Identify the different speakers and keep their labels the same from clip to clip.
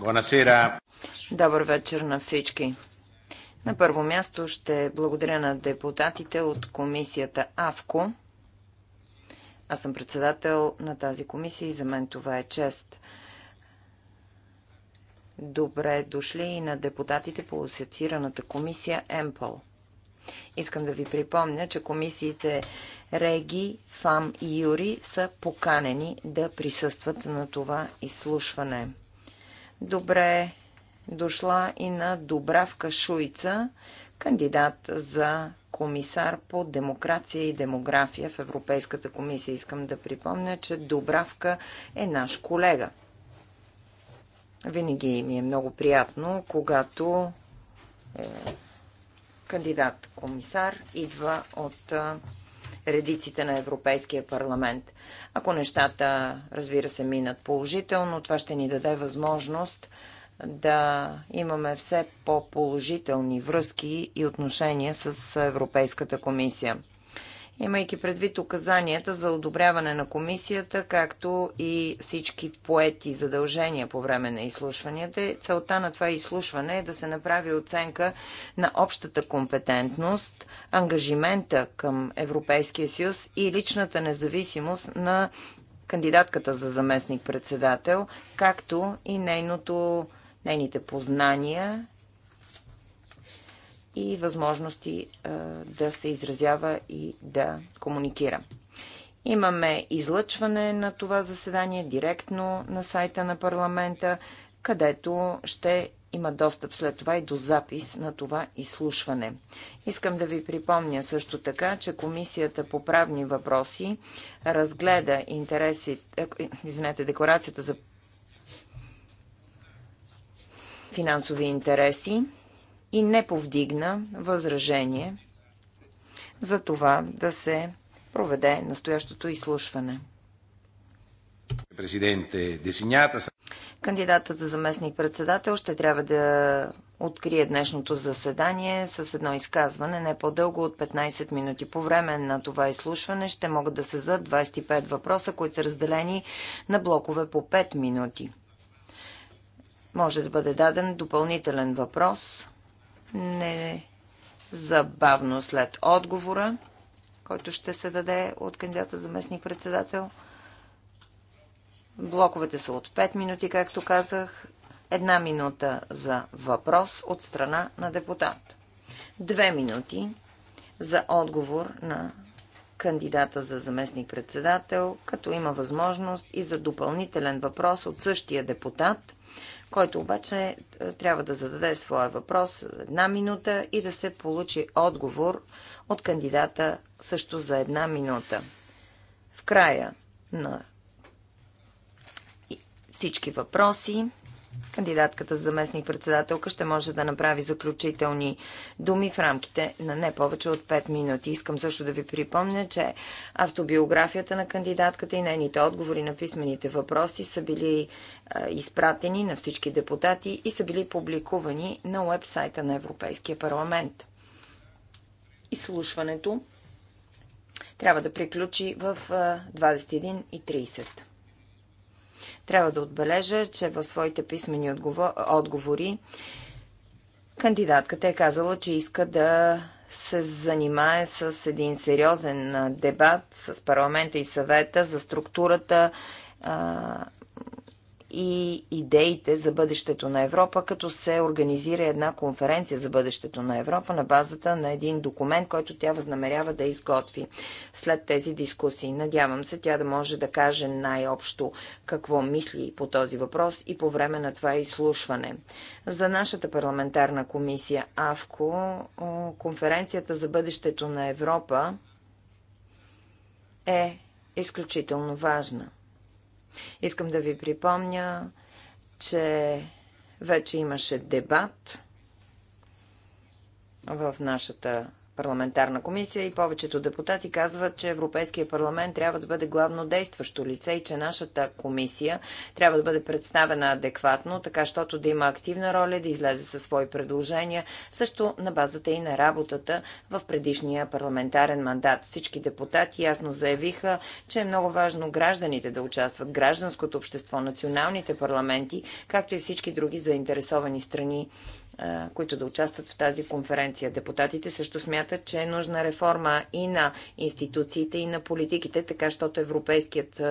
Speaker 1: Бонасира.
Speaker 2: Добър вечер на всички. На първо място ще благодаря на депутатите от комисията АВКО. Аз съм председател на тази комисия и за мен това е чест. Добре дошли и на депутатите по асоциираната комисия ЕМПЛ. Искам да ви припомня, че комисиите Реги, ФАМ и Юри са поканени да присъстват на това изслушване. Добре дошла и на Добравка Шуйца, кандидат за комисар по демокрация и демография в Европейската комисия. Искам да припомня, че Добравка е наш колега. Винаги ми е много приятно, когато е, кандидат-комисар идва от редиците на Европейския парламент. Ако нещата, разбира се, минат положително, това ще ни даде възможност да имаме все по-положителни връзки и отношения с Европейската комисия имайки предвид указанията за одобряване на комисията, както и всички поети задължения по време на изслушванията. Целта на това изслушване е да се направи оценка на общата компетентност, ангажимента към Европейския съюз и личната независимост на кандидатката за заместник-председател, както и нейното, нейните познания и възможности е, да се изразява и да комуникира. Имаме излъчване на това заседание директно на сайта на парламента, където ще има достъп след това и до запис на това изслушване. Искам да ви припомня също така, че Комисията по правни въпроси разгледа интереси, е, извинете, декларацията за финансови интереси и не повдигна възражение за това да се проведе настоящото изслушване. Кандидатът за заместник-председател ще трябва да открие днешното заседание с едно изказване не по-дълго от 15 минути. По време на това изслушване ще могат да се зададат 25 въпроса, които са разделени на блокове по 5 минути. Може да бъде даден допълнителен въпрос не забавно след отговора, който ще се даде от кандидата за местник председател. Блоковете са от 5 минути, както казах. Една минута за въпрос от страна на депутат. Две минути за отговор на кандидата за заместник-председател, като има възможност и за допълнителен въпрос от същия депутат който обаче е, трябва да зададе своя въпрос за една минута и да се получи отговор от кандидата също за една минута. В края на всички въпроси Кандидатката за заместник председателка ще може да направи заключителни думи в рамките на не повече от 5 минути. Искам също да ви припомня, че автобиографията на кандидатката и нейните отговори на писмените въпроси са били е, изпратени на всички депутати и са били публикувани на уебсайта на Европейския парламент. Изслушването трябва да приключи в 21.30. Е, трябва да отбележа, че в своите писмени отговори кандидатката е казала, че иска да се занимае с един сериозен дебат с парламента и съвета за структурата и идеите за бъдещето на Европа, като се организира една конференция за бъдещето на Европа на базата на един документ, който тя възнамерява да изготви след тези дискусии. Надявам се тя да може да каже най-общо какво мисли по този въпрос и по време на това изслушване. За нашата парламентарна комисия АВКО, конференцията за бъдещето на Европа е изключително важна – Искам да ви припомня, че вече имаше дебат в нашата парламентарна комисия и повечето депутати казват, че Европейския парламент трябва да бъде главно действащо лице и че нашата комисия трябва да бъде представена адекватно, така щото да има активна роля, да излезе със свои предложения, също на базата и на работата в предишния парламентарен мандат. Всички депутати ясно заявиха, че е много важно гражданите да участват, гражданското общество, националните парламенти, както и всички други заинтересовани страни които да участват в тази конференция. Депутатите също смятат, че е нужна реформа и на институциите, и на политиките, така щото Европейският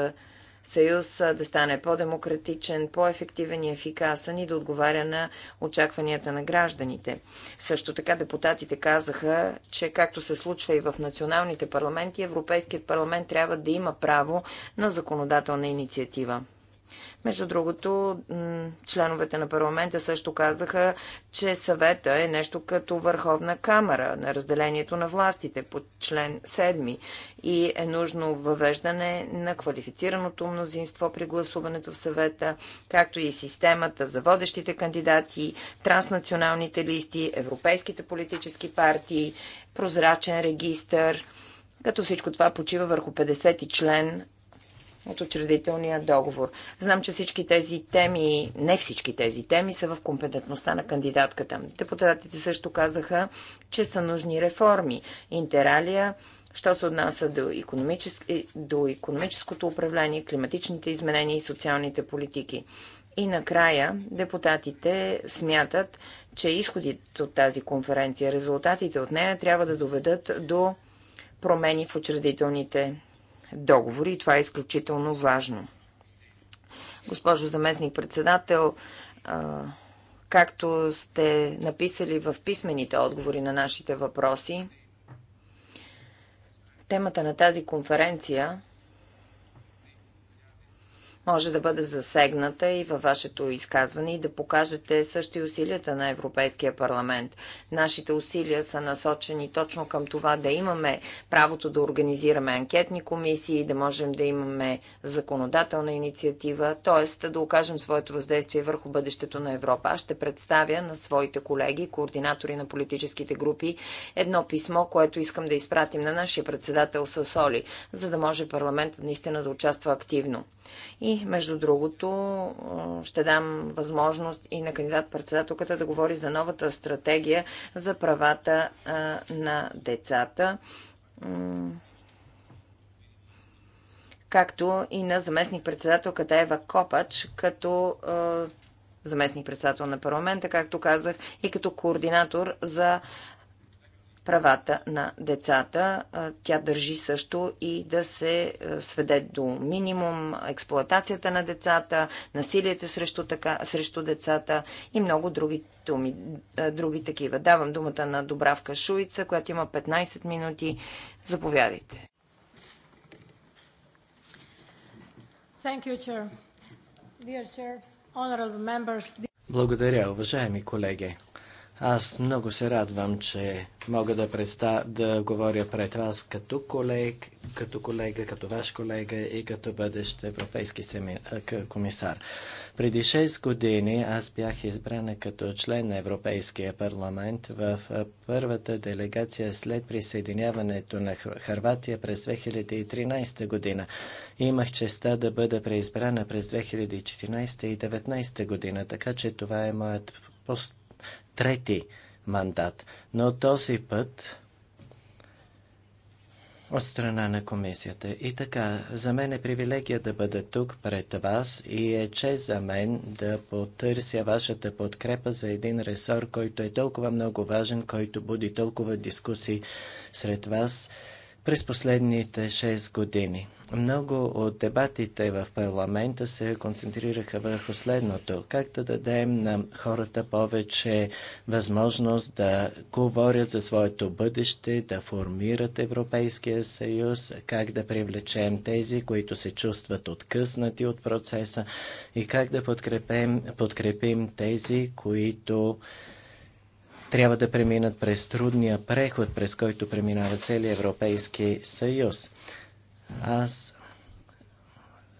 Speaker 2: съюз да стане по-демократичен, по-ефективен и ефикасен и да отговаря на очакванията на гражданите. Също така депутатите казаха, че както се случва и в националните парламенти, Европейският парламент трябва да има право на законодателна инициатива. Между другото, членовете на парламента също казаха, че съвета е нещо като върховна камера на разделението на властите по член 7 и е нужно въвеждане на квалифицираното мнозинство при гласуването в съвета, както и системата за водещите кандидати, транснационалните листи, европейските политически партии, прозрачен регистър, като всичко това почива върху 50 член от учредителния договор. Знам, че всички тези теми, не всички тези теми, са в компетентността на кандидатката. Депутатите също казаха, че са нужни реформи. Интералия, що се отнася до, економичес... до економическото управление, климатичните изменения и социалните политики. И накрая депутатите смятат, че изходите от тази конференция, резултатите от нея трябва да доведат до промени в учредителните договори и това е изключително важно. Госпожо заместник-председател, както сте написали в писмените отговори на нашите въпроси, темата на тази конференция може да бъде засегната и във вашето изказване и да покажете също и усилията на Европейския парламент. Нашите усилия са насочени точно към това да имаме правото да организираме анкетни комисии, да можем да имаме законодателна инициатива, т.е. да окажем своето въздействие върху бъдещето на Европа. Аз ще представя на своите колеги, координатори на политическите групи, едно писмо, което искам да изпратим на нашия председател Сасоли, за да може парламентът наистина да участва активно. И между другото, ще дам възможност и на кандидат-председателката да говори за новата стратегия за правата на децата както и на заместник-председателката Ева Копач, като е, заместник-председател на парламента, както казах, и като координатор за правата на децата. Тя държи също и да се сведе до минимум експлоатацията на децата, насилието срещу, така, срещу децата и много други, думи, други такива. Давам думата на Добравка Шуица, която има 15 минути. Заповядайте.
Speaker 3: Thank you, Chair. Dear Chair, honorable members.
Speaker 4: Благодаря, уважаеми колеги. Аз много се радвам, че мога да, предста... да говоря пред вас като колег, като колега, като ваш колега и като бъдещ европейски семи... комисар. Преди 6 години аз бях избрана като член на Европейския парламент в първата делегация след присъединяването на Харватия през 2013 година. Имах честа да бъда преизбрана през 2014 и 2019 година, така че това е моят пост трети мандат. Но този път от страна на комисията. И така, за мен е привилегия да бъда тук пред вас и е чест за мен да потърся вашата подкрепа за един ресор, който е толкова много важен, който буди толкова дискусии сред вас през последните 6 години. Много от дебатите в парламента се концентрираха върху следното. Как да дадем на хората повече възможност да говорят за своето бъдеще, да формират Европейския съюз, как да привлечем тези, които се чувстват откъснати от процеса и как да подкрепим, подкрепим тези, които трябва да преминат през трудния преход, през който преминава целият Европейски съюз. Аз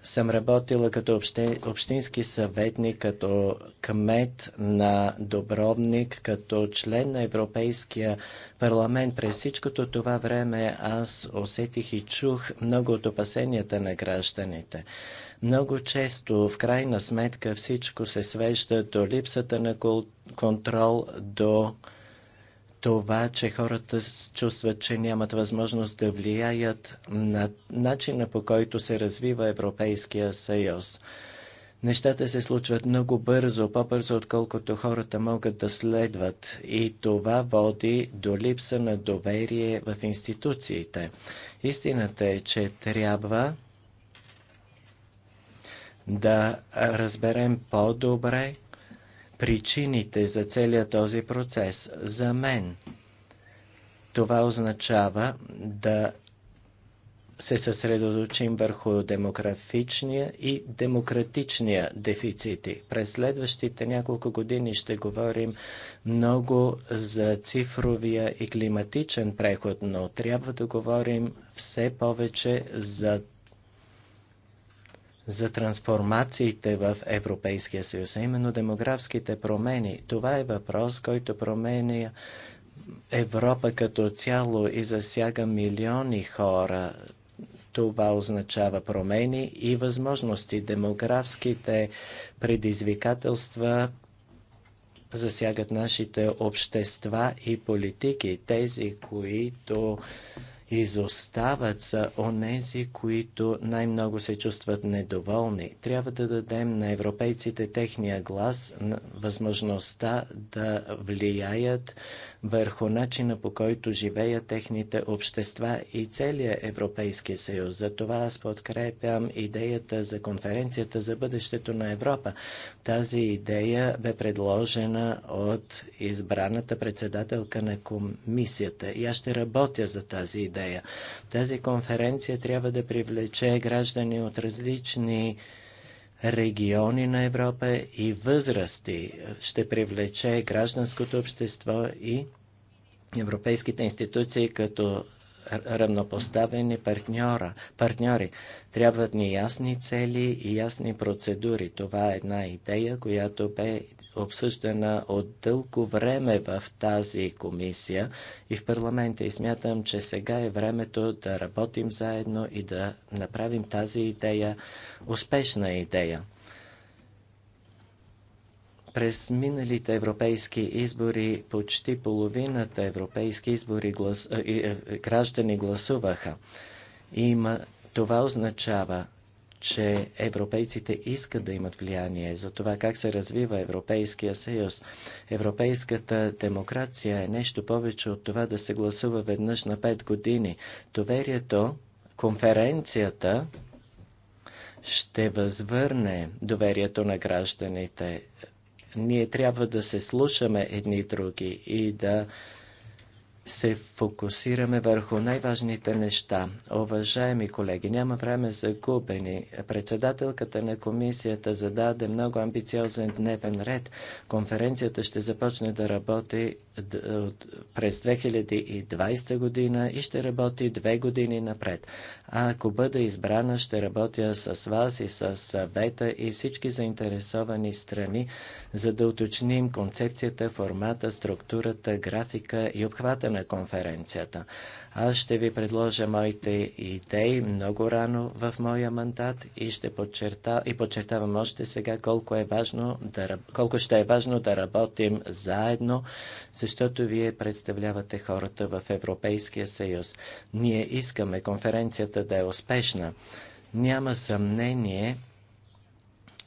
Speaker 4: съм работила като общински съветник, като кмет на Добровник, като член на Европейския парламент. През всичкото това време аз усетих и чух много от опасенията на гражданите. Много често, в крайна сметка, всичко се свежда до липсата на контрол, до това, че хората чувстват, че нямат възможност да влияят на начина по който се развива Европейския съюз. Нещата се случват много бързо, по-бързо отколкото хората могат да следват и това води до липса на доверие в институциите. Истината е, че трябва да разберем по-добре причините за целия този процес. За мен това означава да се съсредоточим върху демографичния и демократичния дефицити. През следващите няколко години ще говорим много за цифровия и климатичен преход, но трябва да говорим все повече за за трансформациите в Европейския съюз, а именно демографските промени. Това е въпрос, който променя Европа като цяло и засяга милиони хора. Това означава промени и възможности. Демографските предизвикателства засягат нашите общества и политики, тези, които изостават, са онези, които най-много се чувстват недоволни. Трябва да дадем на европейците техния глас, възможността да влияят върху начина по който живеят техните общества и целия Европейски съюз. Затова аз подкрепям идеята за конференцията за бъдещето на Европа. Тази идея бе предложена от избраната председателка на комисията и аз ще работя за тази идея идея. Тази конференция трябва да привлече граждани от различни региони на Европа и възрасти. Ще привлече гражданското общество и европейските институции като равнопоставени партньора, партньори. Трябват ни ясни цели и ясни процедури. Това е една идея, която бе обсъждана от дълго време в тази комисия и в парламента. И смятам, че сега е времето да работим заедно и да направим тази идея успешна идея. През миналите европейски избори почти половината европейски избори глас... Е, е, е, граждани гласуваха. Има... Това означава, че европейците искат да имат влияние за това как се развива Европейския съюз. Европейската демокрация е нещо повече от това да се гласува веднъж на 5 години. Доверието, конференцията ще възвърне доверието на гражданите. Ние трябва да се слушаме едни други и да се фокусираме върху най-важните неща. Уважаеми колеги, няма време за губени. Председателката на комисията зададе много амбициозен дневен ред. Конференцията ще започне да работи е, през 2020 година и ще работи две години напред. А ако бъда избрана, ще работя с вас и с съвета и всички заинтересовани страни, за да уточним концепцията, формата, структурата, графика и обхвата на конференцията. Аз ще ви предложа моите идеи много рано в моя мандат и ще подчерта, и подчертавам още сега колко, е важно да, колко ще е важно да работим заедно, защото вие представлявате хората в Европейския съюз. Ние искаме конференцията да е успешна. Няма съмнение,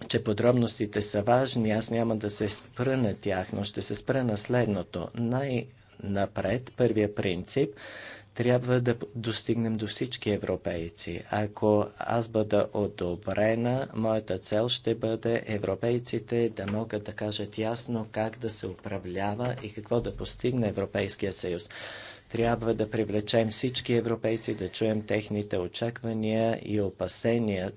Speaker 4: че подробностите са важни, аз няма да се спра на тях, но ще се спра на следното. Най-напред, първия принцип трябва да достигнем до всички европейци. Ако аз бъда одобрена, моята цел ще бъде европейците да могат да кажат ясно как да се управлява и какво да постигне Европейския съюз. Трябва да привлечем всички европейци, да чуем техните очаквания и опасения,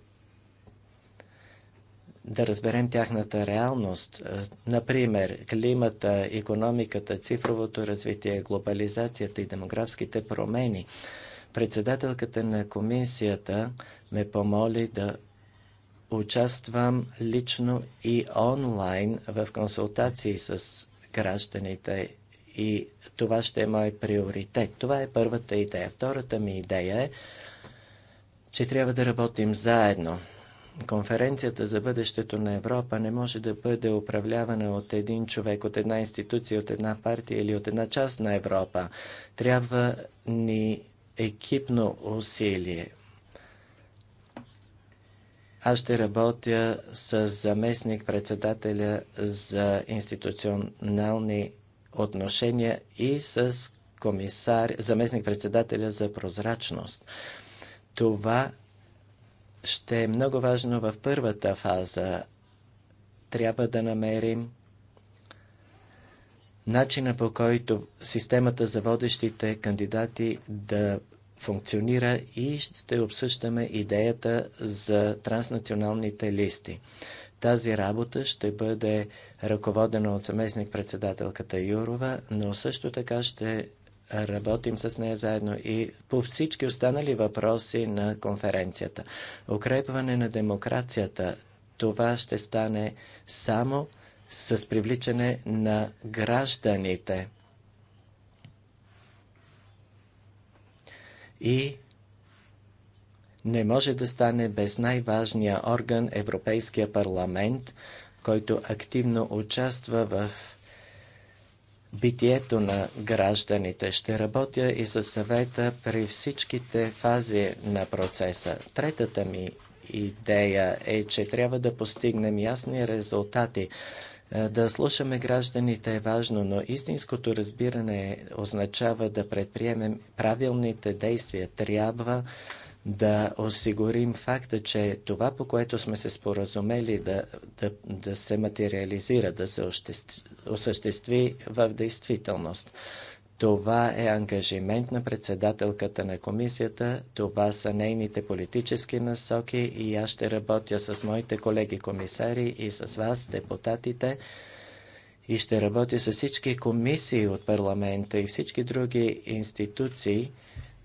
Speaker 4: да разберем тяхната реалност. Е, например, климата, економиката, цифровото развитие, глобализацията и демографските промени. Председателката на комисията ме помоли да участвам лично и онлайн в консултации с гражданите и това ще е мой приоритет. Това е първата идея. Втората ми идея е, че трябва да работим заедно конференцията за бъдещето на Европа не може да бъде управлявана от един човек, от една институция, от една партия или от една част на Европа. Трябва ни екипно усилие. Аз ще работя с заместник-председателя за институционални отношения и с комисар, заместник-председателя за прозрачност. Това ще е много важно в първата фаза. Трябва да намерим начина по който системата за водещите кандидати да функционира и ще обсъждаме идеята за транснационалните листи. Тази работа ще бъде ръководена от заместник-председателката Юрова, но също така ще работим с нея заедно и по всички останали въпроси на конференцията. Укрепване на демокрацията. Това ще стане само с привличане на гражданите. И не може да стане без най-важния орган Европейския парламент, който активно участва в битието на гражданите. Ще работя и за съвета при всичките фази на процеса. Третата ми идея е, че трябва да постигнем ясни резултати. Е, да слушаме гражданите е важно, но истинското разбиране означава да предприемем правилните действия. Трябва да осигурим факта, че това, по което сме се споразумели да, да, да се материализира, да се осъществи в действителност. Това е ангажимент на председателката на комисията, това са нейните политически насоки и аз ще работя с моите колеги комисари и с вас, депутатите, и ще работя с всички комисии от парламента и всички други институции,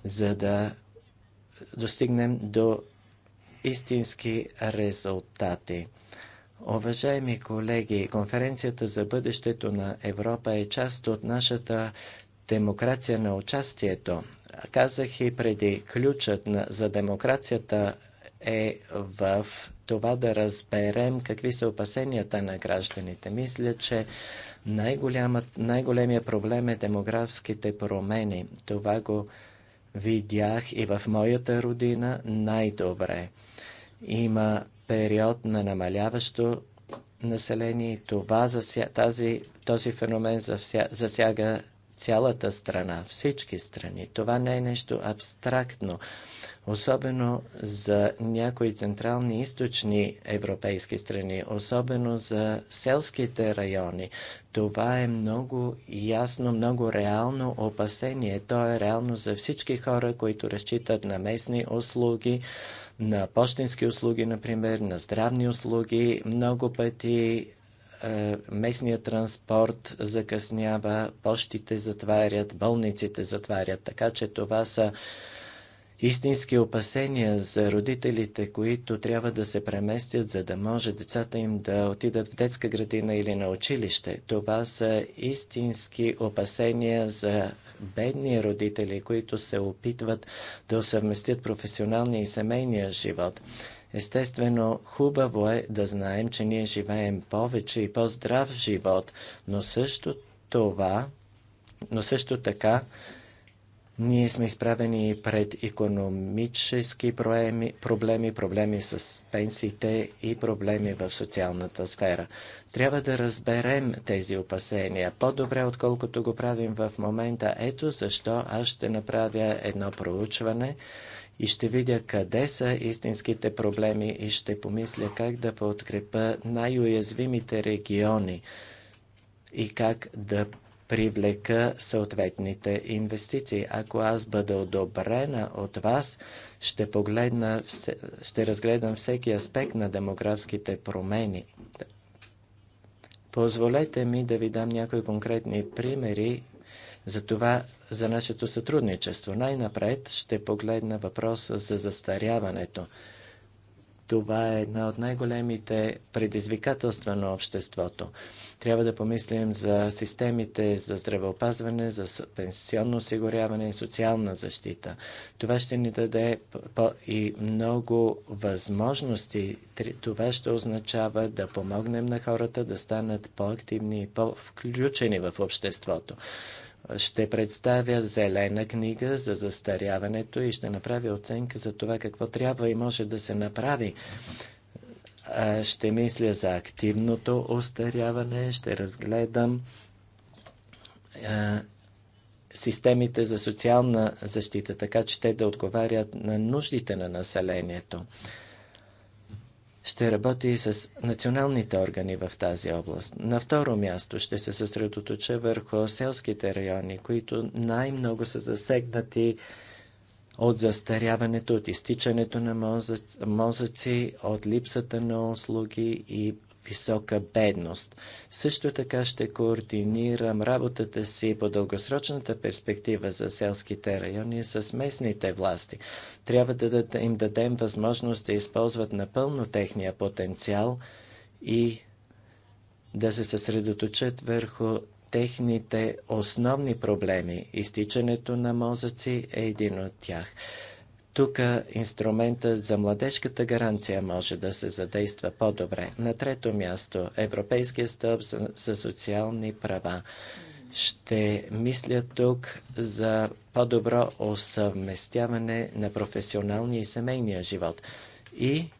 Speaker 4: за да достигнем до истински резултати. Уважаеми колеги, конференцията за бъдещето на Европа е част от нашата демокрация на участието. Казах и преди, ключът на, за демокрацията е в това да разберем какви са опасенията на гражданите. Мисля, че най-големия най проблем е демографските промени. Това го видях и в моята родина най-добре. Има период на намаляващо население. Това зася, тази, този феномен зася, засяга цялата страна, всички страни. Това не е нещо абстрактно особено за някои централни и източни европейски страни, особено за селските райони. Това е много ясно, много реално опасение. То е реално за всички хора, които разчитат на местни услуги, на почтенски услуги, например, на здравни услуги. Много пъти е, местният транспорт закъснява, почтите затварят, болниците затварят. Така че това са истински опасения за родителите, които трябва да се преместят, за да може децата им да отидат в детска градина или на училище. Това са истински опасения за бедни родители, които се опитват да усъвместят професионалния и семейния живот. Естествено, хубаво е да знаем, че ние живеем повече и по-здрав живот, но също това, но също така ние сме изправени пред економически проблеми, проблеми, проблеми с пенсиите и проблеми в социалната сфера. Трябва да разберем тези опасения по-добре, отколкото го правим в момента. Ето защо аз ще направя едно проучване и ще видя къде са истинските проблеми и ще помисля как да подкрепа най-уязвимите региони и как да привлека съответните инвестиции. Ако аз бъда одобрена от вас, ще, погледна, ще разгледам всеки аспект на демографските промени. Позволете ми да ви дам някои конкретни примери за това, за нашето сътрудничество. Най-напред ще погледна въпроса за застаряването. Това е една от най-големите предизвикателства на обществото. Трябва да помислим за системите за здравеопазване, за пенсионно осигуряване и социална защита. Това ще ни даде и много възможности. Това ще означава да помогнем на хората да станат по-активни и по-включени в обществото ще представя зелена книга за застаряването и ще направя оценка за това какво трябва и може да се направи ще мисля за активното остаряване, ще разгледам системите за социална защита, така че те да отговарят на нуждите на населението. Ще работи и с националните органи в тази област. На второ място ще се съсредоточа върху селските райони, които най-много са засегнати от застаряването, от изтичането на мозъци, от липсата на услуги и висока бедност. Също така ще координирам работата си по дългосрочната перспектива за селските райони с местните власти. Трябва да им дадем възможност да използват напълно техния потенциал и да се съсредоточат върху техните основни проблеми. Изтичането на мозъци е един от тях. Тук инструментът за младежката гаранция може да се задейства по-добре. На трето място, Европейския стълб за, за социални права. Ще мисля тук за по-добро осъвместяване на професионалния и семейния живот. И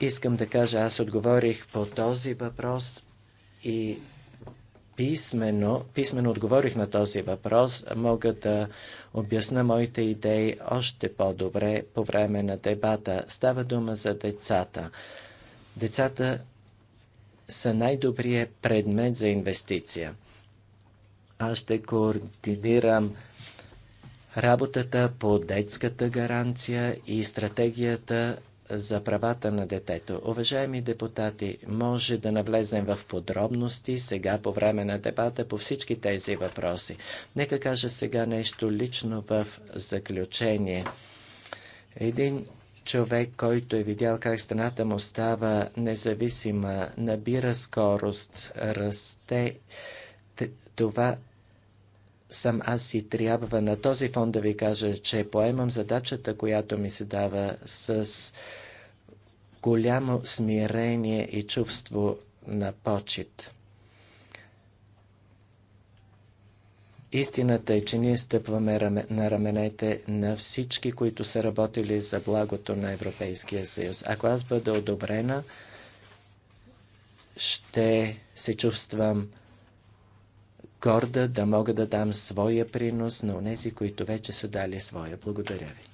Speaker 4: искам да кажа, аз отговорих по този въпрос и писменно, писменно отговорих на този въпрос. Мога да обясна моите идеи още по-добре по време на дебата. Става дума за децата. Децата са най-добрият предмет за инвестиция. Аз ще координирам работата по детската гаранция и стратегията за правата на детето. Уважаеми депутати, може да навлезем в подробности сега по време на дебата по всички тези въпроси. Нека кажа сега нещо лично в заключение. Един човек, който е видял как страната му става независима, набира скорост, расте. Това сам аз и трябва на този фон да ви кажа, че поемам задачата, която ми се дава с голямо смирение и чувство на почет. Истината е, че ние стъпваме на раменете на всички, които са работили за благото на Европейския съюз. Ако аз бъда одобрена, ще се чувствам горда да мога да дам своя принос на онези, които вече са дали своя. Благодаря ви.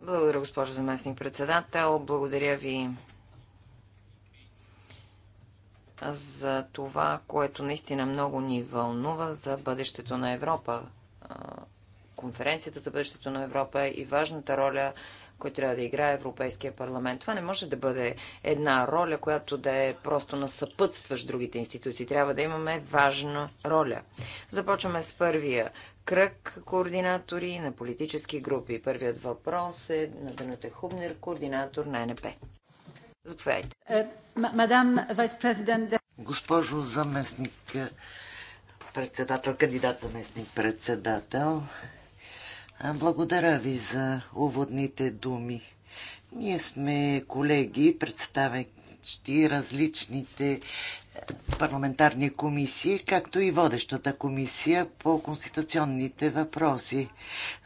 Speaker 2: Благодаря, госпожо заместник председател. Благодаря ви за това, което наистина много ни вълнува за бъдещето на Европа. Конференцията за бъдещето на Европа и важната роля, който трябва да играе Европейския парламент. Това не може да бъде една роля, която да е просто насъпътстваш другите институции. Трябва да имаме важна роля. Започваме с първия кръг координатори на политически групи. Първият въпрос е на Дануте Хубнер, координатор на
Speaker 5: НП. Заповядайте.
Speaker 3: Е, мадам вайс-президент.
Speaker 5: Госпожо заместник е, председател, кандидат заместник председател, благодаря ви за уводните думи. Ние сме колеги, представящи различните е, парламентарни комисии, както и водещата комисия по конституционните въпроси.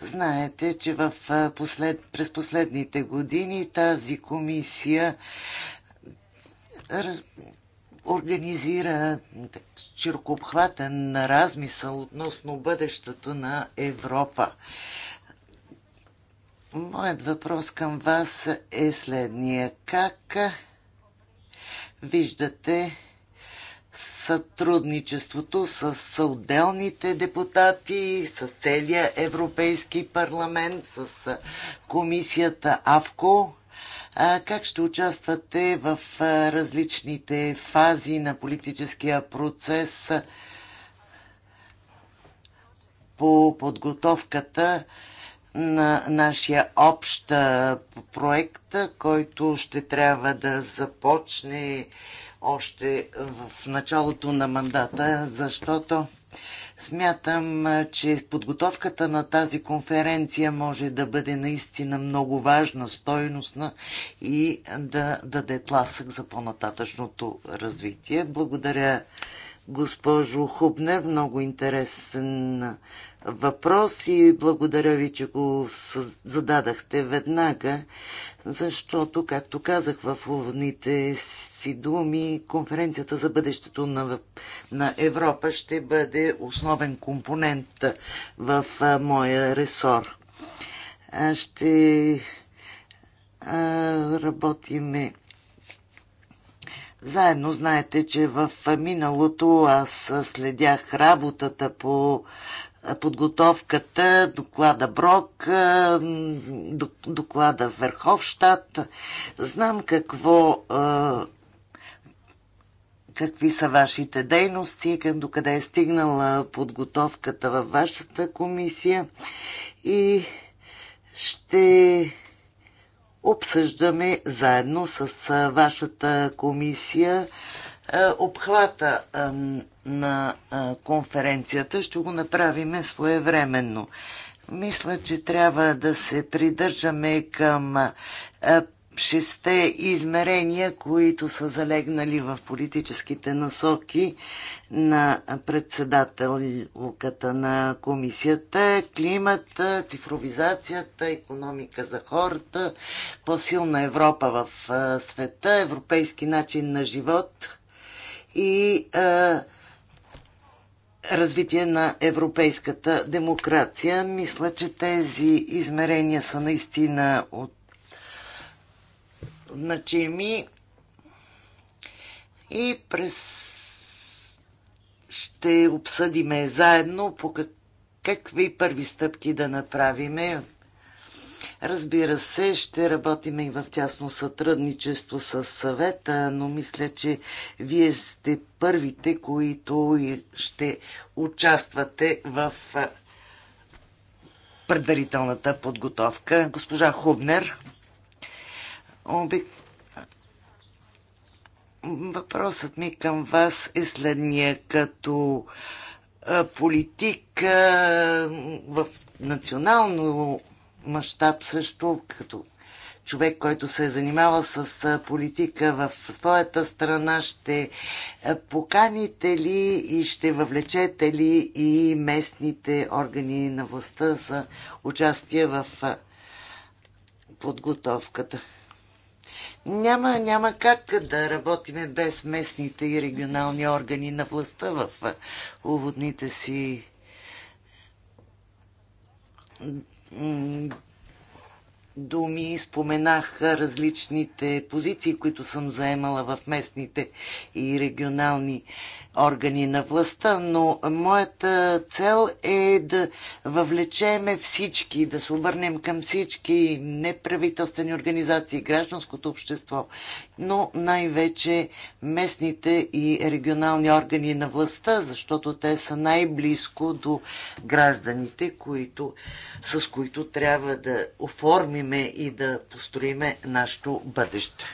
Speaker 5: Знаете, че в е, послед... през последните години тази комисия е, организира широкообхватен размисъл относно бъдещето на Европа. Моят въпрос към вас е следния. Как виждате сътрудничеството с отделните депутати, с целия Европейски парламент, с комисията АВКО? Как ще участвате в различните фази на политическия процес по подготовката на нашия общ проект, който ще трябва да започне още в началото на мандата, защото смятам, че подготовката на тази конференция може да бъде наистина много важна, стойностна и да даде тласък за по-нататъчното развитие. Благодаря госпожо Хубнер. Много интересен въпрос и благодаря ви, че го зададахте веднага, защото, както казах в уводните си думи, конференцията за бъдещето на, на Европа ще бъде основен компонент в а, моя ресор. А, ще а, работиме заедно знаете, че в миналото аз следях работата по подготовката, доклада Брок, доклада Верховщад. Знам какво какви са вашите дейности, до къде е стигнала подготовката във вашата комисия и ще обсъждаме заедно с вашата комисия обхвата на конференцията. Ще го направим своевременно. Мисля, че трябва да се придържаме към шесте измерения, които са залегнали в политическите насоки на председателката на комисията климата, цифровизацията, економика за хората, по-силна Европа в света, европейски начин на живот и е, развитие на европейската демокрация. Мисля, че тези измерения са наистина от значими и през ще обсъдиме заедно по как... какви първи стъпки да направиме. Разбира се, ще работим и в тясно сътрудничество с съвета, но мисля, че вие сте първите, които ще участвате в предварителната подготовка. Госпожа Хубнер. Обик... Въпросът ми към вас е следния. Като политик в национално мащаб също, като човек, който се е занимавал с политика в своята страна, ще поканите ли и ще въвлечете ли и местните органи на властта за участие в подготовката? няма, няма как да работиме без местните и регионални органи на властта в уводните си думи споменах различните позиции, които съм заемала в местните и регионални органи на властта, но моята цел е да въвлечеме всички, да се обърнем към всички неправителствени организации, гражданското общество, но най-вече местните и регионални органи на властта, защото те са най-близко до гражданите, които, с които трябва да оформиме и да построиме нашето бъдеще.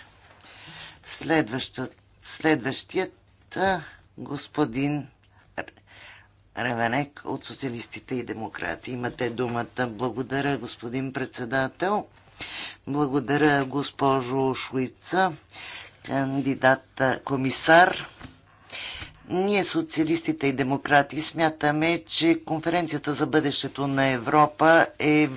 Speaker 5: Следващата Следващият господин Ревенек от Социалистите и Демократи. Имате думата. Благодаря, господин председател. Благодаря, госпожо Шуица, кандидат комисар. Ние, социалистите и демократи, смятаме, че конференцията за бъдещето на Европа е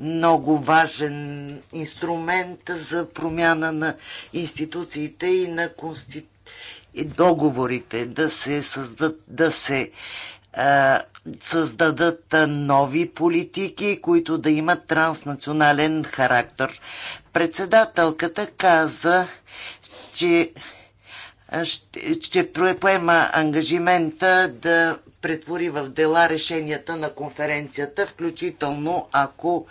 Speaker 5: много важен инструмент за промяна на институциите и на конституцията и договорите, да се, създат, да се а, създадат нови политики, които да имат транснационален характер. Председателката каза, че ще, ще поема ангажимента да претвори в дела решенията на конференцията, включително ако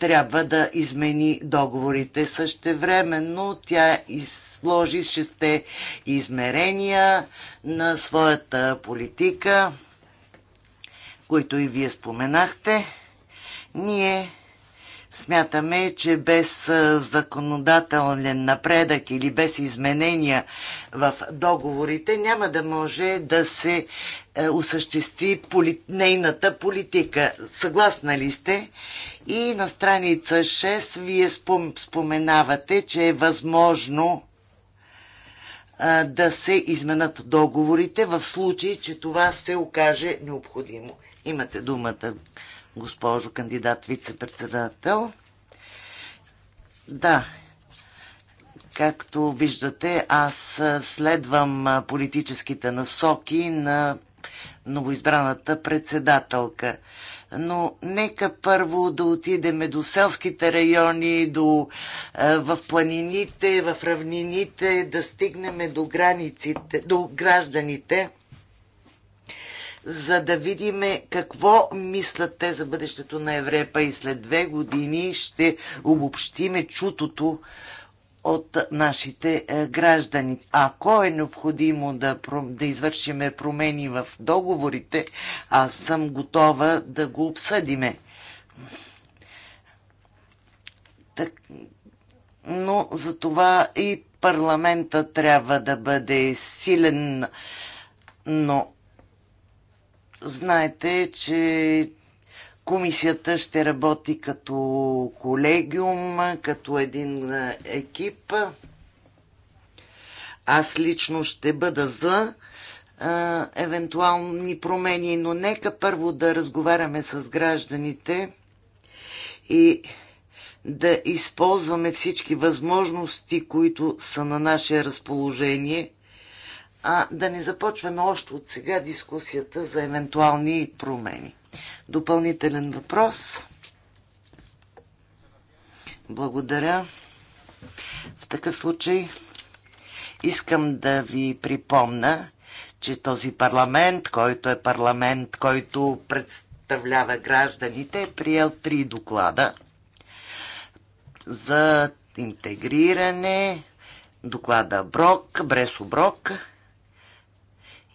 Speaker 5: трябва да измени договорите. също но тя изложи шесте измерения на своята политика, които и вие споменахте. Ние Смятаме, че без законодателен напредък или без изменения в договорите няма да може да се е, осъществи поли, нейната политика. Съгласна ли сте? И на страница 6 вие спом, споменавате, че е възможно а, да се изменят договорите в случай, че това се окаже необходимо. Имате думата, госпожо кандидат вице-председател. Да, Както виждате, аз следвам политическите насоки на новоизбраната председателка. Но нека първо да отидем до селските райони, до, е, в планините, в равнините, да стигнем до границите, до гражданите, за да видим какво мислят те за бъдещето на Европа и след две години ще обобщиме чутото от нашите е, граждани. Ако е необходимо да, да извършиме промени в договорите, аз съм готова да го обсъдиме. Так, но за това и парламента трябва да бъде силен, но знаете, че Комисията ще работи като колегиум, като един е, екип. Аз лично ще бъда за а, е, евентуални промени, но нека първо да разговаряме с гражданите и да използваме всички възможности, които са на наше разположение, а да не започваме още от сега дискусията за евентуални промени. Допълнителен въпрос. Благодаря. В такъв случай искам да ви припомна, че този парламент, който е парламент, който представлява гражданите, е приел три доклада за интегриране, доклада Брок, Бресо Брок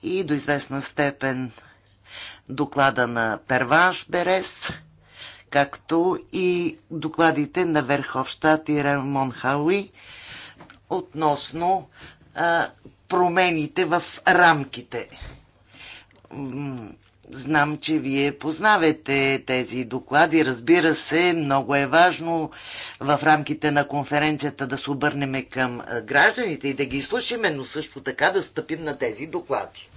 Speaker 5: и до известна степен доклада на Перванш Берес, както и докладите на Верховщат и Рамон Хауи относно а, промените в рамките. Знам, че вие познавате тези доклади. Разбира се, много е важно в рамките на конференцията да се обърнем към гражданите и да ги слушаме, но също така да стъпим на тези доклади.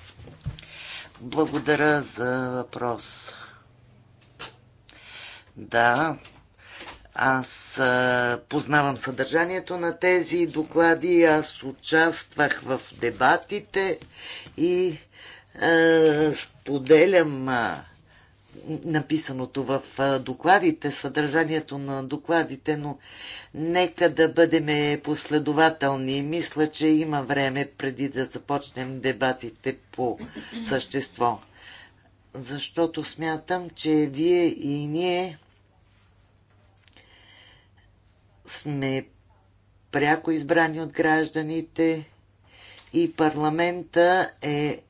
Speaker 5: Благодаря за въпрос. Да, аз познавам съдържанието на тези доклади, аз участвах в дебатите и е, споделям написаното в докладите, съдържанието на докладите, но нека да бъдем последователни. Мисля, че има време преди да започнем дебатите по същество. Защото смятам, че вие и ние сме пряко избрани от гражданите и парламента е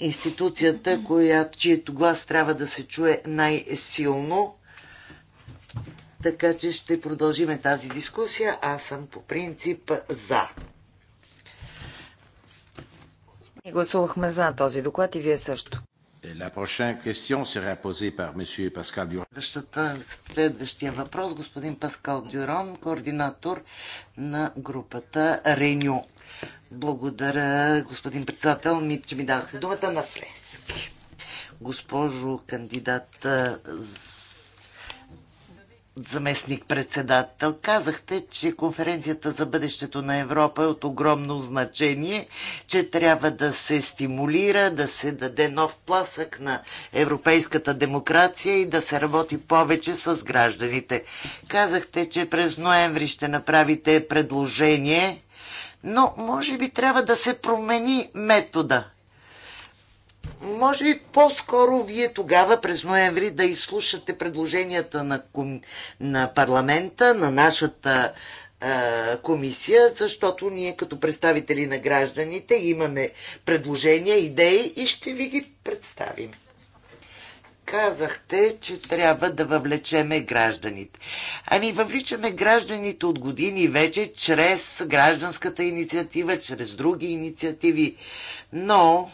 Speaker 5: институцията, която, чието глас трябва да се чуе най-силно. Така че ще продължиме тази дискусия. Аз съм по принцип за. И гласувахме за този доклад и вие също. Следващия въпрос господин Паскал Дюрон, координатор на групата Реню. Благодаря, господин председател, ми, че ми дадохте думата на френски. Госпожо кандидат заместник-председател, казахте, че конференцията за бъдещето на Европа е от огромно значение, че трябва да се стимулира, да се даде нов пласък на европейската демокрация и да се работи повече с гражданите. Казахте, че през ноември ще направите предложение но може би трябва да се промени метода. Може би по-скоро вие тогава през ноември да изслушате предложенията на, ком... на парламента, на нашата комисия, защото ние като представители на гражданите имаме предложения, идеи и ще ви ги представим казахте, че трябва да въвлечеме гражданите. Ами въвличаме гражданите от години вече чрез гражданската инициатива, чрез други инициативи. Но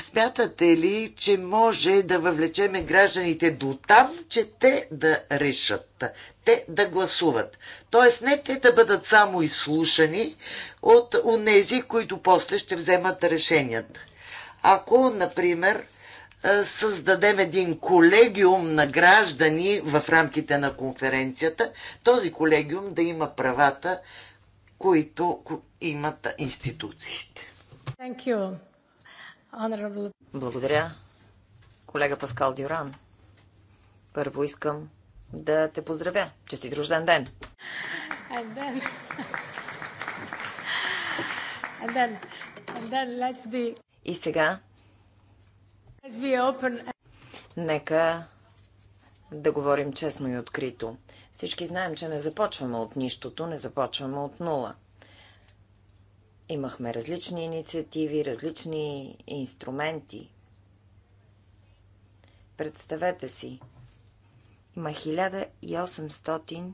Speaker 5: смятате ли, че може да въвлечеме гражданите до там, че те да решат, те да гласуват? Тоест не те да бъдат само изслушани от онези, които после ще вземат решенията. Ако, например, е, създадем един колегиум на граждани в рамките на конференцията. Този колегиум да има правата, които имат институциите. Благодаря. Колега
Speaker 2: Паскал Дюран, първо искам да те поздравя. Честит рожден ден!
Speaker 3: And then... And then... And then be...
Speaker 2: И сега Нека да говорим честно и открито. Всички знаем, че не започваме от нищото, не започваме от нула. Имахме различни инициативи, различни инструменти. Представете си, има 1800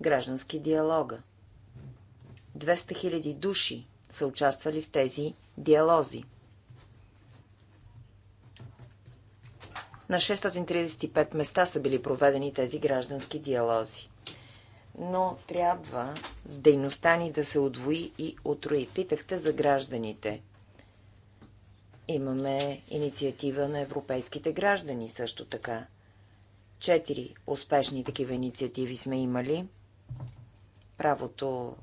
Speaker 2: граждански диалога. 200 000 души са участвали в тези диалози. На 635 места са били проведени тези граждански диалози. Но трябва дейността ни да се отвои и отрои. Питахте за гражданите. Имаме инициатива на европейските граждани също така. Четири успешни такива инициативи сме имали. Правото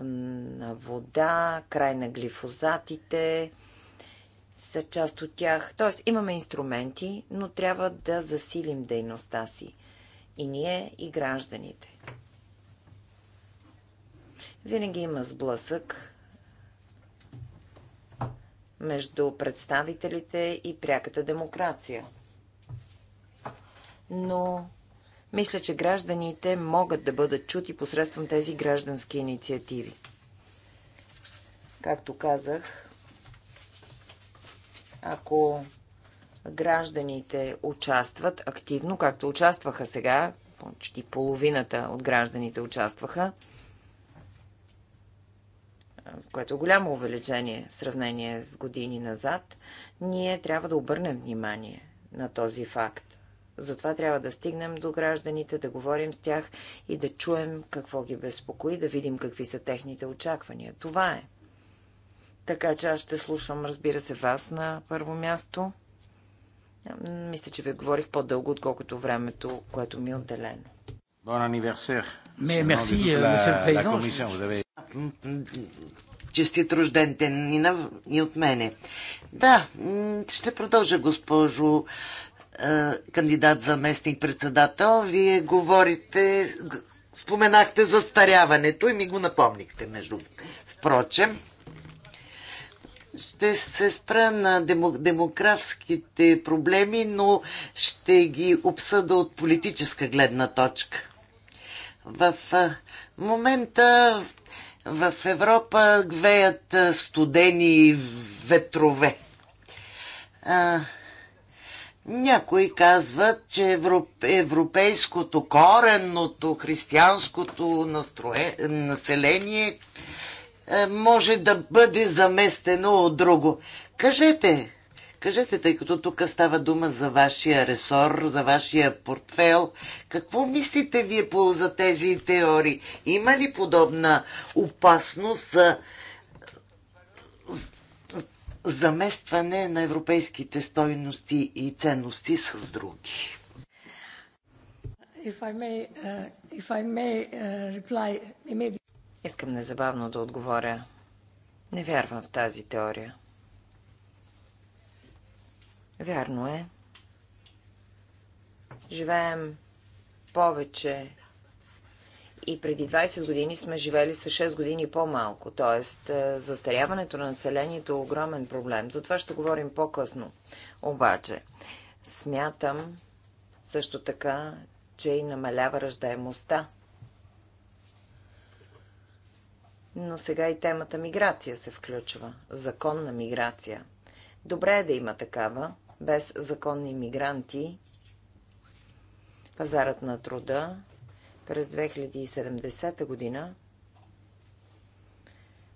Speaker 2: на вода, край на глифозатите, са част от тях. Тоест, имаме инструменти, но трябва да засилим дейността си. И ние, и гражданите. Винаги има сблъсък между представителите и пряката демокрация. Но мисля, че гражданите могат да бъдат чути посредством тези граждански инициативи. Както казах, ако гражданите участват активно, както участваха сега, почти половината от гражданите участваха, което е голямо увеличение в сравнение с години назад, ние трябва да обърнем внимание на този факт. Затова трябва да стигнем до гражданите, да говорим с тях и да чуем какво ги безпокои, да видим какви са техните очаквания. Това е. Така че аз ще слушам, разбира се, вас на първо място. Мисля, че ви говорих по-дълго, отколкото времето, което ми е отделено.
Speaker 1: Бон аниверсер. Мерси,
Speaker 5: Честит рожден ден и, на, и от мене. Да, ще продължа, госпожо е, кандидат за местник председател. Вие говорите, споменахте застаряването и ми го напомнихте, между впрочем. Ще се спра на демографските проблеми, но ще ги обсъда от политическа гледна точка. В момента в Европа гвеят студени ветрове. А, някои казват, че европейското коренното християнското настрое, население е, може да бъде заместено от друго. Кажете, кажете, тъй като тук става дума за вашия ресор, за вашия портфел, какво мислите вие по за тези теории? Има ли подобна опасност за заместване на европейските стойности и ценности с други?
Speaker 3: If I may, uh, if I may uh, reply immediately.
Speaker 5: Искам незабавно да отговоря.
Speaker 2: Не вярвам в тази теория. Вярно е. Живеем повече и преди 20 години сме живели с 6 години по-малко. Тоест, е, застаряването на населението е огромен проблем. За това ще говорим по-късно. Обаче, смятам също така, че и намалява ръждаемостта. но сега и темата миграция се включва. Законна миграция. Добре е да има такава. Без законни мигранти пазарът на труда през 2070 година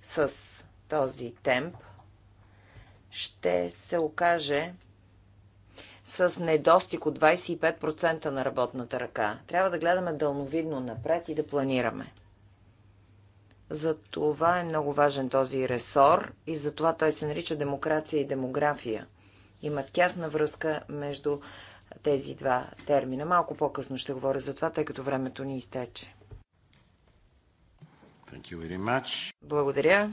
Speaker 2: с този темп ще се окаже с недостиг от 25% на работната ръка. Трябва да гледаме дълновидно напред и да планираме. За това е много важен този ресор и за това той се нарича демокрация и демография. Има тясна връзка между тези два термина. Малко по-късно ще говоря за това, тъй като времето ни изтече. Благодаря.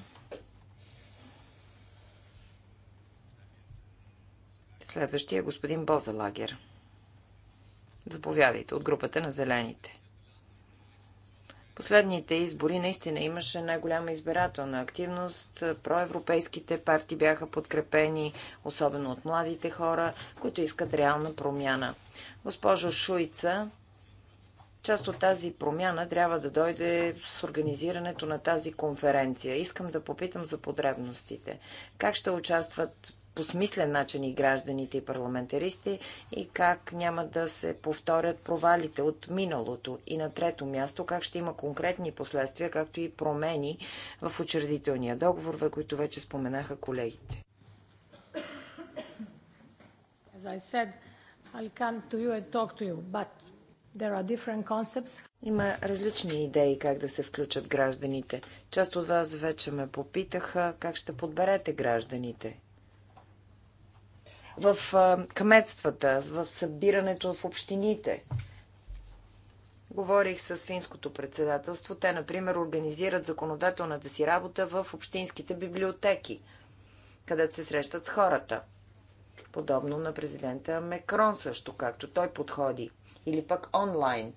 Speaker 2: Следващия е господин Бозалагер. Заповядайте от групата на зелените последните избори наистина имаше най-голяма избирателна активност. Проевропейските партии бяха подкрепени, особено от младите хора, които искат реална промяна. Госпожо Шуица, част от тази промяна трябва да дойде с организирането на тази конференция. Искам да попитам за потребностите. Как ще участват по смислен начин и гражданите и парламентаристи и как няма да се повторят провалите от миналото. И на трето място, как ще има конкретни последствия, както и промени в учредителния договор, които вече споменаха колегите. Има различни идеи как да се включат гражданите. Част от вас вече ме попитаха как ще подберете гражданите в кметствата, в събирането в общините. Говорих с финското председателство. Те, например, организират законодателната си работа в общинските библиотеки, където се срещат с хората. Подобно на президента Мекрон също, както той подходи. Или пък онлайн.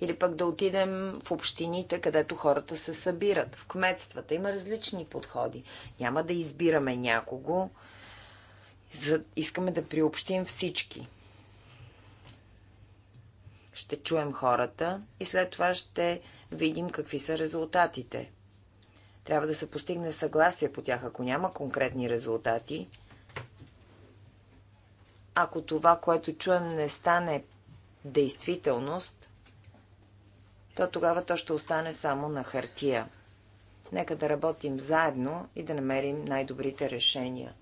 Speaker 2: Или пък да отидем в общините, където хората се събират, в кметствата. Има различни подходи. Няма да избираме някого за... Искаме да приобщим всички. Ще чуем хората и след това ще видим какви са резултатите. Трябва да се постигне съгласие по тях, ако няма конкретни резултати. Ако това, което чуем, не стане действителност, то тогава то ще остане само на хартия. Нека да работим заедно и да намерим най-добрите решения.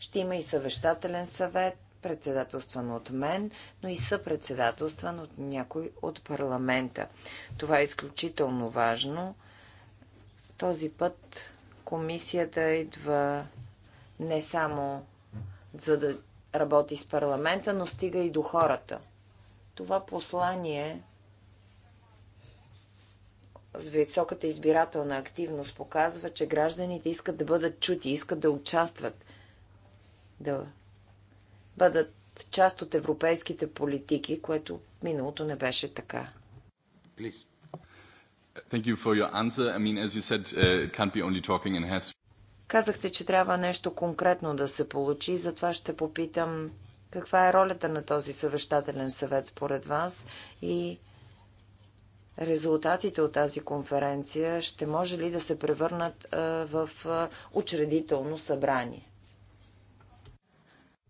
Speaker 2: Ще има и съвещателен съвет, председателстван от мен, но и съпредседателстван от някой от парламента. Това е изключително важно. Този път комисията идва не само за да работи с парламента, но стига и до хората. Това послание с високата избирателна активност показва, че гражданите искат да бъдат чути, искат да участват – да бъдат част от европейските политики, което миналото не беше така.
Speaker 3: Uh,
Speaker 2: Казахте, че трябва нещо конкретно да се получи, затова ще попитам каква е ролята на този съвещателен съвет според вас и резултатите от тази конференция ще може ли да се превърнат в учредително събрание?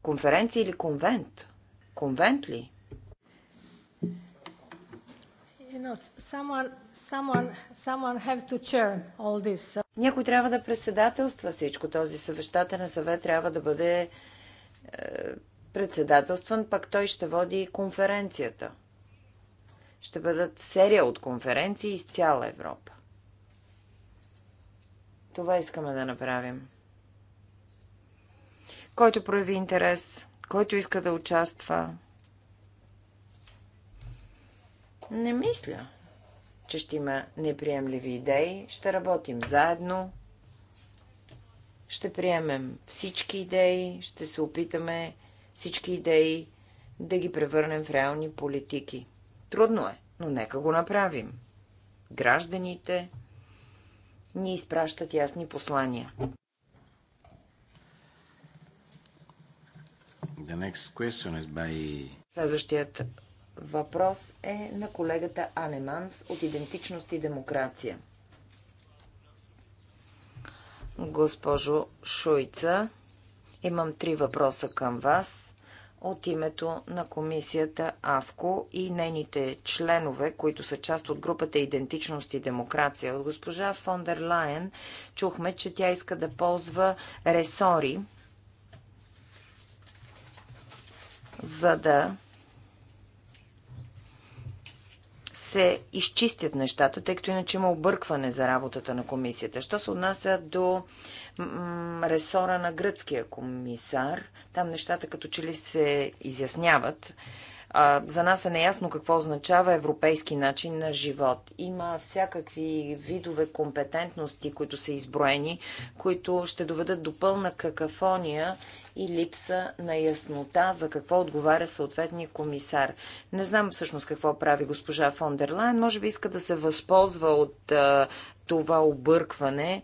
Speaker 2: Конференция или конвент? Конвент ли? Някой трябва да председателства всичко. Този съвещателен съвет трябва да бъде е, председателстван, пък той ще води конференцията. Ще бъдат серия от конференции из цяла Европа. Това искаме да направим който прояви интерес, който иска да участва. Не мисля, че ще има неприемливи идеи. Ще работим заедно. Ще приемем всички идеи. Ще се опитаме всички идеи да ги превърнем в реални политики. Трудно е, но нека го направим. Гражданите ни изпращат ясни послания.
Speaker 1: by...
Speaker 2: Следващият въпрос е на колегата Анеманс от Идентичност и демокрация. Госпожо Шуйца, имам три въпроса към вас от името на комисията АВКО и нейните членове, които са част от групата Идентичност и демокрация. От госпожа Фондер Лайен чухме, че тя иска да ползва ресори, за да се изчистят нещата, тъй като иначе има объркване за работата на комисията. Що се отнася до ресора на гръцкия комисар, там нещата като че ли се изясняват. за нас е неясно какво означава европейски начин на живот. Има всякакви видове компетентности, които са изброени, които ще доведат до пълна какафония и липса на яснота за какво отговаря съответния комисар. Не знам всъщност какво прави госпожа фон дер Лайн. Може би иска да се възползва от това объркване,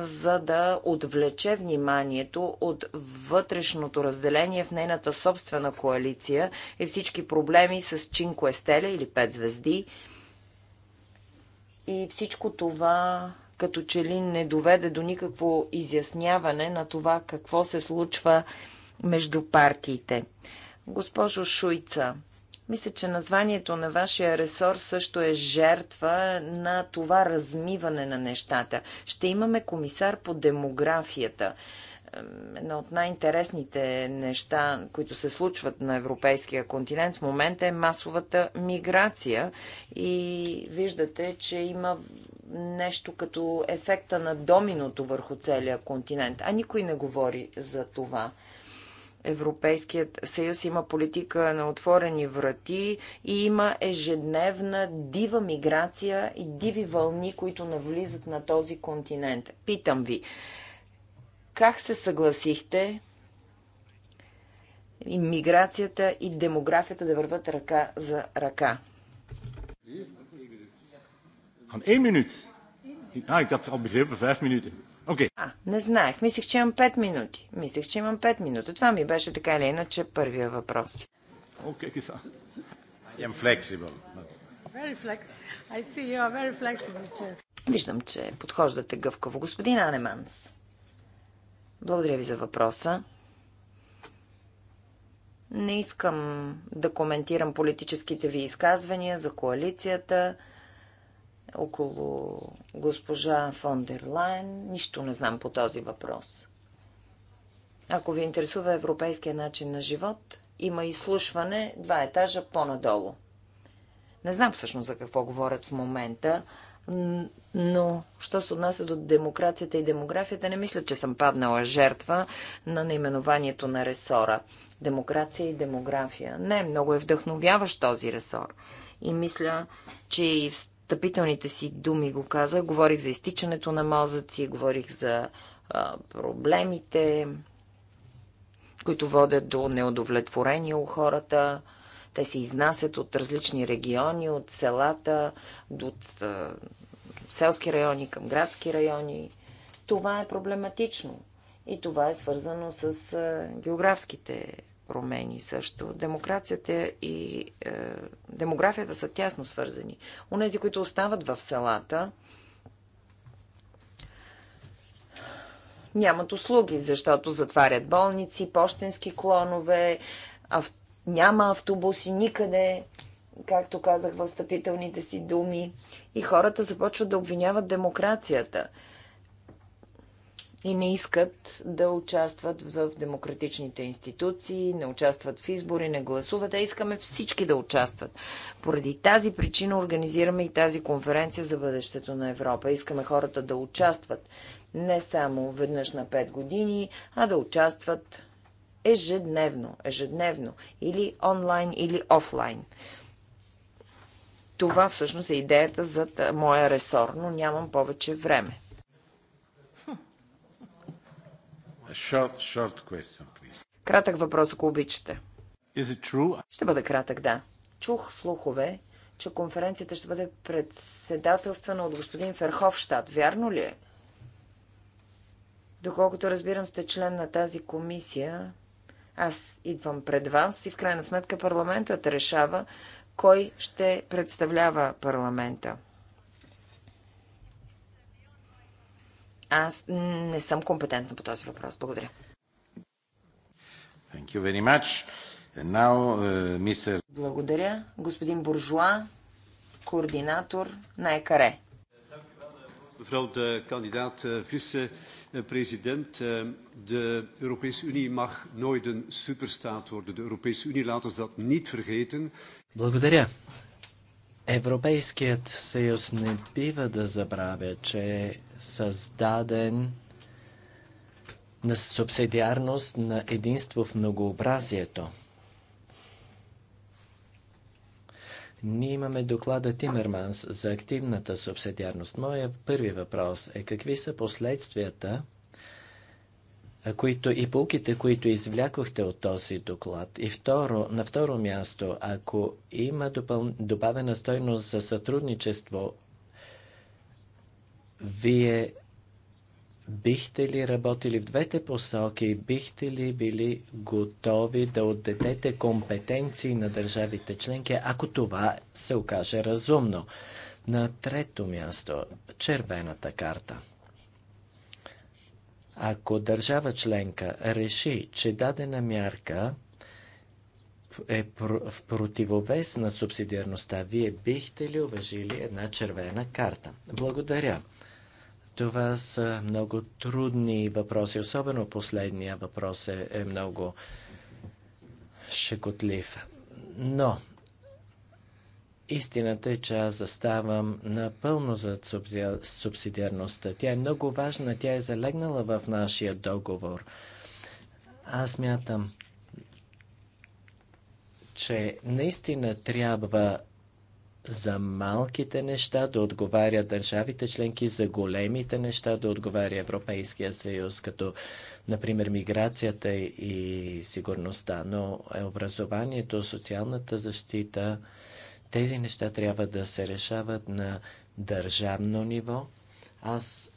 Speaker 2: за да отвлече вниманието от вътрешното разделение в нейната собствена коалиция и всички проблеми с Чинко Естеля или Пет звезди. И всичко това като че ли не доведе до никакво изясняване на това какво се случва между партиите. Госпожо Шуйца, мисля, че названието на вашия ресор също е жертва на това размиване на нещата. Ще имаме комисар по демографията. Едно от най-интересните неща, които се случват на европейския континент в момента е масовата миграция. И виждате, че има нещо като ефекта на доминото върху целия континент, а никой не говори за това. Европейският съюз има политика на отворени врати и има ежедневна дива миграция и диви вълни, които навлизат на този континент. Питам ви, как се съгласихте и миграцията и демографията да върват ръка за ръка?
Speaker 1: Van één minuut. Ah, ik had al begrepen, vijf minuten. Oké. Okay. Ah, а,
Speaker 2: не знаех. Мислех, че имам 5 минути. Мислех, че имам 5 минути. Това ми беше така или иначе първия въпрос. Окей, okay, са. I am flexible.
Speaker 3: Very flex... I see you are very flexible too.
Speaker 2: Виждам, че подхождате гъвкаво. Господин Анеманс, благодаря ви за въпроса. Не искам да коментирам политическите ви изказвания за коалицията около госпожа Фондерлайн. Нищо не знам по този въпрос. Ако ви интересува европейския начин на живот, има изслушване два етажа по-надолу. Не знам всъщност за какво говорят в момента, но що се отнася до демокрацията и демографията, не мисля, че съм паднала жертва на наименованието на ресора. Демокрация и демография. Не, много е вдъхновяващ този ресор. И мисля, че и в встъпителните си думи го каза. Говорих за изтичането на мозъци, говорих за а, проблемите, които водят до неудовлетворение у хората. Те се изнасят от различни региони, от селата, от а, селски райони към градски райони. Това е проблематично. И това е свързано с а, географските промени също. Демокрацията и е, демографията са тясно свързани. Онези, които остават в селата, нямат услуги, защото затварят болници, почтенски клонове, ав... няма автобуси никъде, както казах в стъпителните си думи. И хората започват да обвиняват демокрацията – и не искат да участват в демократичните институции, не участват в избори, не гласуват, а искаме всички да участват. Поради тази причина организираме и тази конференция за бъдещето на Европа. Искаме хората да участват не само веднъж на 5 години, а да участват ежедневно, ежедневно или онлайн или офлайн. Това всъщност е идеята за моя ресор, но нямам повече време. Short, short question, Кратък въпрос, ако обичате. Ще бъде кратък, да. Чух слухове, че конференцията ще бъде председателствана от господин Ферховщад. Вярно ли е? Доколкото разбирам, сте член на тази комисия. Аз идвам пред вас и в крайна сметка парламентът решава кой ще представлява парламента. Аз не съм компетентна по този въпрос. Благодаря.
Speaker 1: Thank you very much. And now, uh, Mr...
Speaker 2: Благодаря. Господин Буржуа, координатор на ЕКАРЕ.
Speaker 6: Mevrouw de kandidaat vice-president, de Europese Unie mag nooit een superstaat worden. De Europese Unie, laten we dat niet vergeten.
Speaker 4: Благодаря. Европейският съюз не бива да забравя, че е създаден на субсидиарност на единство в многообразието. Ние имаме доклада Тимерманс за активната субсидиарност. Моя първи въпрос е какви са последствията които и полките, които извлякохте от този доклад. И второ, на второ място, ако има допъл... добавена стойност за сътрудничество, вие бихте ли работили в двете посоки? Бихте ли били готови да отдадете компетенции на държавите членки, ако това се окаже разумно? На трето място, червената карта – ако държава членка реши, че дадена мярка е в противовес на субсидиарността, вие бихте ли уважили една червена карта? Благодаря. Това са много трудни въпроси, особено последния въпрос е, е много шекотлив. Но Истината е, че аз заставам напълно за субсидиарността. Тя е много важна, тя е залегнала в нашия договор. Аз мятам, че наистина трябва за малките неща да отговаря държавите членки, за големите неща да отговаря Европейския съюз, като например миграцията и сигурността, но е образованието, социалната защита, тези неща трябва да се решават на държавно ниво. Аз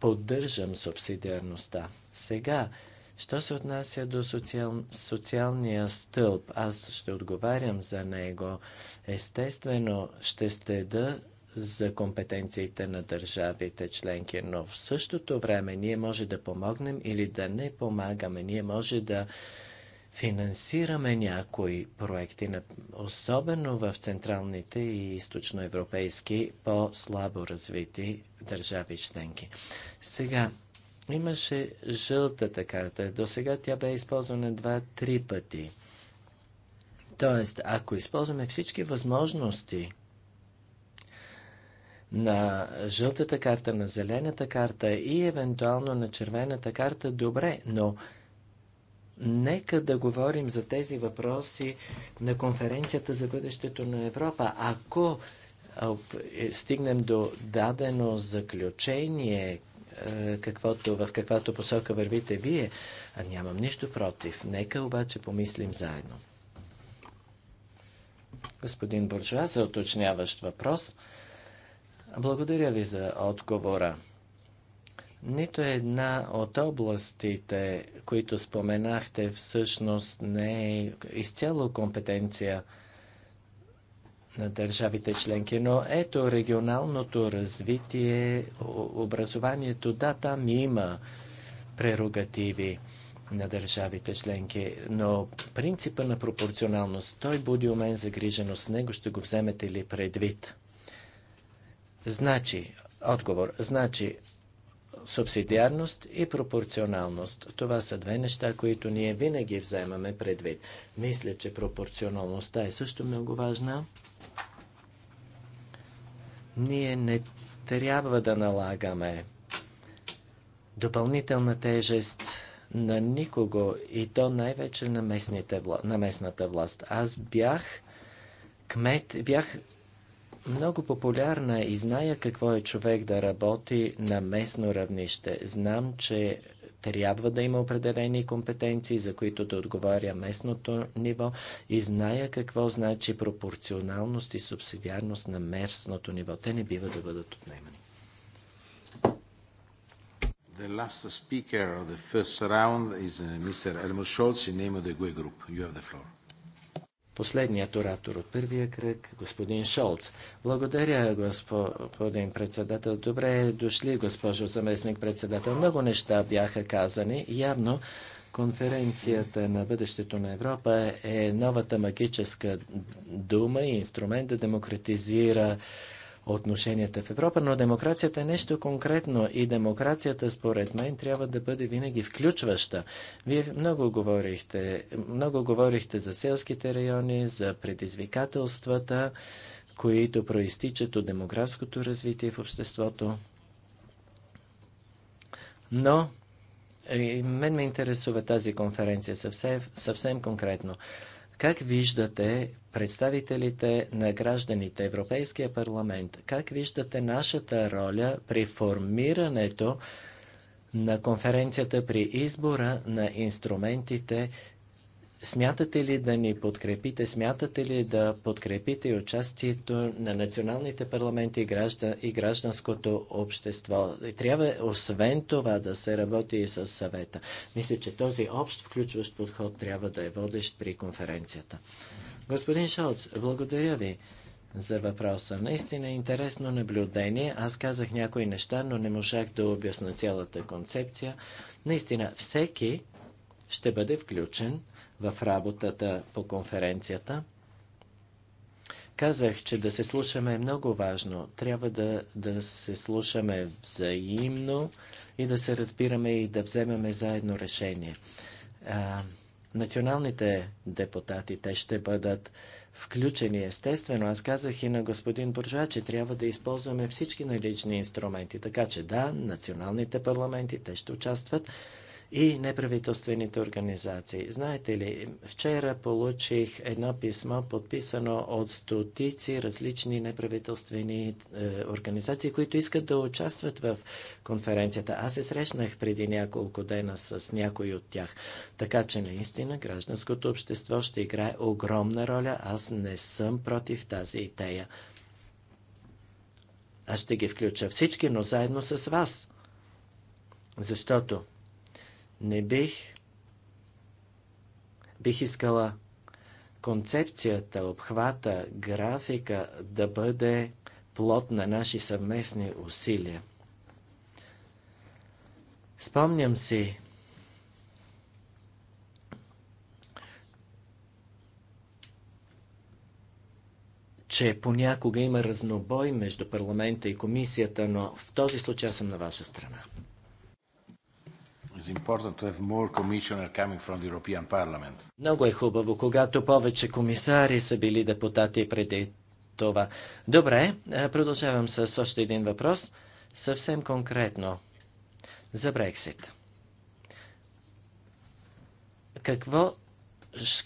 Speaker 4: поддържам субсидиарността. Сега, що се отнася до социал... социалния стълб, аз ще отговарям за него. Естествено, ще следа за компетенциите на държавите членки, но в същото време ние може да помогнем или да не помагаме. Ние може да финансираме някои проекти, особено в централните и източноевропейски по-слабо развити държави членки. Сега, имаше жълтата карта. До сега тя бе използвана два-три пъти. Тоест, ако използваме всички възможности на жълтата карта, на зелената карта и евентуално на червената карта, добре, но Нека да говорим за тези въпроси на конференцията за бъдещето на Европа. Ако е, стигнем до дадено заключение, е, каквото, в каквато посока вървите вие, а нямам нищо против. Нека обаче помислим заедно. Господин Буржуа, за уточняващ въпрос. Благодаря ви за отговора. Нито една от областите, които споменахте, всъщност не е изцяло компетенция на държавите членки. Но ето регионалното развитие, образованието, да, там има прерогативи на държавите членки, но принципа на пропорционалност, той буди у мен загриженост. Него ще го вземете ли предвид? Значи, отговор, значи Субсидиарност и пропорционалност. Това са две неща, които ние винаги вземаме предвид. Мисля, че пропорционалността е също много важна. Ние не трябва да налагаме допълнителна тежест на никого и то най-вече на, на местната власт. Аз бях кмет, бях много популярна и зная какво е човек да работи на местно равнище. Знам, че трябва да има определени компетенции, за които да отговаря местното ниво и зная какво значи пропорционалност и субсидиарност на местното ниво. Те не бива да бъдат отнемани.
Speaker 1: The last speaker of the first round is uh, Mr. Elmer Scholz in name of the
Speaker 4: GUE group. You have the floor. Последният оратор от първия кръг, господин Шолц. Благодаря, господин председател. Добре дошли, госпожо заместник председател. Много неща бяха казани. Явно конференцията на бъдещето на Европа е новата магическа дума и инструмент да демократизира отношенията в Европа, но демокрацията е нещо конкретно и демокрацията според мен трябва да бъде винаги включваща. Вие много говорихте, много говорихте за селските райони, за предизвикателствата, които проистичат от демографското развитие в обществото. Но е, мен ме интересува тази конференция съвсем, съвсем конкретно. Как виждате представителите на гражданите, Европейския парламент, как виждате нашата роля при формирането на конференцията при избора на инструментите Смятате ли да ни подкрепите? Смятате ли да подкрепите и участието на националните парламенти и, и гражданското общество? И трябва освен това да се работи и с съвета. Мисля, че този общ включващ подход трябва да е водещ при конференцията. Господин Шолц, благодаря ви за въпроса. Наистина е интересно наблюдение. Аз казах някои неща, но не можах да обясна цялата концепция. Наистина, всеки ще бъде включен в работата по конференцията. Казах, че да се слушаме е много важно. Трябва да, да се слушаме взаимно и да се разбираме и да вземеме заедно решение. А, националните депутати, те ще бъдат включени. Естествено, аз казах и на господин Буржуа, че трябва да използваме всички налични инструменти. Така че да, националните парламенти, те ще участват, и неправителствените организации. Знаете ли, вчера получих едно писмо, подписано от стотици различни неправителствени е, организации, които искат да участват в конференцията. Аз се срещнах преди няколко дена с някой от тях. Така че наистина гражданското общество ще играе огромна роля. Аз не съм против тази идея. Аз ще ги включа всички, но заедно с вас. Защото не бих... Бих искала концепцията, обхвата, графика да бъде плод на наши съвместни усилия. Спомням си, че понякога има разнобой между парламента и комисията, но в този случай аз съм на ваша страна. Много е хубаво, когато повече комисари са били депутати преди това. Добре, е, продължавам с още един въпрос. Съвсем конкретно за Брексит. Какво,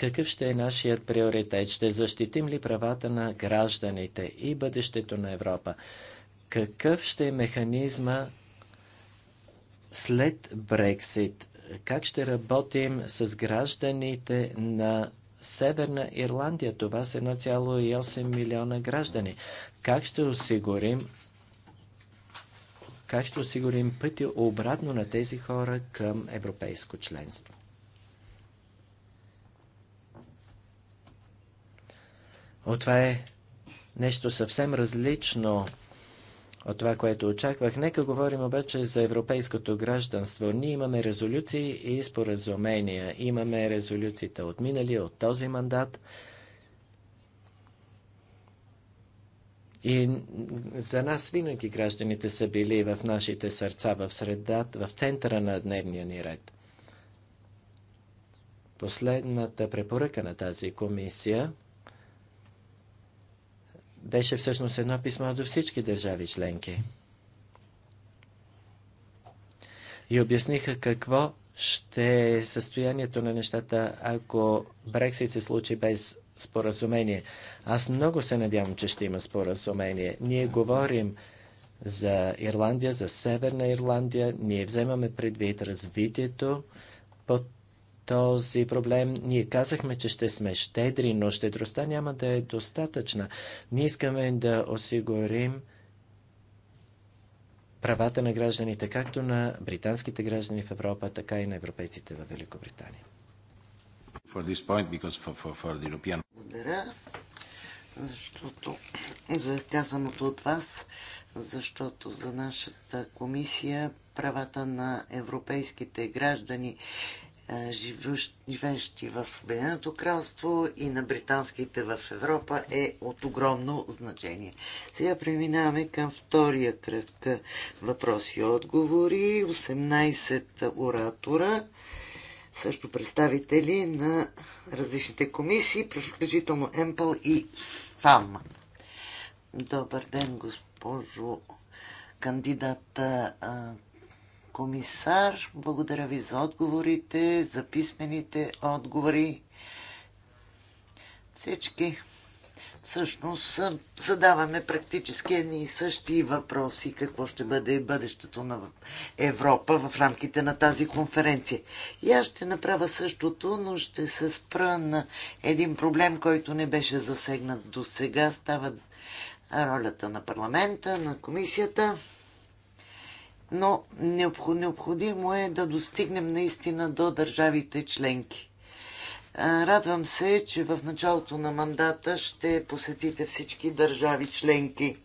Speaker 4: какъв ще е нашият приоритет? Ще защитим ли правата на гражданите и бъдещето на Европа? Какъв ще е механизма след Брексит, как ще работим с гражданите на Северна Ирландия? Това са 1,8 милиона граждани. Как ще осигурим как ще осигурим пътя обратно на тези хора към европейско членство? О, това е нещо съвсем различно от това, което очаквах. Нека говорим обаче за европейското гражданство. Ние имаме резолюции и споразумения. Имаме резолюциите от миналия, от този мандат. И за нас винаги гражданите са били в нашите сърца, в средата, в центъра на дневния ни ред. Последната препоръка на тази комисия – беше всъщност едно писмо до всички държави членки. И обясниха какво ще е състоянието на нещата, ако Брексит се случи без споразумение. Аз много се надявам, че ще има споразумение. Ние говорим за Ирландия, за Северна Ирландия. Ние вземаме предвид развитието под този проблем. Ние казахме, че ще сме щедри, но щедростта няма да е достатъчна. Ние искаме да осигурим правата на гражданите, както на британските граждани в Европа, така и на европейците в Великобритания. Point, for, for, for European...
Speaker 5: Благодаря, защото за казаното от вас, защото за нашата комисия правата на европейските граждани живеещи в Обединеното кралство и на британските в Европа е от огромно значение. Сега преминаваме към втория кръг въпроси и отговори. 18 оратора, също представители на различните комисии, включително Емпъл и ФАМ. Добър ден, госпожо кандидата комисар. Благодаря ви за отговорите, за писмените отговори. Всички всъщност задаваме практически едни и същи въпроси. Какво ще бъде бъдещето на Европа в рамките на тази конференция. И аз ще направя същото, но ще се спра на един проблем, който не беше засегнат до сега. Става ролята на парламента, на комисията но необходимо е да достигнем наистина до държавите членки. Радвам се, че в началото на мандата ще посетите всички държави членки.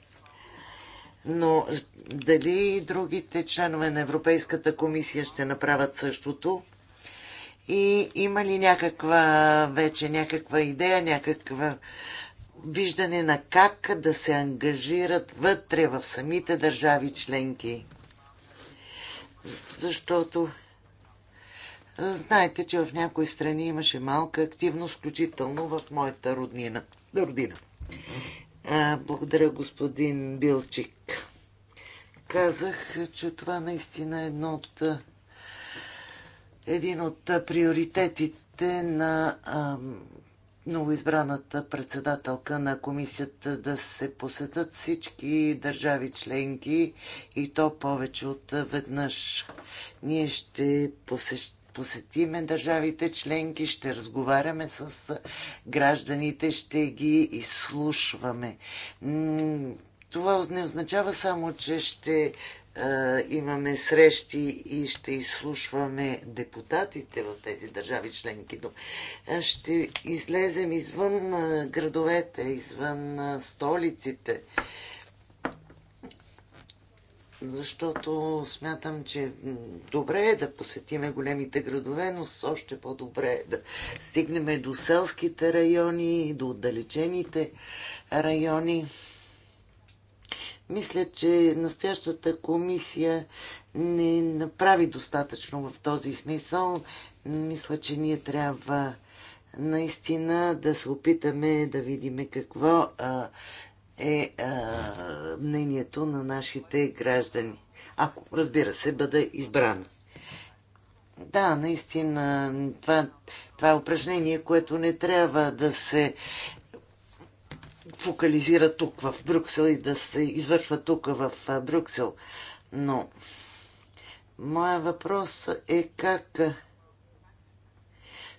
Speaker 5: Но дали другите членове на Европейската комисия ще направят същото? И има ли някаква вече някаква идея, някаква виждане на как да се ангажират вътре в самите държави членки? защото знаете, че в някои страни имаше малка активност, включително в моята роднина. родина. Благодаря, господин Билчик. Казах, че това наистина е едно от, един от приоритетите на новоизбраната председателка на комисията да се посетят всички държави членки и то повече от веднъж. Ние ще посещаме посетиме държавите членки, ще разговаряме с гражданите, ще ги изслушваме. Това не означава само, че ще имаме срещи и ще изслушваме депутатите в тези държави членки, но ще излезем извън градовете, извън столиците, защото смятам, че добре е да посетиме големите градове, но още по-добре е да стигнем до селските райони, до отдалечените райони. Мисля, че настоящата комисия не направи достатъчно в този смисъл. Мисля, че ние трябва наистина да се опитаме да видим какво а, е а, мнението на нашите граждани. Ако, разбира се, бъда избрана. Да, наистина, това, това е упражнение, което не трябва да се фокализира тук в Брюксел и да се извършва тук в Брюксел. Но моя въпрос е как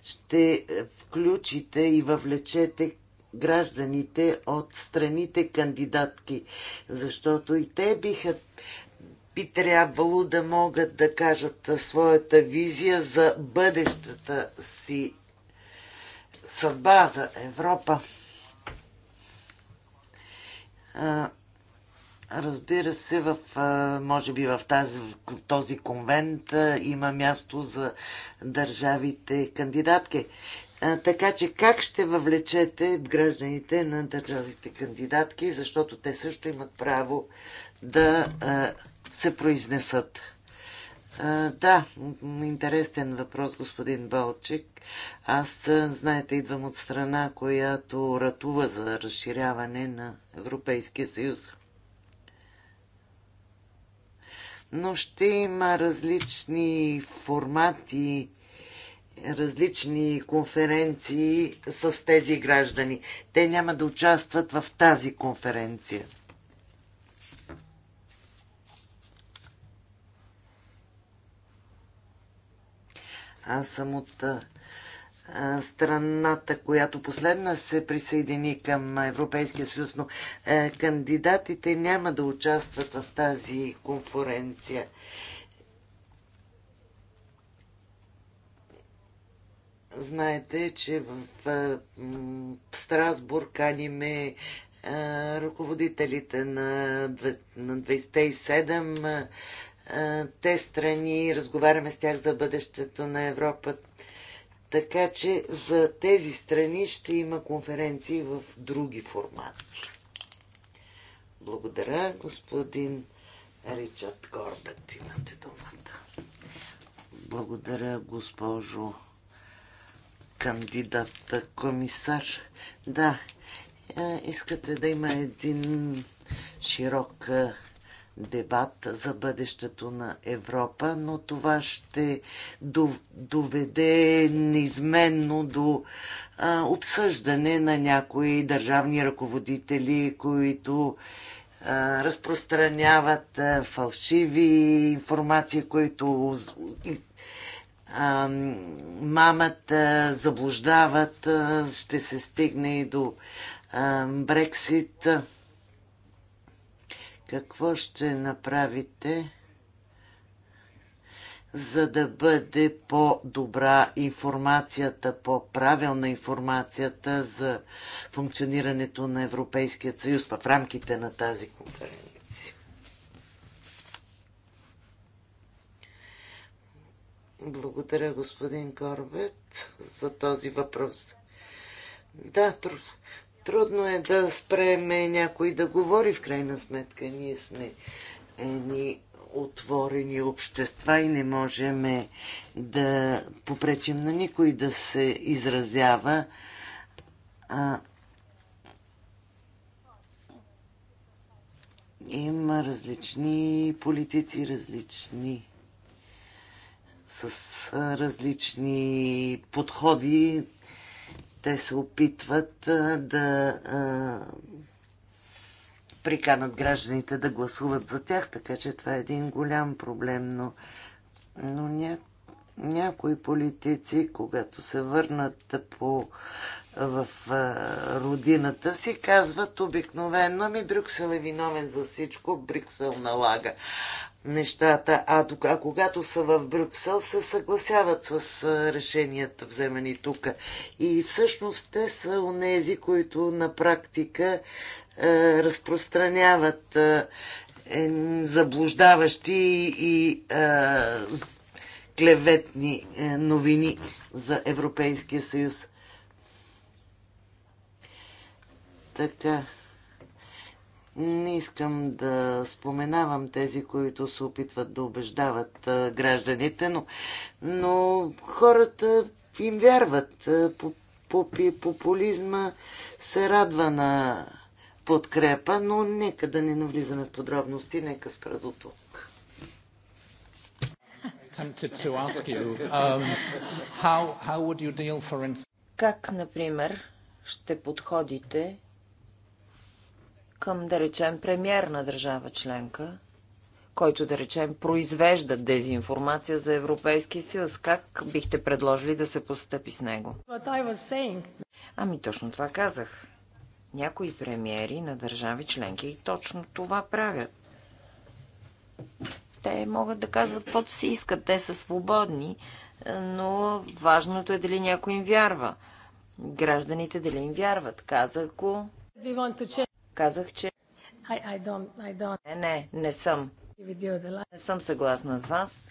Speaker 5: ще е, включите и въвлечете гражданите от страните кандидатки, защото и те биха би трябвало да могат да кажат своята визия за бъдещата си съдба за Европа. Разбира се, в, може би в, тази, в този конвент има място за държавите кандидатки. Така че как ще въвлечете гражданите на държавите кандидатки, защото те също имат право да се произнесат. Да, интересен въпрос, господин Балчик. Аз, знаете, идвам от страна, която ратува за разширяване на Европейския съюз. Но ще има различни формати, различни конференции с тези граждани. Те няма да участват в тази конференция. Аз съм от а, страната, която последна се присъедини към Европейския съюз, но а, кандидатите няма да участват в тази конференция. Знаете, че в в Страсбург каниме ръководителите на 27 те страни, разговаряме с тях за бъдещето на Европа. Така че за тези страни ще има конференции в други формати. Благодаря, господин Ричард Корбет. Имате думата. Благодаря, госпожо кандидата комисар. Да, е, искате да има един широк е, дебат за бъдещето на Европа, но това ще доведе неизменно до обсъждане на някои държавни ръководители, които разпространяват фалшиви информации, които мамат, заблуждават, ще се стигне и до Брексит. Какво ще направите, за да бъде по-добра информацията, по-правилна информацията за функционирането на Европейския съюз в рамките на тази конференция? Благодаря, господин Корбет, за този въпрос. Да, Трудно е да спреме някой да говори, в крайна сметка. Ние сме едни отворени общества и не можем да попречим на никой да се изразява. А, има различни политици, различни с различни подходи те се опитват да приканат гражданите да гласуват за тях, така че това е един голям проблем, но, но ня, някои политици, когато се върнат по, в а, родината си, казват обикновено, ми Брюксел е виновен за всичко, Брюксел налага нещата, а, а когато са в Брюксел, се съгласяват с решенията вземани тук. И всъщност те са онези, които на практика е, разпространяват е, заблуждаващи и е, клеветни е, новини за Европейския съюз. Така. Не искам да споменавам тези, които се опитват да убеждават гражданите, но, но хората им вярват. Популизма се радва на подкрепа, но нека да не навлизаме в подробности, нека спра до тук. Um,
Speaker 4: как,
Speaker 2: например, ще подходите към, да речем, премьер на държава членка, който, да речем, произвежда дезинформация за Европейския съюз. Как бихте предложили да се постъпи с него? Ами точно това казах. Някои премиери на държави членки и точно това правят. Те могат да казват каквото си искат, те са свободни, но важното е дали някой им вярва. Гражданите дали им вярват. Казах го. Казах, че... I, I don't, I don't. Не, не, не съм. Не съм съгласна с вас.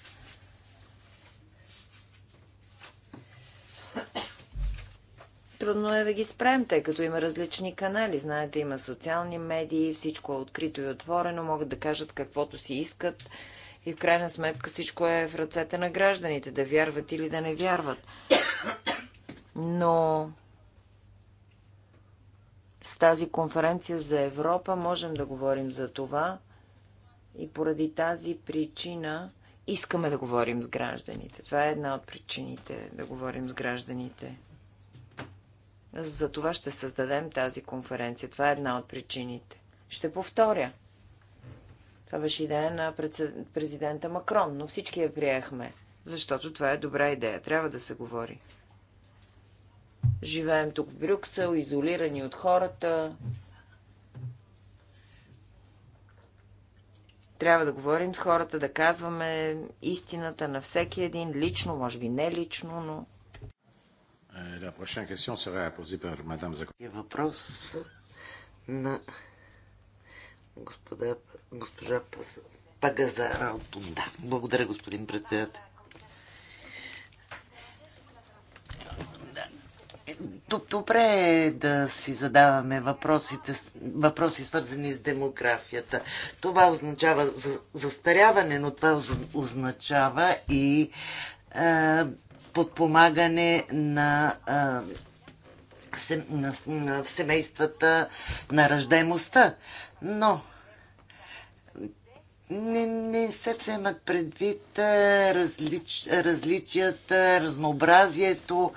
Speaker 2: Трудно е да ги спрем, тъй като има различни канали. Знаете, има социални медии, всичко е открито и отворено, могат да кажат каквото си искат. И в крайна сметка всичко е в ръцете на гражданите, да вярват или да не вярват. Но с тази конференция за Европа можем да говорим за това и поради тази причина искаме да говорим с гражданите. Това е една от причините да говорим с гражданите. За това ще създадем тази конференция. Това е една от причините. Ще повторя. Това беше идея на президента Макрон, но всички я приехме, защото това е добра идея. Трябва да се говори. Живеем тук в Брюксел, изолирани от хората. Трябва да говорим с хората, да казваме истината на всеки един, лично, може би не лично, но...
Speaker 1: Е, въпрос
Speaker 5: на господа, госпожа Пагазара от Тунда. Благодаря, господин председател. Добре е да си задаваме въпросите, въпроси свързани с демографията. Това означава застаряване, но това означава и е, подпомагане на, е, на, на семействата, на раждаемостта. Но не, не се вземат предвид различ, различията, разнообразието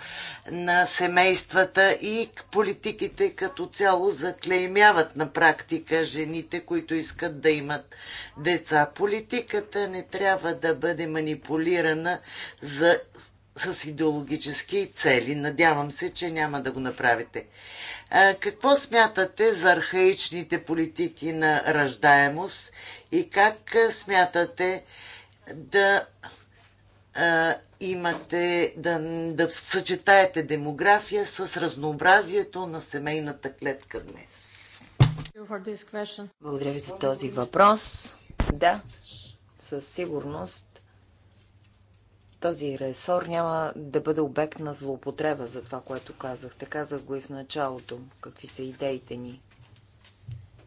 Speaker 5: на семействата и политиките като цяло заклеймяват на практика жените, които искат да имат деца. Политиката не трябва да бъде манипулирана за, с идеологически цели. Надявам се, че няма да го направите. Какво смятате за архаичните политики на раждаемост и как смятате да имате, да, да съчетаете демография с разнообразието на семейната клетка днес? Благодаря ви за този въпрос.
Speaker 2: Да, със
Speaker 5: сигурност
Speaker 2: този ресор няма да бъде обект на злоупотреба за това, което казахте. Казах го и в началото, какви са идеите ни.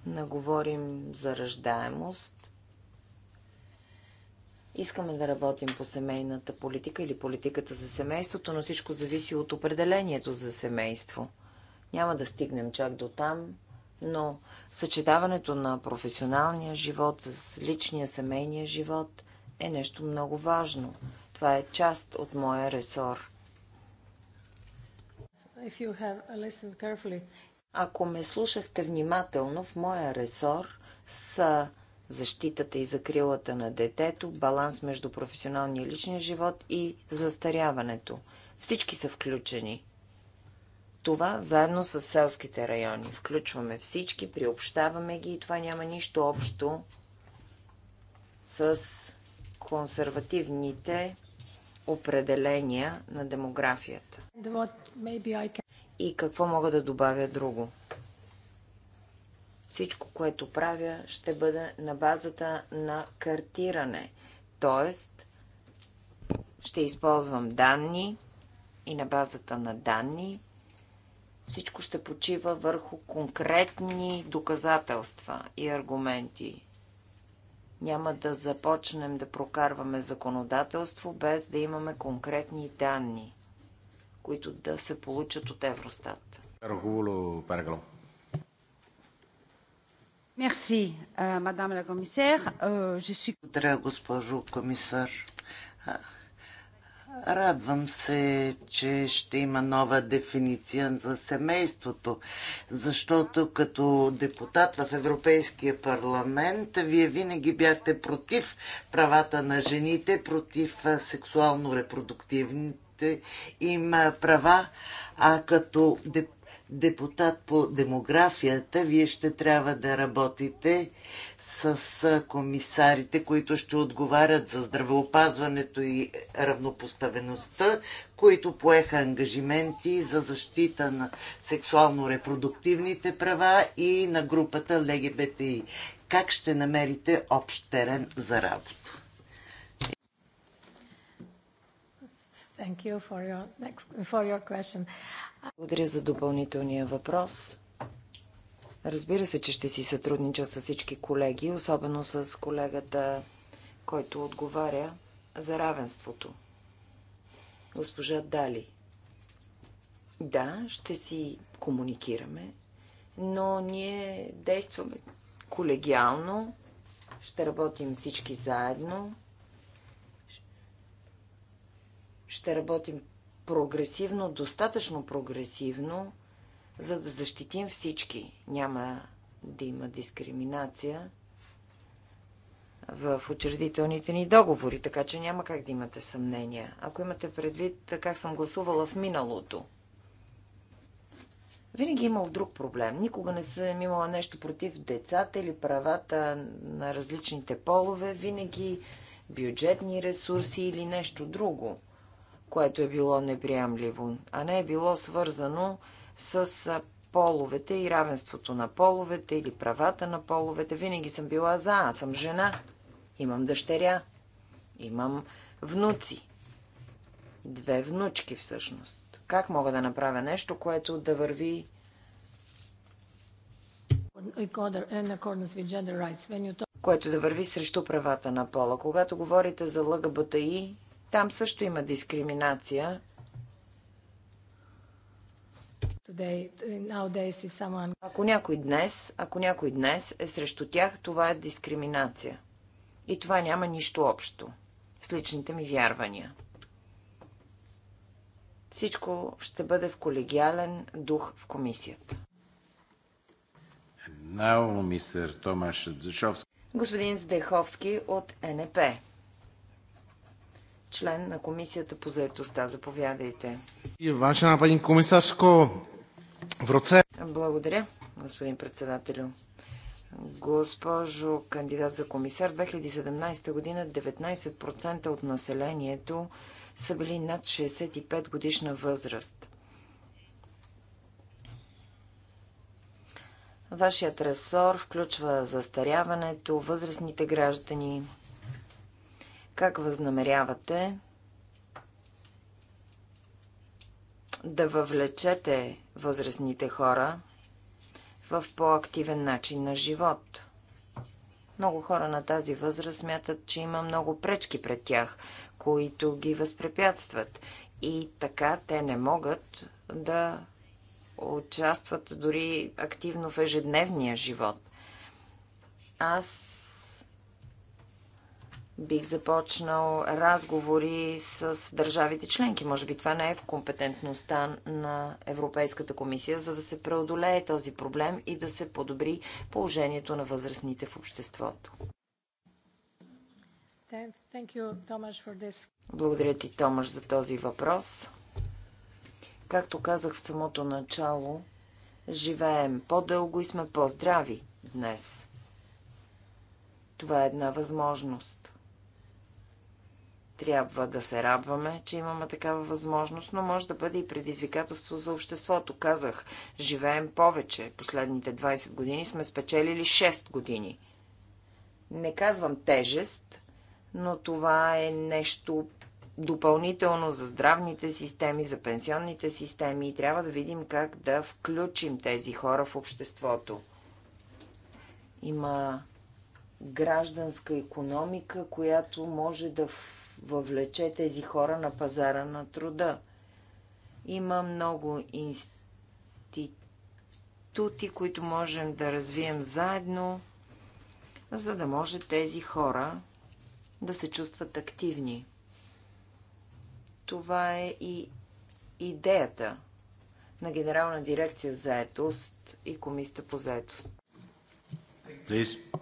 Speaker 2: Наговорим за ръждаемост. Искаме да работим по семейната политика или политиката за семейството, но всичко зависи от определението за семейство. Няма да стигнем чак до там, но съчетаването на професионалния живот с личния семейния живот е нещо много важно. Това е част от моя ресор. Ако ме слушахте внимателно, в моя ресор са защитата и закрилата на детето, баланс между професионалния и личния живот и застаряването. Всички са включени. Това заедно с селските райони. Включваме всички, приобщаваме ги и това няма нищо общо с консервативните определения на демографията. И какво мога да добавя друго? Всичко, което правя, ще бъде на базата на картиране. Тоест, ще използвам данни и на базата на данни всичко ще почива върху конкретни доказателства и аргументи. Няма да започнем да прокарваме законодателство, без да имаме конкретни данни, които да се получат от
Speaker 5: Евростат. Мерси, мадам ла комисар. Благодаря, госпожо комисар. Радвам се, че ще има нова дефиниция за семейството, защото като депутат в Европейския парламент, вие винаги бяхте против правата на жените, против сексуално-репродуктивните им права, а като депутат депутат по демографията, вие ще трябва да работите с комисарите, които ще отговарят за здравеопазването и равнопоставеността, които поеха ангажименти за защита на сексуално-репродуктивните права и на групата ЛГБТИ. Как ще намерите общ терен за работа?
Speaker 3: Thank you for your, next, for your question.
Speaker 5: Благодаря
Speaker 2: за допълнителния въпрос. Разбира се, че ще си сътруднича с всички колеги, особено с колегата, който отговаря за равенството. Госпожа Дали. Да, ще си комуникираме, но ние действаме колегиално, ще работим всички заедно, ще работим прогресивно, достатъчно прогресивно, за да защитим всички. Няма да има дискриминация в учредителните ни договори, така че няма как да имате съмнения. Ако имате предвид как съм гласувала в миналото, винаги е имал друг проблем. Никога не съм имала нещо против децата или правата на различните полове, винаги бюджетни ресурси или нещо друго което е било неприемливо, а не е било свързано с половете и равенството на половете или правата на половете. Винаги съм била за. Аз съм жена. Имам дъщеря. Имам внуци. Две внучки всъщност. Как мога да направя нещо, което да върви което да върви срещу правата на пола. Когато говорите за ЛГБТИ, там също има дискриминация. Ако някой днес, ако някой днес е срещу тях, това е дискриминация. И това няма нищо общо с личните ми вярвания. Всичко ще бъде в колегиален дух в комисията.
Speaker 1: Now,
Speaker 2: Господин Здеховски от НП член на Комисията по заедостта. Заповядайте.
Speaker 1: И пани комисарско
Speaker 5: в ръце.
Speaker 2: Благодаря, господин председателю. Госпожо кандидат за комисар, 2017 година 19% от населението са били над 65 годишна възраст. Вашият ресор включва застаряването, възрастните граждани, как възнамерявате да въвлечете възрастните хора в по-активен начин на живот? Много хора на тази възраст смятат, че има много пречки пред тях, които ги възпрепятстват. И така те не могат да участват дори активно в ежедневния живот. Аз бих започнал разговори с държавите членки. Може би това не е в компетентността на Европейската комисия, за да се преодолее този проблем и да се подобри положението на възрастните в обществото. Благодаря ти, Томаш, за този въпрос. Както казах в самото начало, живеем по-дълго и сме по-здрави днес. Това е една възможност. Трябва да се радваме, че имаме такава възможност, но може да бъде и предизвикателство за обществото. Казах, живеем повече. Последните 20 години сме спечелили 6 години. Не казвам тежест, но това е нещо допълнително за здравните системи, за пенсионните системи и трябва да видим как да включим тези хора в обществото. Има гражданска економика, която може да въвлече тези хора на пазара на труда. Има много институти, които можем да развием заедно, за да може тези хора да се чувстват активни. Това е и идеята на Генерална дирекция заетост и Комисията по заетост.
Speaker 1: Please.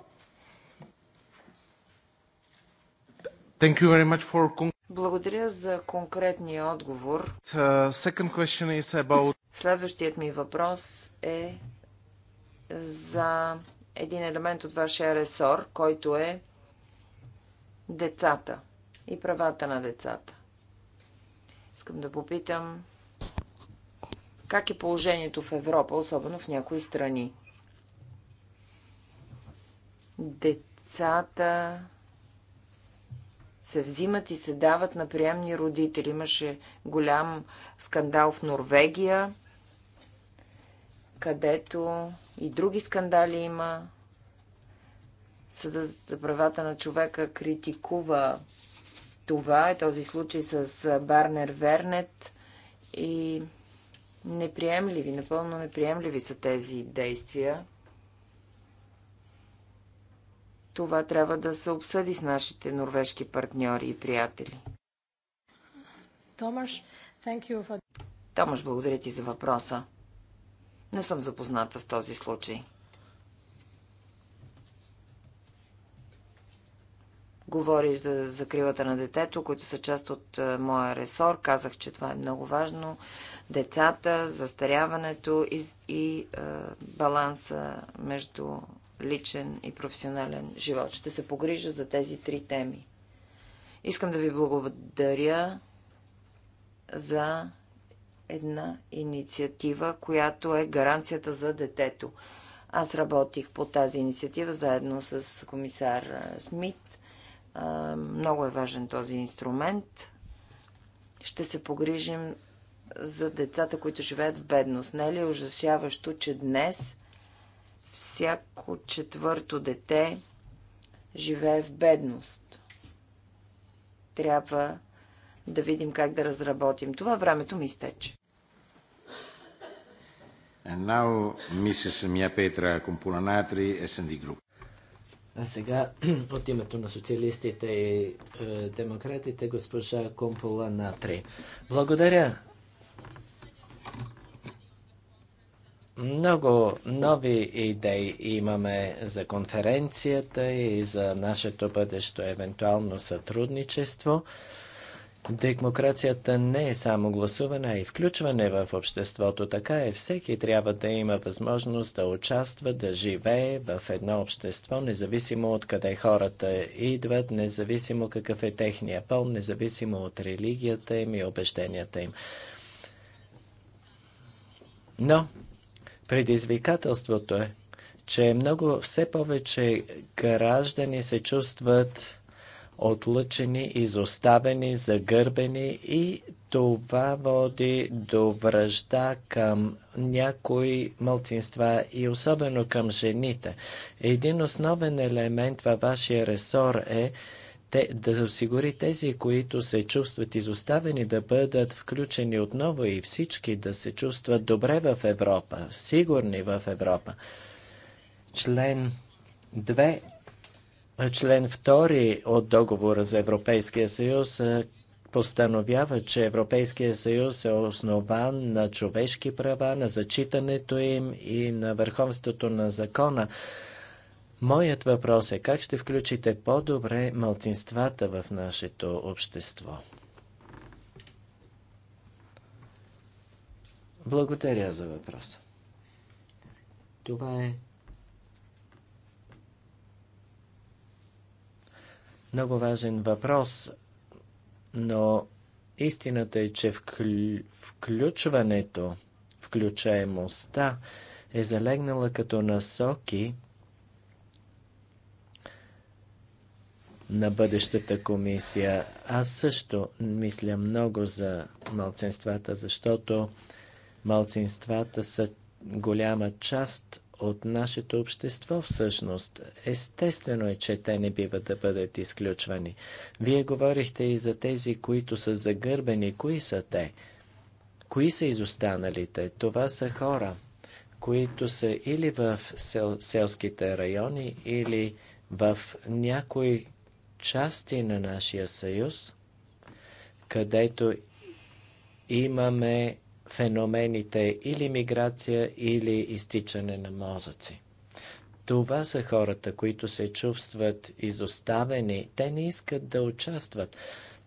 Speaker 1: Thank you very much for...
Speaker 2: Благодаря за конкретния отговор.
Speaker 1: Uh, about...
Speaker 2: Следващият ми въпрос е за един елемент от вашия ресор, който е децата и правата на децата. Искам да попитам как е положението в Европа, особено в някои страни. Децата се взимат и се дават на приемни родители. Имаше голям скандал в Норвегия, където и други скандали има. Съда за правата на човека критикува това, е този случай с Барнер Вернет и неприемливи, напълно неприемливи са тези действия. Това трябва да се обсъди с нашите норвежки партньори и приятели.
Speaker 3: Томаш, for...
Speaker 2: Томаш, благодаря ти за въпроса. Не съм запозната с този случай. Говориш за закрилата на детето, които са част от е, моя ресор. Казах, че това е много важно. Децата, застаряването и, и е, баланса между личен и професионален живот. Ще се погрижа за тези три теми. Искам да ви благодаря за една инициатива, която е гаранцията за детето. Аз работих по тази инициатива заедно с комисар Смит. Много е важен този инструмент. Ще се погрижим за децата, които живеят в бедност. Не е ли ужасяващо, че днес всяко четвърто дете живее в бедност. Трябва да видим как да разработим. Това времето ми изтече.
Speaker 1: And now, Mrs. Mia Petra Kumpulanatri, SND Group.
Speaker 4: А сега от името на социалистите и е, демократите госпожа Компула Натри. Благодаря, Много нови идеи имаме за конференцията и за нашето бъдещо евентуално сътрудничество. Демокрацията не е само гласуване, а и включване в обществото. Така е, всеки трябва да има възможност да участва, да живее в едно общество, независимо от къде хората идват, независимо какъв е техния пол, независимо от религията им и убежденията им. Но Предизвикателството е, че много, все повече граждани се чувстват отлъчени, изоставени, загърбени и това води до връжда към някои мълцинства и особено към жените. Един основен елемент във вашия ресор е те, да осигури тези, които се чувстват изоставени, да бъдат включени отново и всички да се чувстват добре в Европа, сигурни в Европа. Член 2, член 2 от договора за Европейския съюз постановява, че Европейския съюз е основан на човешки права, на зачитането им и на върховството на закона. Моят въпрос е как ще включите по-добре малцинствата в нашето общество? Благодаря за въпроса. Това е много важен въпрос, но истината е, че включването, включаемостта е залегнала като насоки на бъдещата комисия. Аз също мисля много за малцинствата, защото малцинствата са голяма част от нашето общество всъщност. Естествено е, че те не биват да бъдат изключвани. Вие говорихте и за тези, които са загърбени. Кои са те? Кои са изостаналите? Това са хора, които са или в сел, селските райони, или в някои части на нашия съюз, където имаме феномените или миграция, или изтичане на мозъци. Това са хората, които се чувстват изоставени. Те не искат да участват.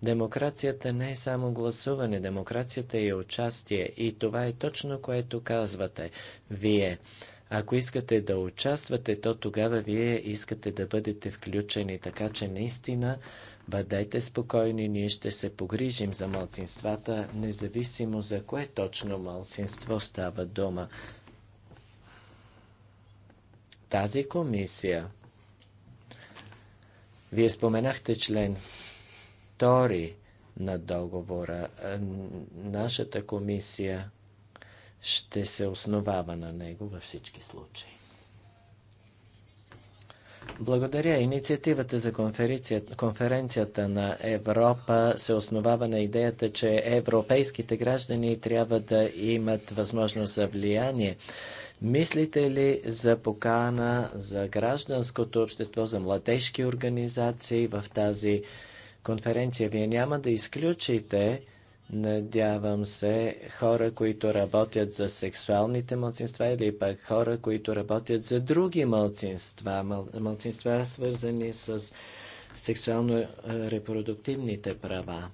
Speaker 4: Демокрацията не е само гласуване, демокрацията е участие. И това е точно което казвате вие. Ако искате да участвате, то тогава вие искате да бъдете включени, така че наистина бъдете спокойни, ние ще се погрижим за малцинствата, независимо за кое точно малцинство става дума. Тази комисия, вие споменахте член 2 на договора, нашата комисия ще се основава на него във всички случаи. Благодаря. Инициативата за конференцията на Европа се основава на идеята, че европейските граждани трябва да имат възможност за влияние. Мислите ли за покана за гражданското общество, за младежки организации в тази конференция? Вие няма да изключите Надявам се хора, които работят за сексуалните мълцинства или пък хора, които работят за други мълцинства, мълцинства свързани с сексуално-репродуктивните права.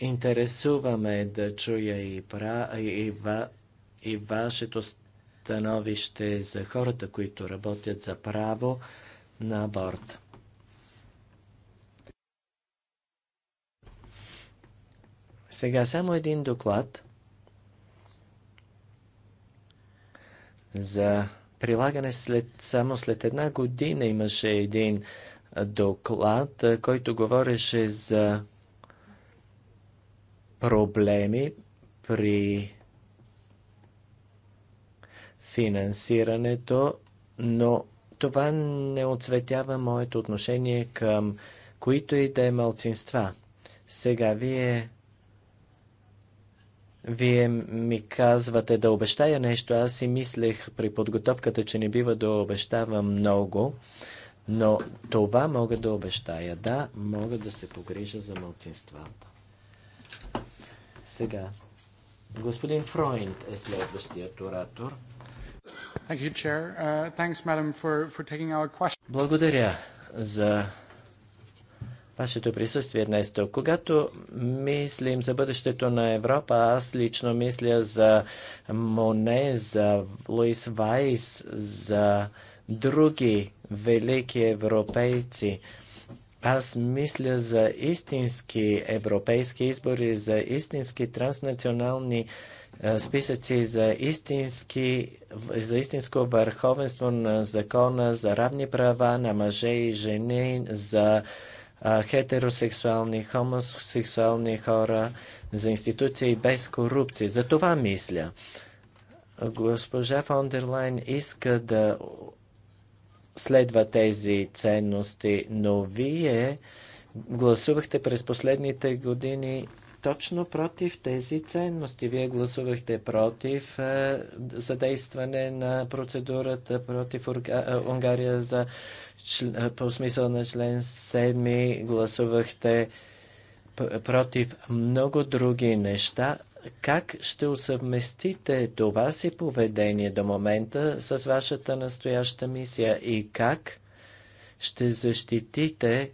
Speaker 4: Интересуваме да чуя и, пра, и, ва, и вашето становище за хората, които работят за право на аборта. Сега само един доклад за прилагане след, само след една година имаше един доклад, който говореше за проблеми при финансирането, но това не оцветява моето отношение към които и да е малцинства. Сега вие вие ми казвате да обещая нещо. Аз си мислех при подготовката, че не бива да обещавам много, но това мога да обещая. Да, мога да се погрижа за мълцинствата. Сега, господин Фройнд е следващият оратор.
Speaker 1: Uh,
Speaker 4: Благодаря за вашето присъствие днес тук. Когато мислим за бъдещето на Европа, аз лично мисля за Моне, за Луис Вайс, за други велики европейци. Аз мисля за истински европейски избори, за истински транснационални списъци за, истински, за истинско върховенство на закона, за равни права на мъже и жени, за хетеросексуални, хомосексуални хора, за институции без корупция. За това мисля. Госпожа фон иска да следва тези ценности, но вие гласувахте през последните години точно против тези ценности. Вие гласувахте против е, задействане на процедурата против е, Унгария за, е, по смисъл на член 7. Гласувахте против много други неща. Как ще усъвместите това си поведение до момента с вашата настояща мисия и как ще защитите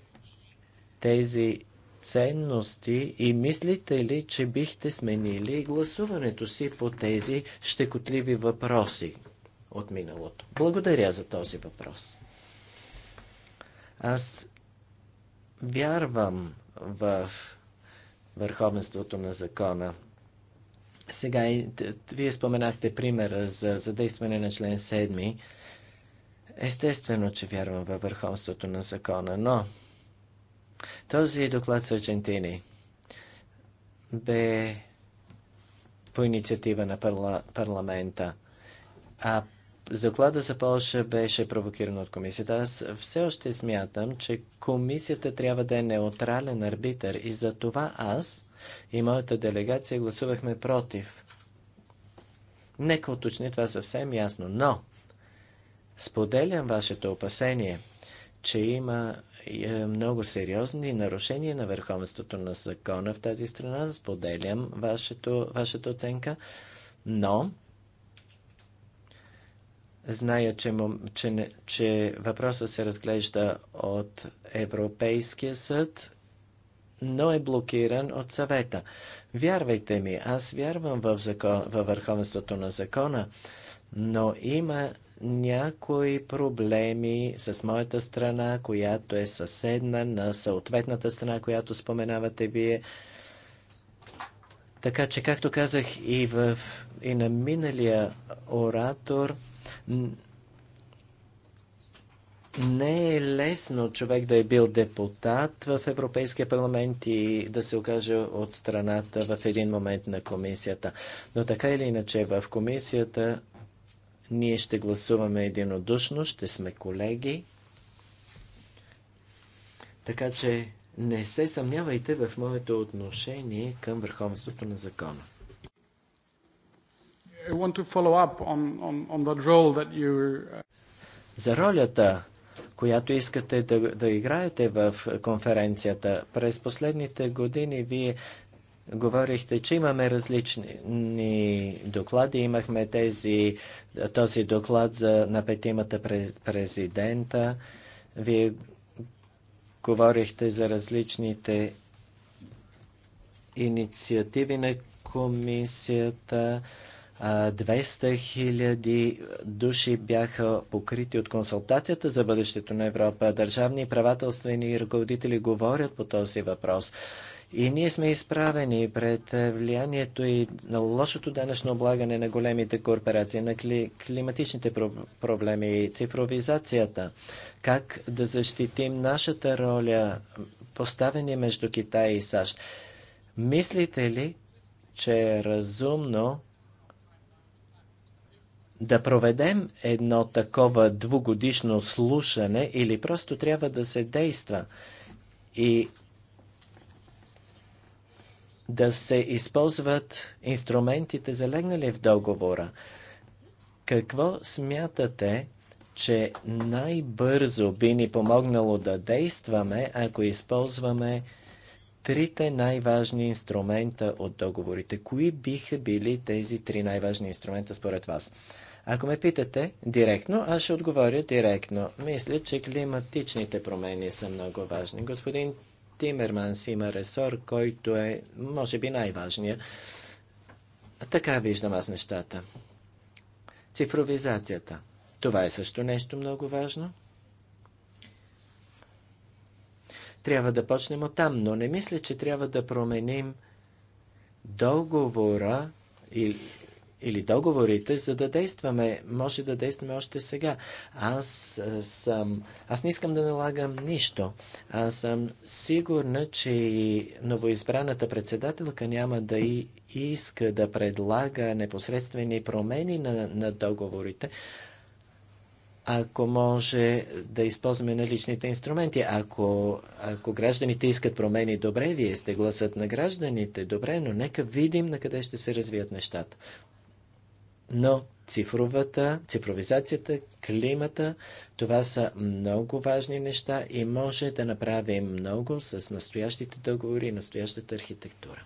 Speaker 4: тези ценности и мислите ли, че бихте сменили гласуването си по тези щекотливи въпроси от миналото? Благодаря за този въпрос. Аз вярвам в върховенството на закона. Сега, вие споменахте примера за задействане на член 7. Естествено, че вярвам във върховенството на закона, но този доклад с Аржентини бе по инициатива на парла, парламента. А за доклада за Польша беше провокиран от комисията. Аз все още смятам, че комисията трябва да е неутрален арбитър и за това аз и моята делегация гласувахме против. Нека уточни това съвсем ясно, но споделям вашето опасение – че има е, много сериозни нарушения на върховенството на закона в тази страна. Споделям вашето, вашата оценка, но зная, че, че, че въпросът се разглежда от Европейския съд, но е блокиран от съвета. Вярвайте ми, аз вярвам в закон, във върховенството на закона, но има някои проблеми с моята страна, която е съседна на съответната страна, която споменавате вие. Така че, както казах и, в, и на миналия оратор, не е лесно човек да е бил депутат в Европейския парламент и да се окаже от страната в един момент на комисията. Но така или иначе в комисията ние ще гласуваме единодушно, ще сме колеги. Така че не се съмнявайте в моето отношение към върховенството на закона. On, on, on you... Uh, За ролята, която искате да, да играете в конференцията, през последните години вие Говорихте, че имаме различни доклади. Имахме тези, този доклад за, напетимата президента. Вие говорихте за различните инициативи на комисията. 200 хиляди души бяха покрити от консултацията за бъдещето на Европа. Държавни и правателствени ръководители говорят по този въпрос. И ние сме изправени пред е, влиянието и на лошото данъчно облагане на големите корпорации, на кли, климатичните про проблеми и цифровизацията. Как да защитим нашата роля, поставени между Китай и САЩ? Мислите ли, че е разумно да проведем едно такова двугодишно слушане или просто трябва да се действа? И да се използват инструментите, залегнали в договора. Какво смятате, че най-бързо би ни помогнало да действаме, ако използваме трите най-важни инструмента от договорите? Кои биха били тези три най-важни инструмента според вас? Ако ме питате директно, аз ще отговоря директно. Мисля, че климатичните промени са много важни. Господин Тимерманс има ресор, който е, може би, най важния Така виждам аз нещата. Цифровизацията. Това е също нещо много важно. Трябва да почнем от там, но не мисля, че трябва да променим договора или или договорите, за да действаме. Може да действаме още сега. Аз съм. Аз не искам да налагам нищо. Аз съм сигурна, че новоизбраната председателка няма да и иска да предлага непосредствени промени на, на договорите ако може да използваме наличните инструменти. Ако, ако гражданите искат промени, добре, вие сте гласът на гражданите, добре, но нека видим на къде ще се развият нещата но цифровата, цифровизацията, климата, това са много важни неща и може да направим много с настоящите договори и настоящата архитектура.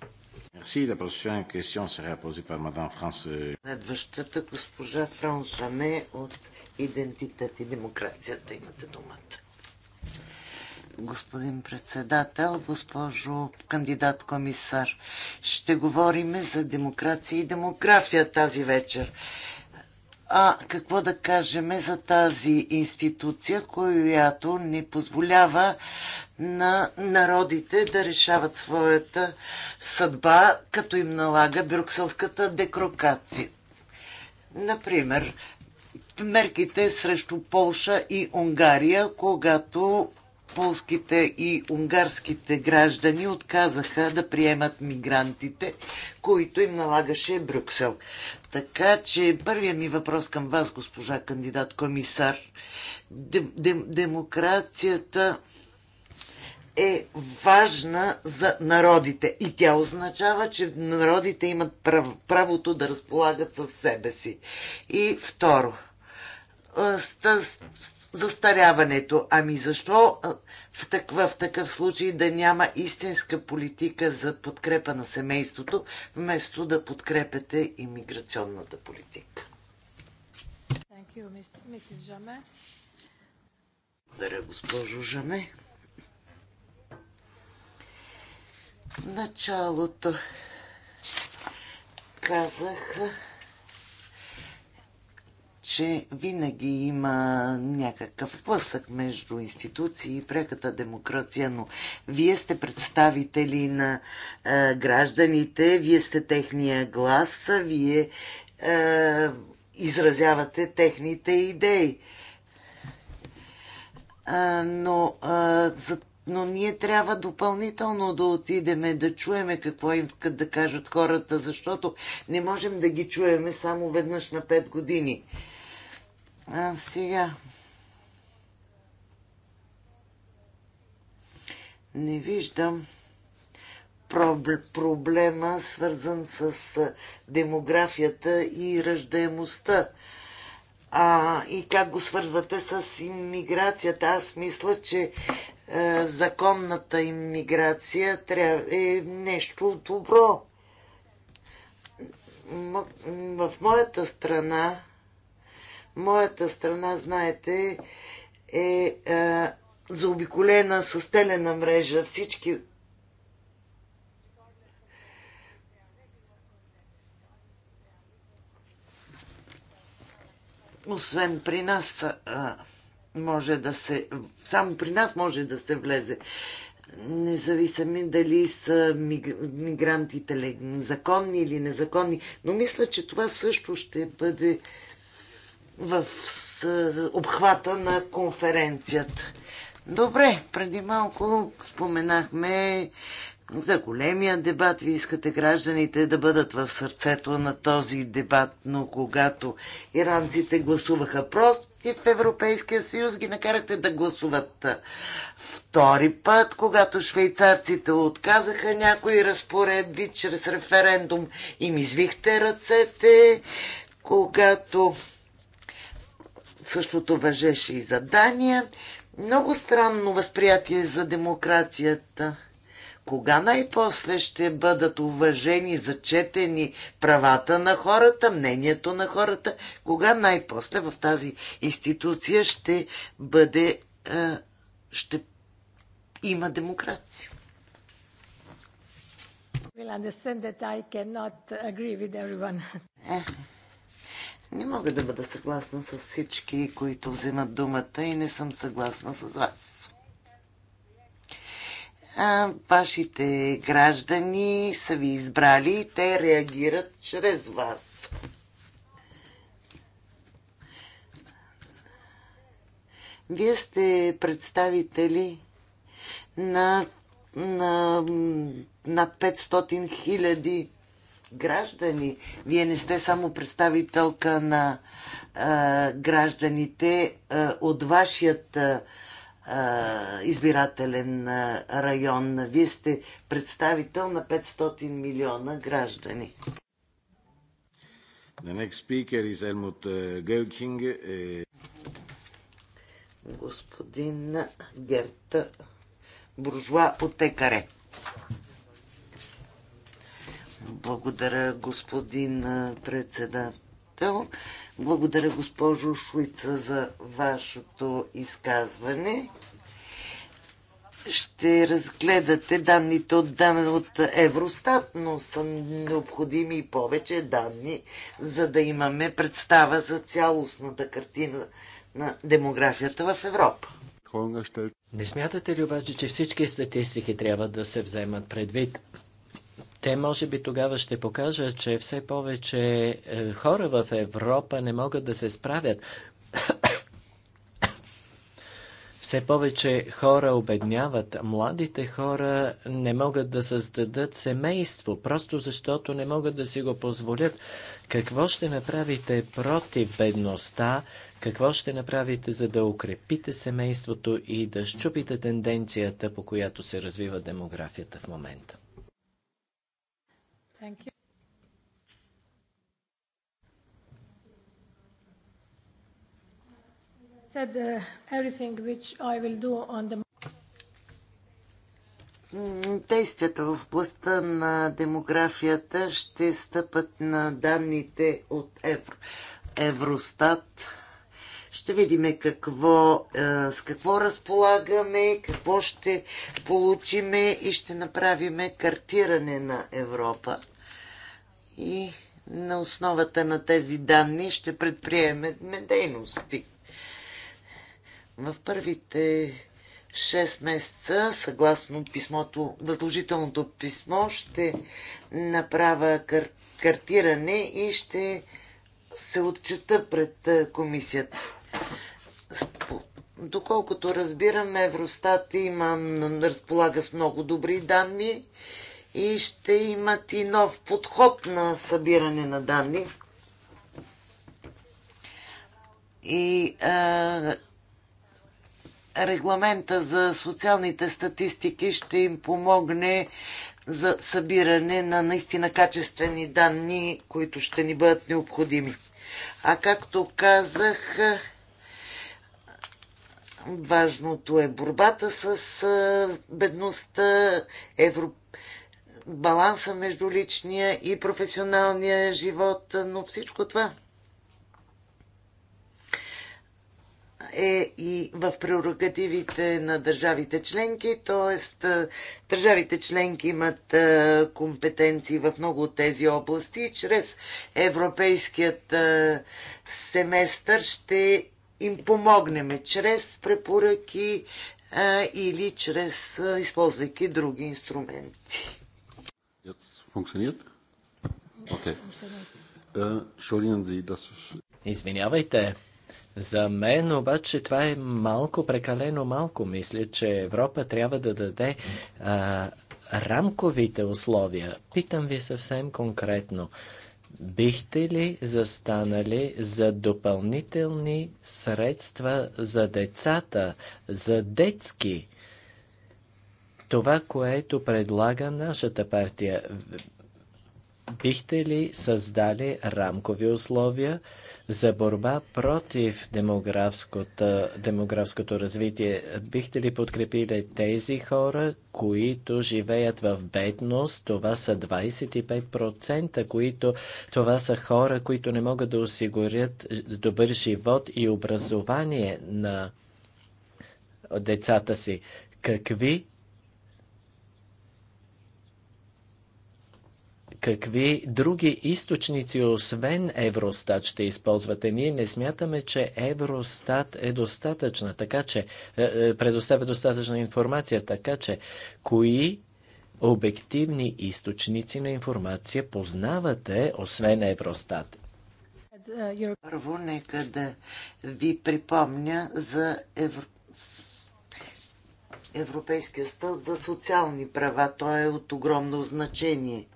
Speaker 1: Следващата
Speaker 5: госпожа Франс Жаме от Идентитет и демокрацията. Имате думата господин председател, госпожо кандидат комисар. Ще говорим за демокрация и демография тази вечер. А какво да кажем за тази институция, която не позволява на народите да решават своята съдба, като им налага брюкселската декрокация? Например, мерките срещу Полша и Унгария, когато полските и унгарските граждани отказаха да приемат мигрантите, които им налагаше Брюксел. Така че първият ми въпрос към вас, госпожа кандидат комисар, дем, дем, демокрацията е важна за народите. И тя означава, че народите имат прав, правото да разполагат със себе си. И второ – застаряването. Ами защо в такъв, в такъв случай да няма истинска политика за подкрепа на семейството, вместо да подкрепяте иммиграционната политика? You, Благодаря, госпожо Жаме. Началото казах че винаги има някакъв сблъсък между институции и преката демокрация, но вие сте представители на е, гражданите, вие сте техния глас, вие е, изразявате техните идеи. А, но, а, за, но ние трябва допълнително да отидеме да чуеме какво им искат да кажат хората, защото не можем да ги чуеме само веднъж на 5 години. А, сега. Не виждам проблема, свързан с демографията и ръждаемостта. А, и как го свързвате с иммиграцията? Аз мисля, че е, законната иммиграция трябва, е нещо добро. в моята страна Моята страна, знаете, е, а, е, заобиколена с телена мрежа. Всички освен при нас а, може да се. Само при нас може да се влезе. Независими дали са мигрантите законни или незаконни. Но мисля, че това също ще бъде в обхвата на конференцията. Добре, преди малко споменахме за големия дебат. ви искате гражданите да бъдат в сърцето на този дебат, но когато иранците гласуваха против Европейския съюз, ги накарахте да гласуват втори път, когато швейцарците отказаха някои разпоредби чрез референдум, им извихте ръцете, когато Същото въжеше и за Дания. Много странно възприятие за демокрацията. Кога най-после ще бъдат уважени, зачетени правата на хората, мнението на хората? Кога най-после в тази институция ще бъде, ще има демокрация?
Speaker 3: We'll understand that I cannot agree with everyone.
Speaker 5: Не мога да бъда съгласна с всички, които вземат думата и не съм съгласна с вас. А, вашите граждани са ви избрали и те реагират чрез вас. Вие сте представители на, на над 500 хиляди 000 граждани. Вие не сте само представителка на а, гражданите а, от вашият а, избирателен а, район. Вие сте представител на 500 милиона граждани.
Speaker 1: The next speaker is Helmut
Speaker 5: Göking. Господин Герта Буржуа от Екаре. Благодаря, господин председател. Благодаря, госпожо Шуица, за вашето изказване. Ще разгледате данните от, данни от Евростат, но са необходими и повече данни, за да имаме представа за цялостната картина на демографията в Европа.
Speaker 4: Не смятате ли обаче, че всички статистики трябва да се вземат предвид? Те може би тогава ще покажат, че все повече е, хора в Европа не могат да се справят. Все повече хора обедняват. Младите хора не могат да създадат семейство, просто защото не могат да си го позволят. Какво ще направите против бедността? Какво ще направите, за да укрепите семейството и да щупите тенденцията, по която се развива демографията в момента?
Speaker 3: Thank you. Said uh, everything which I will do on the
Speaker 5: Действията в областта на демографията ще стъпат на данните от Евро, Евростат. Ще видим какво, е, с какво разполагаме, какво ще получиме и ще направиме картиране на Европа и на основата на тези данни ще предприеме дейности. В първите 6 месеца, съгласно писмото, възложителното писмо, ще направя кар- картиране и ще се отчета пред комисията. Доколкото разбирам, Евростат има, разполага с много добри данни и ще имат и нов подход на събиране на данни. И а, регламента за социалните статистики ще им помогне за събиране на наистина качествени данни, които ще ни бъдат необходими. А както казах, важното е борбата с бедността, европейската баланса между личния и професионалния живот, но всичко това е и в прерогативите на държавите членки, т.е. държавите членки имат компетенции в много от тези области и чрез европейският семестър ще им помогнем чрез препоръки или чрез използвайки други инструменти.
Speaker 4: Функционират? Окей. Okay. Е, Извинявайте. За мен обаче това е малко, прекалено малко. Мисля, че Европа трябва да даде а, рамковите условия. Питам ви съвсем конкретно. Бихте ли застанали за допълнителни средства за децата, за детски това, което предлага нашата партия. Бихте ли създали рамкови условия за борба против демографското, демографското развитие? Бихте ли подкрепили тези хора, които живеят в бедност? Това са 25%, които това са хора, които не могат да осигурят добър живот и образование на децата си. Какви какви други източници, освен Евростат, ще използвате? Ние не смятаме, че Евростат е достатъчна, така че е, е, предоставя достатъчна информация, така че кои обективни източници на информация познавате, освен Евростат?
Speaker 5: Първо, нека да ви припомня за Евро... Европейския стълб за социални права. Той е от огромно значение.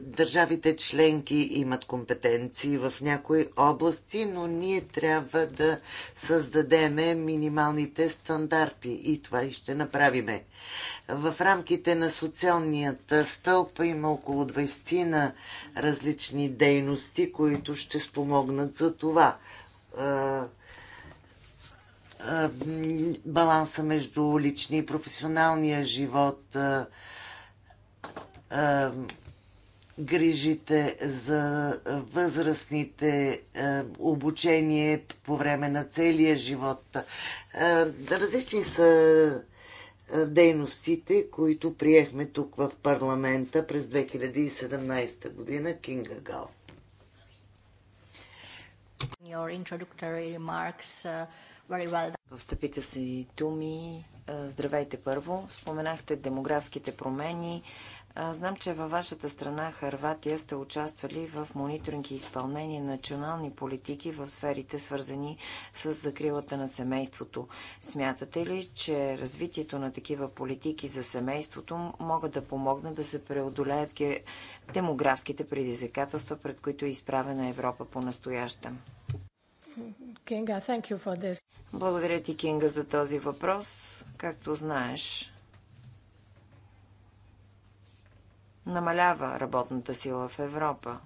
Speaker 5: Държавите членки имат компетенции в някои области, но ние трябва да създадеме минималните стандарти и това и ще направиме. В рамките на социалният стълб има около 20 на различни дейности, които ще спомогнат за това баланса между личния и професионалния живот, грижите за възрастните, е, обучение по време на целия живот. Е, различни са е, дейностите, които приехме тук в парламента през 2017 година Кинга Гал.
Speaker 2: Uh, в стъпите си думи, uh, здравейте първо, споменахте демографските промени, Знам, че във вашата страна, Харватия, сте участвали в мониторинг и изпълнение на национални политики в сферите, свързани с закрилата на семейството. Смятате ли, че развитието на такива политики за семейството могат да помогнат да се преодолеят демографските предизвикателства, пред които е изправена Европа по-настоящем? Благодаря ти, Кинга, за този въпрос. Както знаеш, намалява работната сила в Европа.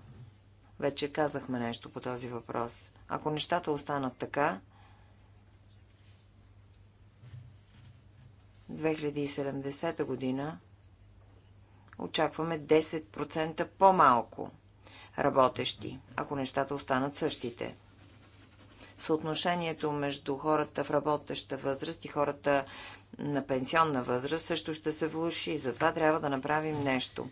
Speaker 2: Вече казахме нещо по този въпрос. Ако нещата останат така, 2070 година очакваме 10% по-малко работещи, ако нещата останат същите. Съотношението между хората в работеща възраст и хората на пенсионна възраст също ще се влуши и затова трябва да направим нещо.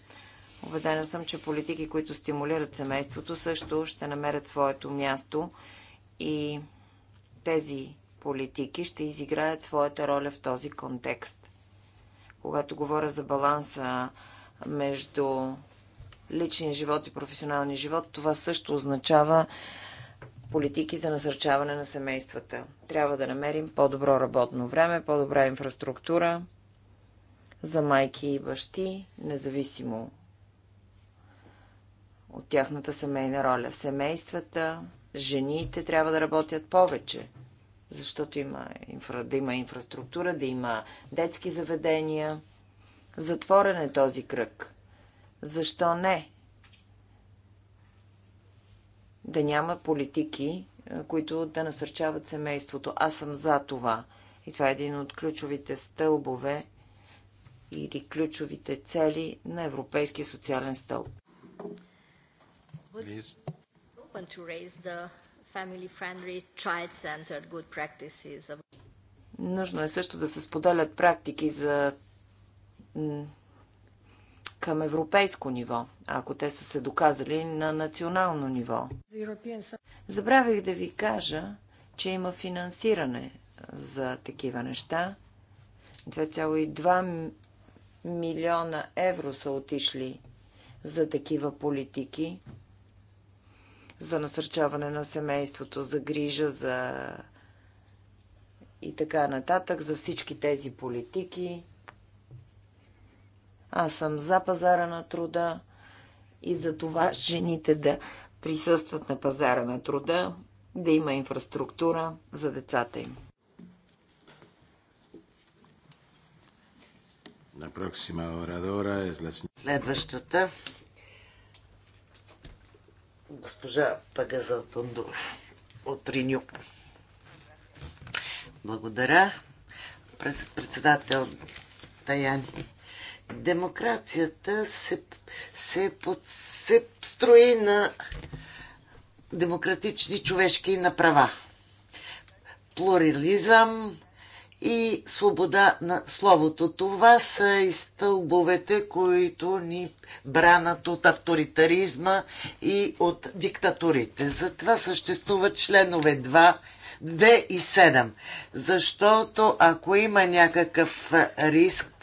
Speaker 2: Обедена съм, че политики, които стимулират семейството, също ще намерят своето място и тези политики ще изиграят своята роля в този контекст. Когато говоря за баланса между личен живот и професионалния живот, това също означава политики за насърчаване на семействата. Трябва да намерим по-добро работно време, по-добра инфраструктура за майки и бащи, независимо от тяхната семейна роля. Семействата, жените трябва да работят повече, защото има, инфра, да има инфраструктура, да има детски заведения. Затворен е този кръг. Защо не? да няма политики, които да насърчават семейството. Аз съм за това. И това е един от ключовите стълбове или ключовите цели на Европейския социален стълб. Нужно е също да се споделят практики за към европейско ниво, ако те са се доказали на национално ниво. Забравих да ви кажа, че има финансиране за такива неща. 2,2 милиона евро са отишли за такива политики, за насърчаване на семейството, за грижа, за и така нататък, за всички тези политики аз съм за пазара на труда и за това жените да присъстват на пазара на труда, да има инфраструктура за децата им.
Speaker 1: Е
Speaker 5: Следващата госпожа Пагаза Тандура от Риню. Благодаря. Председател Таяни демокрацията се, се, под, се строи на демократични човешки направа. Плурализъм и свобода на словото. Това са и стълбовете, които ни бранат от авторитаризма и от диктатурите. Затова съществуват членове 2 2 и 7. Защото ако има някакъв риск,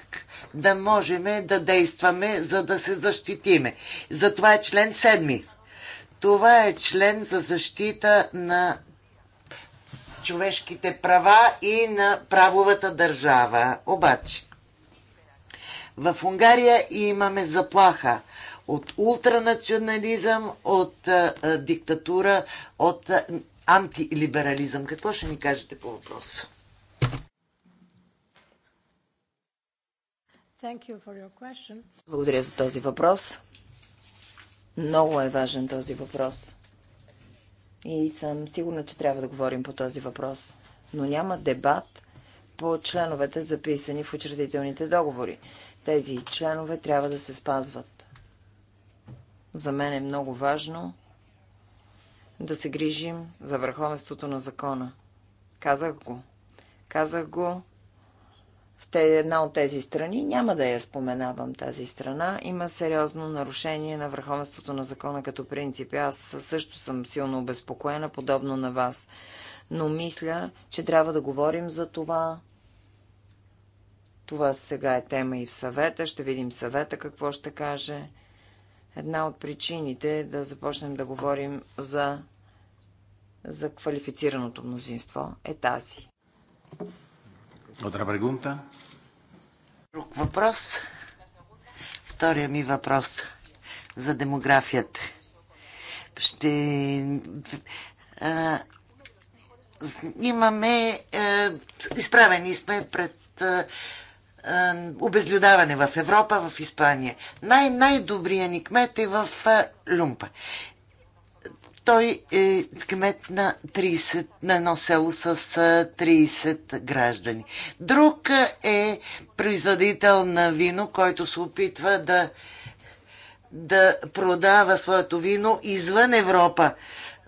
Speaker 5: да можем да действаме, за да се защитиме. Затова е член 7. Това е член за защита на човешките права и на правовата държава. Обаче, в Унгария имаме заплаха от ултранационализъм, от а, диктатура, от а, антилиберализъм. Какво ще ни кажете по въпроса? Благодаря за този въпрос.
Speaker 2: Много е важен този въпрос. И съм сигурна, че трябва да говорим по този въпрос. Но няма дебат по членовете, записани в учредителните договори. Тези членове трябва да се спазват. За мен е много важно да се грижим за върховенството на закона. Казах го. Казах го в една от тези страни, няма да я споменавам тази страна, има сериозно нарушение на върховенството на закона като принцип. Аз също съм силно обезпокоена, подобно на вас. Но мисля, че трябва да говорим за това. Това сега е тема и в съвета. Ще видим съвета какво ще каже. Една от причините е да започнем да говорим за, за квалифицираното
Speaker 5: мнозинство е тази.
Speaker 1: Otra pregunta?
Speaker 5: Друг въпрос. Втория ми въпрос за демографията. Ще... А, имаме... А, изправени сме пред а, а, обезлюдаване в Европа, в Испания. Най- най ни кмет е в а, Люмпа. Той е кмет на, 30, на едно село с 30 граждани. Друг е производител на вино, който се опитва да, да продава своето вино извън Европа.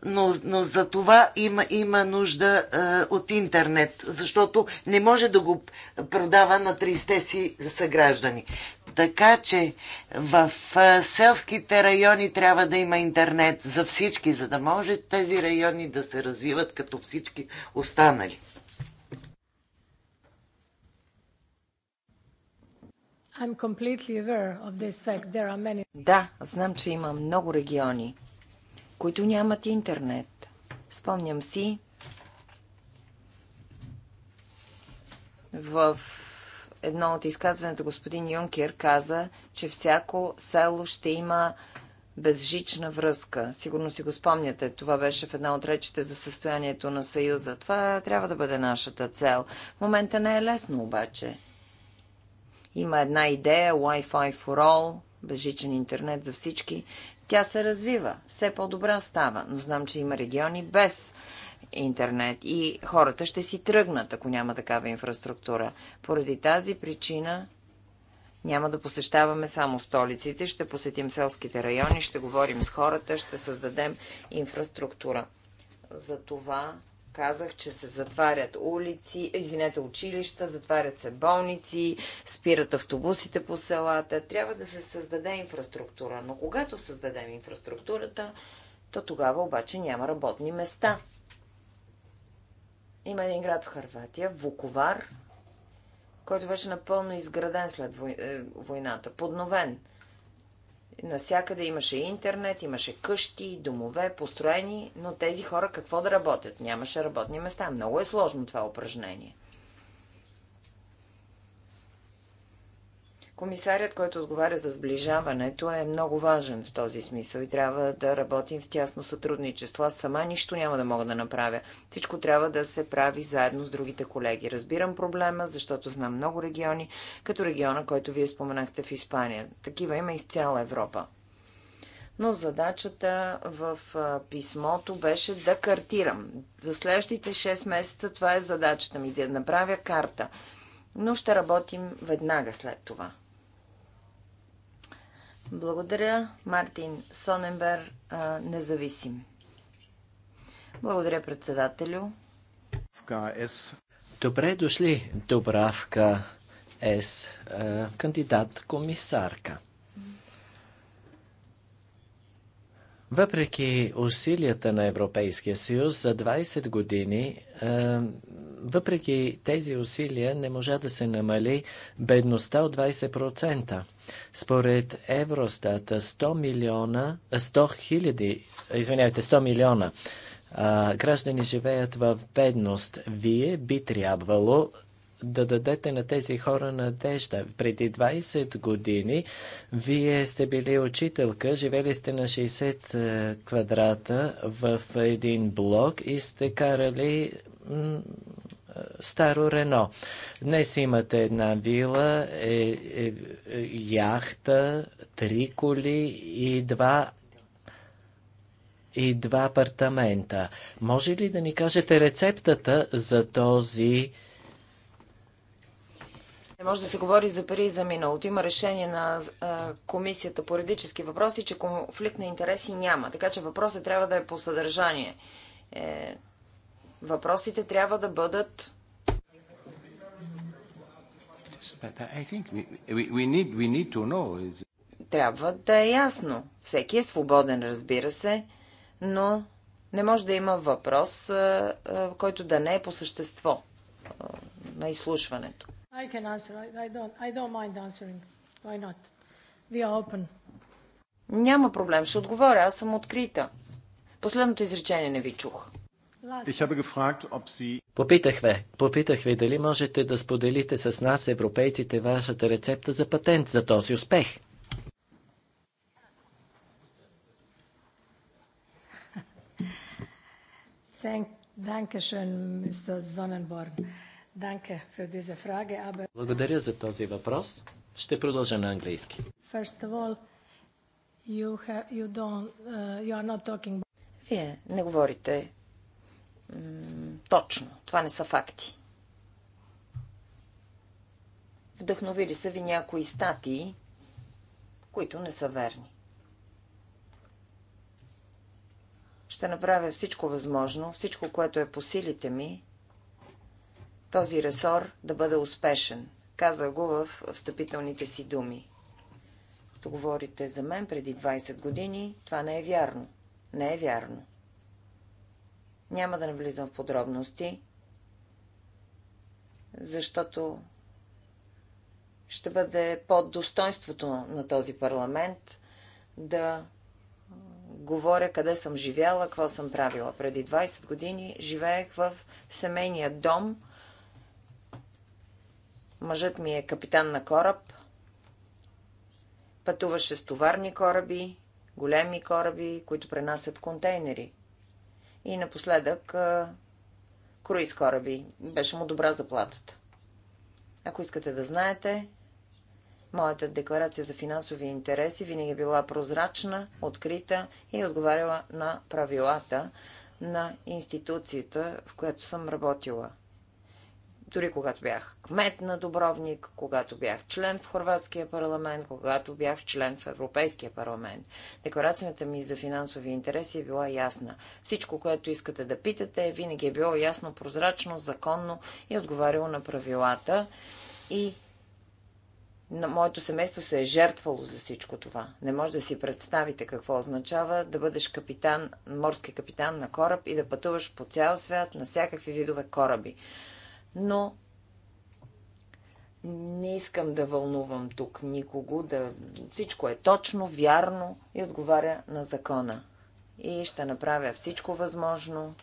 Speaker 5: Но, но за това има, има нужда е, от интернет, защото не може да го продава на 30 си съграждани. Така че в селските райони трябва да има интернет за всички, за да може тези райони да се развиват като всички останали.
Speaker 3: Many...
Speaker 2: Да, знам, че има много региони, които нямат интернет. Спомням си в едно от изказването господин Юнкер каза, че всяко село ще има безжична връзка. Сигурно си го спомняте. Това беше в една от речите за състоянието на Съюза. Това трябва да бъде нашата цел. В момента не е лесно обаче. Има една идея, Wi-Fi for all, безжичен интернет за всички. Тя се развива, все по-добра става, но знам, че има региони без интернет и хората ще си тръгнат, ако няма такава инфраструктура. Поради тази причина няма да посещаваме само столиците, ще посетим селските райони, ще говорим с хората, ще създадем инфраструктура. За това казах, че се затварят улици, извинете, училища, затварят се болници, спират автобусите по селата. Трябва да се създаде инфраструктура. Но когато създадем инфраструктурата, то тогава обаче няма работни места. Има един град в Харватия, Вуковар, който беше напълно изграден след е, войната, подновен. Насякъде имаше интернет, имаше къщи, домове, построени, но тези хора какво да работят? Нямаше работни места. Много е сложно това упражнение. Комисарят, който отговаря за сближаването, е много важен в този смисъл и трябва да работим в тясно сътрудничество. Аз сама нищо няма да мога да направя. Всичко трябва да се прави заедно с другите колеги. Разбирам проблема, защото знам много региони, като региона, който вие споменахте в Испания. Такива има из цяла Европа. Но задачата в писмото беше да картирам. За следващите 6 месеца това е задачата ми, да направя карта но ще работим веднага след това. Благодаря. Мартин Соненбер, независим. Благодаря, председателю.
Speaker 4: Добре дошли, Добравка С, кандидат комисарка. Въпреки усилията на Европейския съюз за 20 години, е, въпреки тези усилия не можа да се намали бедността от 20%. Според Евростата 100 милиона, 100 е, хиляди, извинявайте, 100 милиона граждани живеят в бедност. Вие би трябвало да дадете на тези хора надежда. Преди 20 години вие сте били учителка, живели сте на 60 е, квадрата в един блок и сте карали е, старо Рено. Днес имате една вила, е, е, е, яхта, три коли и два и два апартамента. Може ли да ни кажете рецептата за този
Speaker 2: не може да се говори за пари и за миналото. Има решение на Комисията по юридически въпроси, че конфликт на интереси няма. Така че въпросът трябва да е по съдържание. Е, въпросите трябва да бъдат. Трябва да е ясно. Всеки е свободен, разбира се, но не може да има въпрос, който да не е по същество на изслушването.
Speaker 3: I can answer. I, I don't. I don't mind answering. Why not? We are open.
Speaker 2: Няма проблем. Ще отговоря. Аз съм открита. Последното изречение не ви чух.
Speaker 4: Попитах ви, попитах ви дали можете да споделите с нас, европейците, вашата рецепта за патент за този успех.
Speaker 3: Dankeschön, Mr. Sonnenborn.
Speaker 4: Благодаря за този въпрос. Ще продължа на английски.
Speaker 3: Uh, Вие
Speaker 2: не говорите точно. Това не са факти. Вдъхновили са ви някои статии, които не са верни. Ще направя всичко възможно, всичко, което е по силите ми, този ресор да бъде успешен. Каза го в встъпителните си думи. Като говорите за мен преди 20 години, това не е вярно. Не е вярно. Няма да навлизам в подробности, защото ще бъде под достоинството на този парламент да говоря къде съм живяла, какво съм правила. Преди 20 години живеех в семейния дом Мъжът ми е капитан на кораб. Пътуваше с товарни кораби, големи кораби, които пренасят контейнери. И напоследък круиз кораби. Беше му добра заплатата. Ако искате да знаете, моята декларация за финансови интереси винаги е била прозрачна, открита и е отговаряла на правилата на институцията, в която съм работила – дори когато бях кмет на Добровник, когато бях член в Хорватския парламент, когато бях член в Европейския парламент. Декларацията ми за финансови интереси е била ясна. Всичко, което искате да питате, винаги е било ясно, прозрачно, законно и отговаряло на правилата. И на моето семейство се е жертвало за всичко това. Не може да си представите какво означава да бъдеш капитан, морски капитан на кораб и да пътуваш по цял свят на всякакви видове кораби но не искам да вълнувам тук никого, да... всичко е точно, вярно и отговаря на закона. И ще направя всичко възможно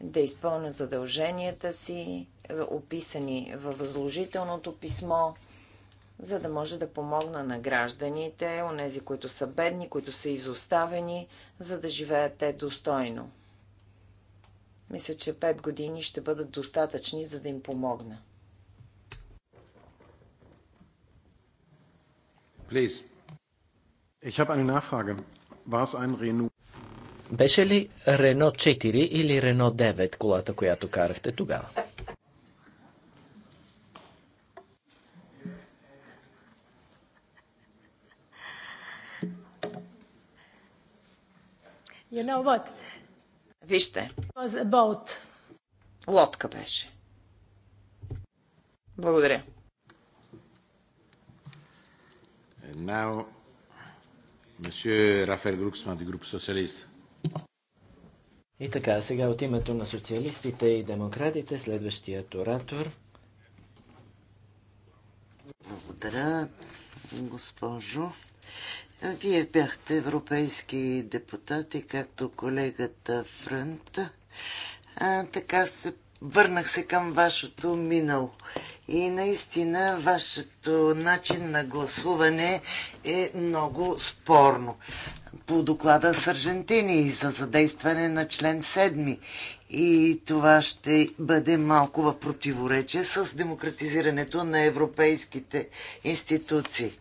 Speaker 2: да изпълня задълженията си, описани във възложителното писмо, за да може да помогна на гражданите, онези, които са бедни, които са изоставени, за да живеят те достойно. Мисля, че 5 години ще бъдат достатъчни, за да им помогна.
Speaker 4: Please. Ich habe eine Nachfrage. War es ein Renault? Беше ли Рено 4 или Рено 9 колата, която карахте тогава?
Speaker 3: You know what?
Speaker 2: Вижте. Лодка беше. Благодаря.
Speaker 1: Now, Рафаел Груксман, група социалист.
Speaker 4: И така, сега от името на социалистите и демократите, следващият оратор.
Speaker 5: Благодаря, госпожо. Вие бяхте европейски депутати, както колегата Фрънт. А, така се върнах се към вашето минало. И наистина вашето начин на гласуване е много спорно. По доклада с Аржентини за задействане на член 7. И това ще бъде малко в противоречие с демократизирането на европейските институции.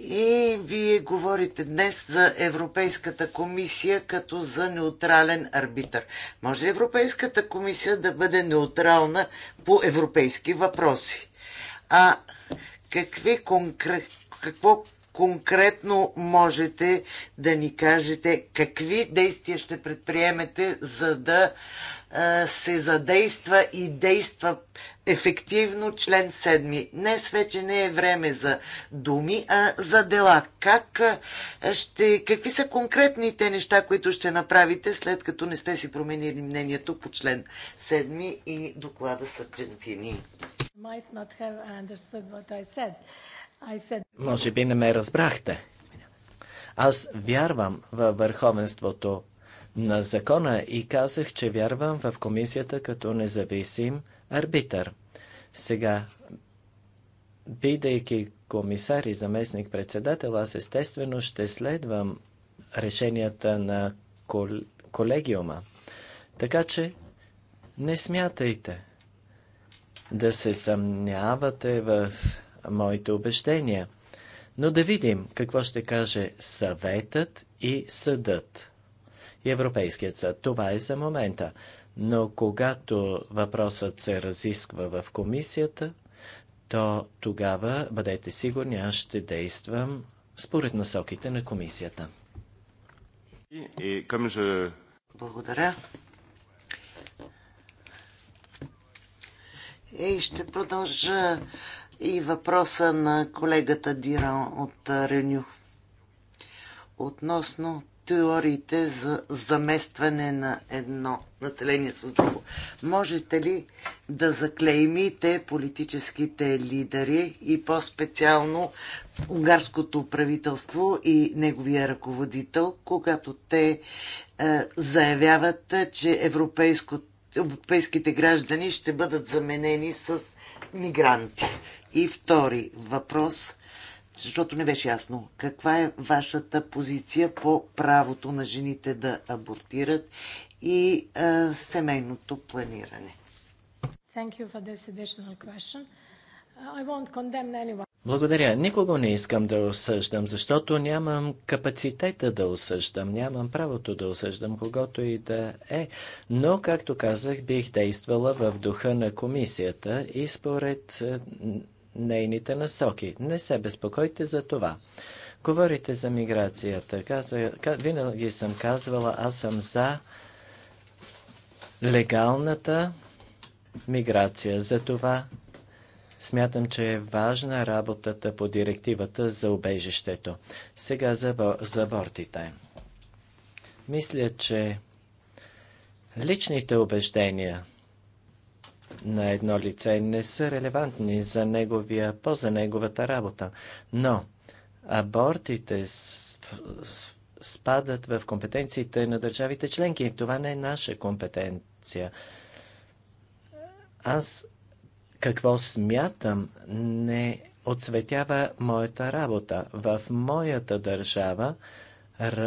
Speaker 5: И вие говорите днес за Европейската комисия като за неутрален арбитър. Може ли Европейската комисия да бъде неутрална по европейски въпроси? А какви конкрет, какво конкретно можете да ни кажете? Какви действия ще предприемете, за да се задейства и действа ефективно член 7. Днес вече не е време за думи, а за дела. Как ще, какви са конкретните неща, които ще направите, след като не сте си променили мнението по член 7 и доклада с Аргентини?
Speaker 4: Може би не ме разбрахте. Аз вярвам във върховенството на закона и казах, че вярвам в комисията като независим арбитър. Сега, бидейки комисар и заместник председател, аз естествено ще следвам решенията на кол... колегиума. Така че не смятайте да се съмнявате в моите убеждения, Но да видим какво ще каже съветът и съдът. Европейският съд. Това е за момента. Но когато въпросът се разисква в комисията, то тогава, бъдете сигурни, аз ще действам според насоките на комисията.
Speaker 5: Благодаря. И ще продължа и въпроса на колегата Диран от Реню. Относно теориите за заместване на едно население с друго. Можете ли да заклеймите политическите лидери и по-специално унгарското правителство и неговия ръководител, когато те е, заявяват, че европейско, европейските граждани ще бъдат заменени с мигранти. И втори въпрос защото не беше ясно. Каква е вашата позиция по правото на жените да абортират и а, семейното планиране?
Speaker 4: Благодаря. Никого не искам да осъждам, защото нямам капацитета да осъждам, нямам правото да осъждам когото и да е. Но, както казах, бих действала в духа на комисията и според е, нейните насоки. Не се безпокойте за това. Говорите за миграцията. Каза, винаги съм казвала, аз съм за легалната миграция. За това смятам, че е важна работата по директивата за убежището. Сега за, за бортите. Мисля, че личните убеждения – на едно лице не са релевантни за неговия по за неговата работа. Но абортите спадат в компетенциите на държавите членки. Това не е наша компетенция. Аз какво смятам не отсветява моята работа. В моята държава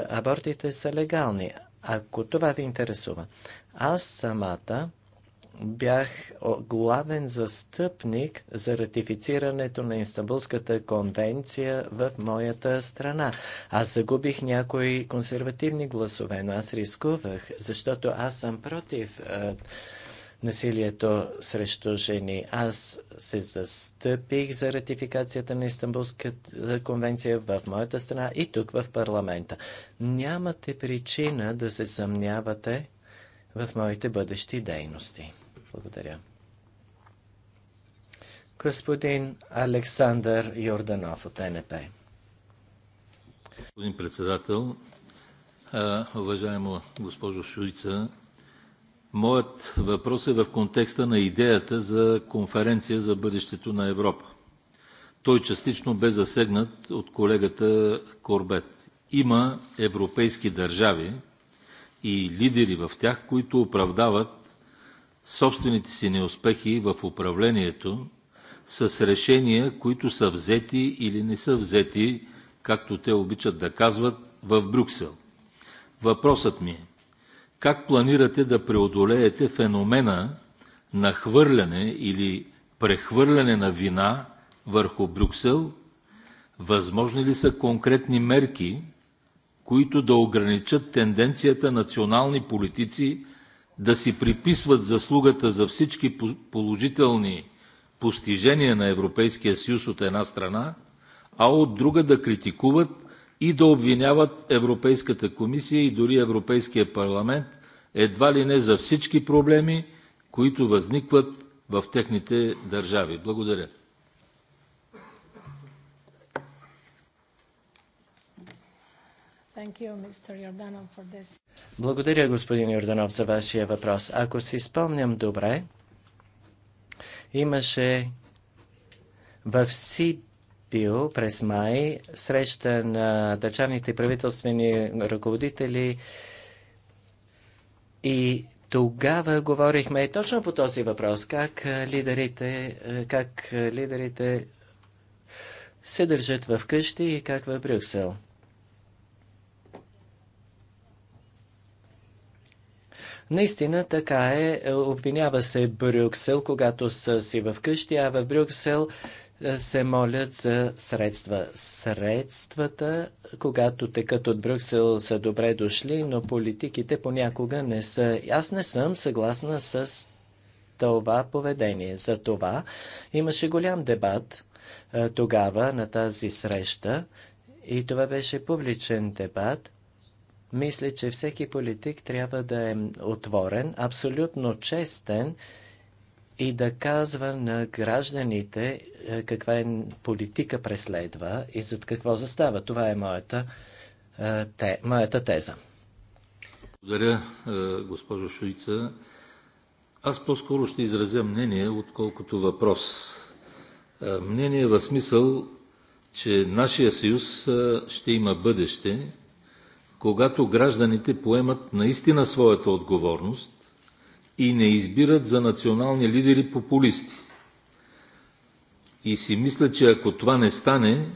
Speaker 4: абортите са легални, ако това ви интересува. Аз самата бях главен застъпник за ратифицирането на Истанбулската конвенция в моята страна. Аз загубих някои консервативни гласове, но аз рискувах, защото аз съм против насилието срещу жени. Аз се застъпих за ратификацията на Истанбулската конвенция в моята страна и тук в парламента. Нямате причина да се съмнявате в моите бъдещи дейности. Благодаря. Господин Александър Йорданов от НП.
Speaker 6: Господин председател, уважаемо госпожо Шуйца, моят въпрос е в контекста на идеята за конференция за бъдещето на Европа. Той частично бе засегнат от колегата Корбет. Има европейски държави и лидери в тях, които оправдават собствените си неуспехи в управлението с решения, които са взети или не са взети, както те обичат да казват, в Брюксел. Въпросът ми е, как планирате да преодолеете феномена на хвърляне или прехвърляне на вина върху Брюксел? Възможни ли са конкретни мерки, които да ограничат тенденцията национални политици да си приписват заслугата за всички положителни постижения на Европейския съюз, от една страна, а от друга да критикуват и да обвиняват Европейската комисия и дори Европейския парламент едва ли не за всички проблеми, които възникват в техните държави. Благодаря.
Speaker 4: Благодаря, господин Йорданов, за вашия въпрос. Ако си спомням добре, имаше в Сибил през май среща на държавните правителствени ръководители и тогава говорихме точно по този въпрос, как лидерите, как лидерите се държат в къщи и как в Брюксел. Наистина така е. е. Обвинява се Брюксел, когато са си в къщи, а в Брюксел е, се молят за средства. Средствата, когато текат от Брюксел, са добре дошли, но политиките понякога не са. Аз не съм съгласна с това поведение. За това имаше голям дебат е, тогава на тази среща и това беше публичен дебат – мисля, че всеки политик трябва да е отворен, абсолютно честен и да казва на гражданите е, каква е политика преследва и зад какво застава. Това е моята, е, те, моята теза.
Speaker 6: Благодаря, е, госпожо Шуица. Аз по-скоро ще изразя мнение, отколкото въпрос. Мнение в смисъл, че нашия съюз ще има бъдеще, когато гражданите поемат наистина своята отговорност и не избират за национални лидери популисти. И си мисля, че ако това не стане,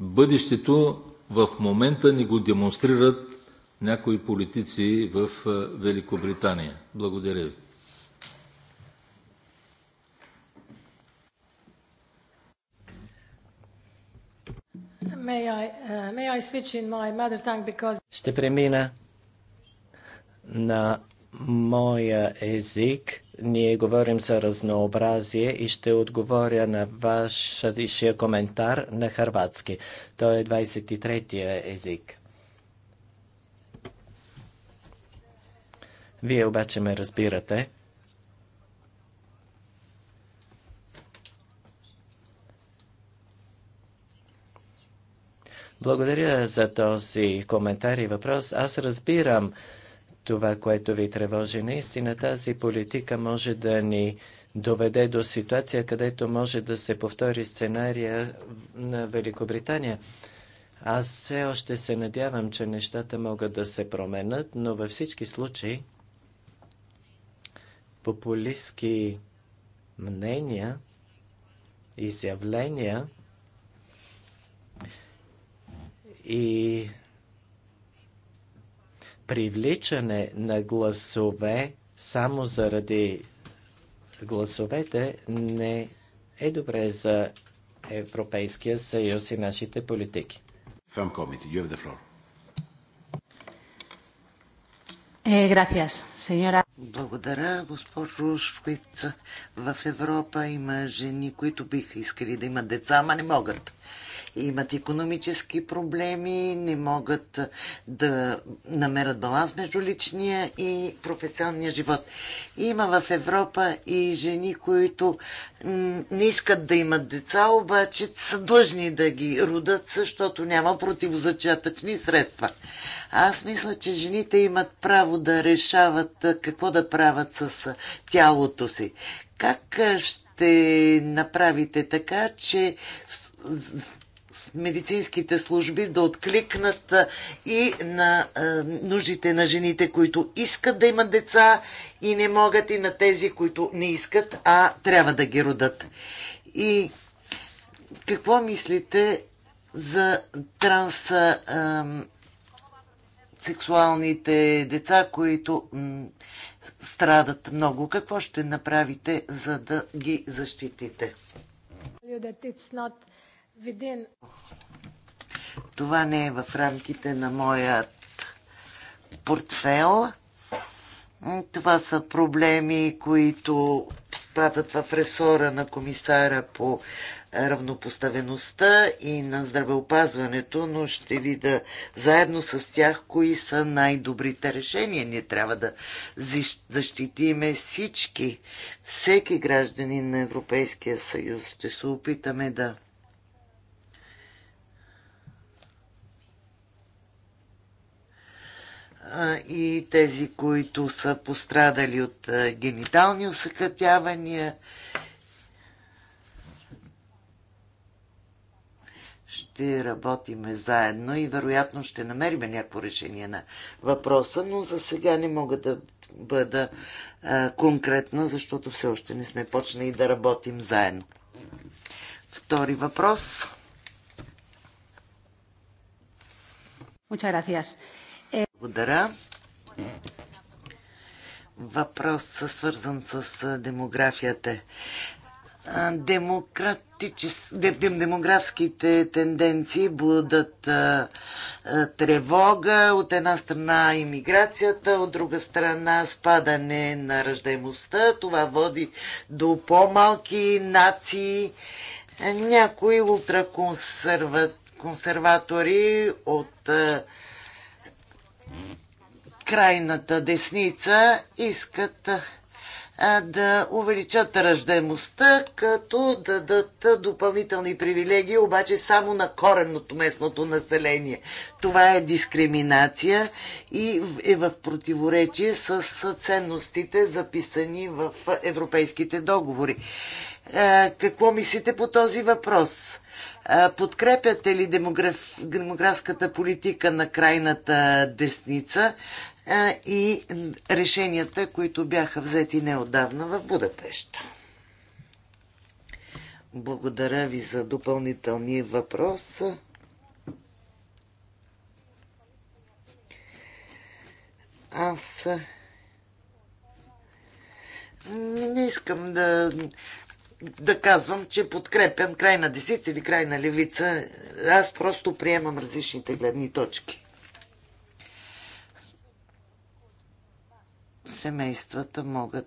Speaker 6: бъдещето в момента ни го демонстрират някои политици в Великобритания. Благодаря ви.
Speaker 3: May I, uh, may I in my because...
Speaker 4: Ще премина на моя език. Ние говорим за разнообразие и ще отговоря на вашия коментар на харватски. Той е 23-я език. Вие обаче ме разбирате. Благодаря за този коментар и въпрос. Аз разбирам това, което ви тревожи. Наистина тази политика може да ни доведе до ситуация, където може да се повтори сценария на Великобритания. Аз все още се надявам, че нещата могат да се променят, но във всички случаи популистски мнения, изявления – и привличане на гласове само заради гласовете не е добре за Европейския съюз и нашите политики.
Speaker 5: Е, Благодаря, госпожо Швиц. В Европа има жени, които биха искали да имат деца, ама не могат имат економически проблеми, не могат да намерят баланс между личния и професионния живот. Има в Европа и жени, които не искат да имат деца, обаче са длъжни да ги родат, защото няма противозачатъчни средства. Аз мисля, че жените имат право да решават какво да правят с тялото си. Как ще направите така, че медицинските служби да откликнат и на нуждите на жените, които искат да имат деца и не могат, и на тези, които не искат, а трябва да ги родат. И какво мислите за транс сексуалните деца, които страдат много. Какво ще направите, за да ги защитите?
Speaker 3: Not, виден.
Speaker 5: Това не е в рамките на моя портфел. Това са проблеми, които спадат в ресора на комисара по равнопоставеността и на здравеопазването, но ще ви да заедно с тях кои са най-добрите решения. Ние трябва да защитиме всички, всеки гражданин на Европейския съюз. Ще се опитаме да и тези, които са пострадали от генитални усъкътявания. Ще работиме заедно и вероятно ще намерим някакво решение на въпроса, но за сега не мога да бъда а, конкретна, защото все още не сме почнали да работим заедно. Втори въпрос.
Speaker 3: Muchas gracias.
Speaker 5: Благодаря. Въпрос свързан с демографията. Е, демократичес... Демографските тенденции будат тревога. От една страна иммиграцията, от друга страна спадане на ръждаемостта. Това води до по-малки нации. Някои ултраконсерватори от крайната десница искат да увеличат ръждемостта, като дадат допълнителни привилегии, обаче само на коренното местното население. Това е дискриминация и е в противоречие с ценностите, записани в европейските договори. Какво мислите по този въпрос? подкрепяте ли демограф, демографската политика на крайната десница и решенията, които бяха взети неодавна в Будапешта? Благодаря ви за допълнителния въпрос. Аз не искам да да казвам, че подкрепям край на десница или крайна левица. Аз просто приемам различните гледни точки. Семействата могат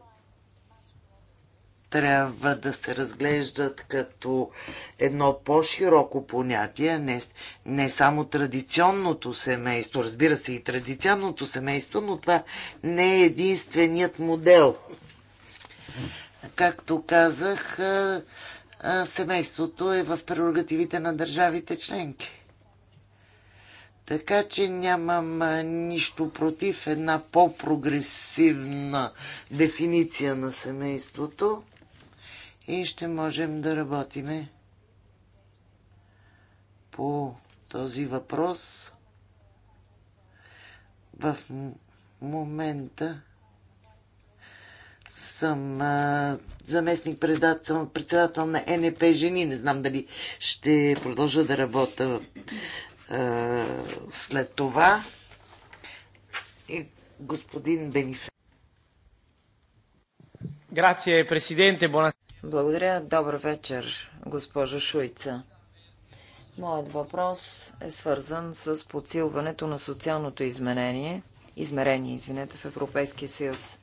Speaker 5: трябва да се разглеждат като едно по-широко понятие, не, не само традиционното семейство, разбира се и традиционното семейство, но това не е единственият модел. Както казах, семейството е в прерогативите на държавите членки. Така че нямам нищо против една по-прогресивна дефиниция на семейството и ще можем да работиме по този въпрос в момента съм а, заместник председател, председател на НП Жени. Не знам дали ще продължа да работя а, след това. И господин Бенифе.
Speaker 2: Грация, президенте. Благодаря. Добър вечер, госпожо Шуйца. Моят въпрос е свързан с подсилването на социалното изменение, измерение извинете, в Европейския съюз.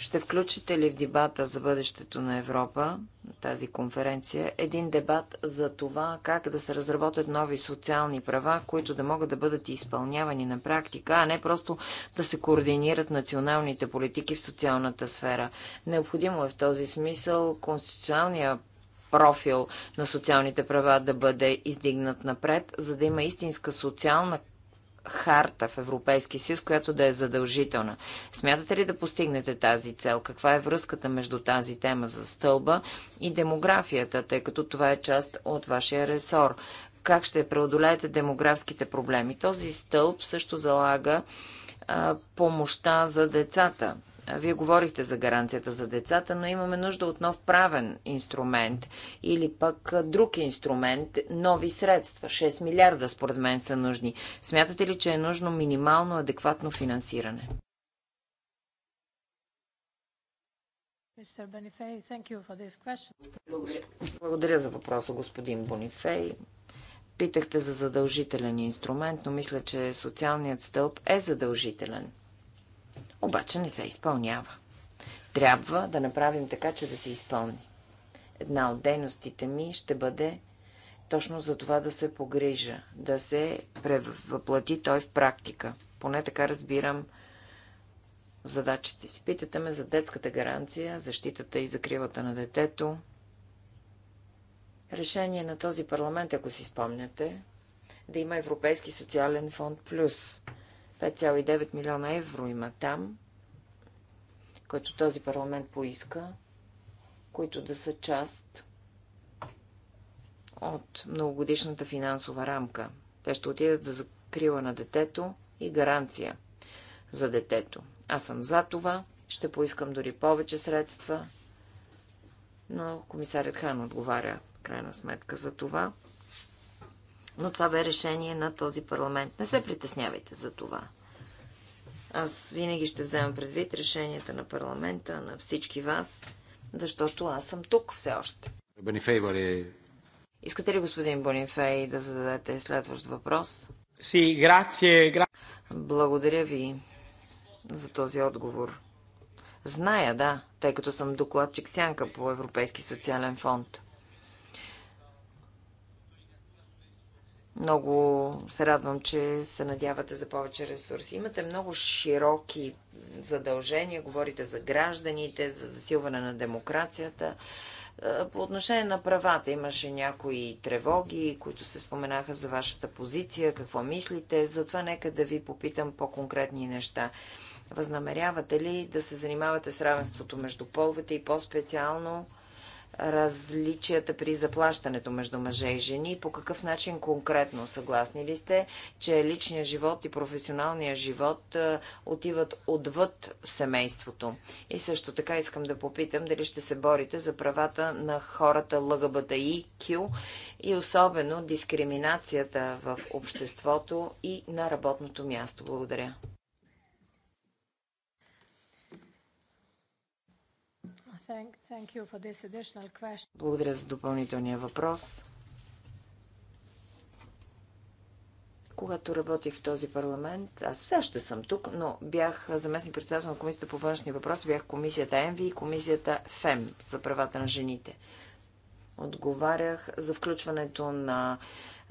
Speaker 2: Ще включите ли в дебата за бъдещето на Европа, тази конференция, един дебат за това как да се разработят нови социални права, които да могат да бъдат изпълнявани на практика, а не просто да се координират националните политики в социалната сфера? Необходимо е в този смисъл конституционния профил на социалните права да бъде издигнат напред, за да има истинска социална харта в Европейския съюз, която да е задължителна. Смятате ли да постигнете тази цел? Каква е връзката между тази тема за стълба и демографията, тъй като това е част от вашия ресор? Как ще преодолеете демографските проблеми? Този стълб също залага а, помощта за децата вие говорихте за гаранцията за децата, но имаме нужда от нов правен инструмент или пък друг инструмент, нови средства. 6 милиарда според мен са нужни. Смятате ли, че е нужно минимално адекватно финансиране? Благодаря. Благодаря за въпроса, господин Бонифей. Питахте за задължителен инструмент, но мисля, че социалният стълб е задължителен обаче не се изпълнява. Трябва да направим така, че да се изпълни. Една от дейностите ми ще бъде точно за това да се погрижа, да се превъплати той в практика. Поне така разбирам задачите си. Питате ме за детската гаранция, защитата и закривата на детето. Решение на този парламент, ако си спомняте, да има Европейски социален фонд плюс – 5,9 милиона евро има там, който този парламент поиска, които да са част от многогодишната финансова рамка. Те ще отидат за закрила на детето и гаранция за детето. Аз съм за това, ще поискам дори повече средства, но комисарят Хан отговаря крайна сметка за това. Но това бе решение на този парламент. Не се притеснявайте за това. Аз винаги ще взема предвид решенията на парламента, на всички вас, защото аз съм тук все още.
Speaker 1: Бонифей, вали...
Speaker 2: Искате ли, господин Бонифей, да зададете следващ въпрос? Си, грация, гра... Благодаря ви за този отговор. Зная, да, тъй като съм докладчик сянка по Европейски социален фонд. Много се радвам, че се надявате за повече ресурси. Имате много широки задължения, говорите за гражданите, за засилване на демокрацията. Е, по отношение на правата имаше някои тревоги, които се споменаха за вашата позиция, какво мислите. Затова нека да ви попитам по-конкретни неща. Възнамерявате ли да се занимавате с равенството между половете и по-специално различията при заплащането между мъже и жени и по какъв начин конкретно съгласни ли сте, че личният живот и професионалният живот отиват отвъд семейството? И също така искам да попитам дали ще се борите за правата на хората ЛГБТИК и особено дискриминацията в обществото и на работното място. Благодаря. Благодаря за допълнителния въпрос. Когато работих в този парламент, аз все още съм тук, но бях заместник председател на Комисията по външни въпроси, бях комисията ЕМВИ и комисията ФЕМ за правата на жените. Отговарях за включването на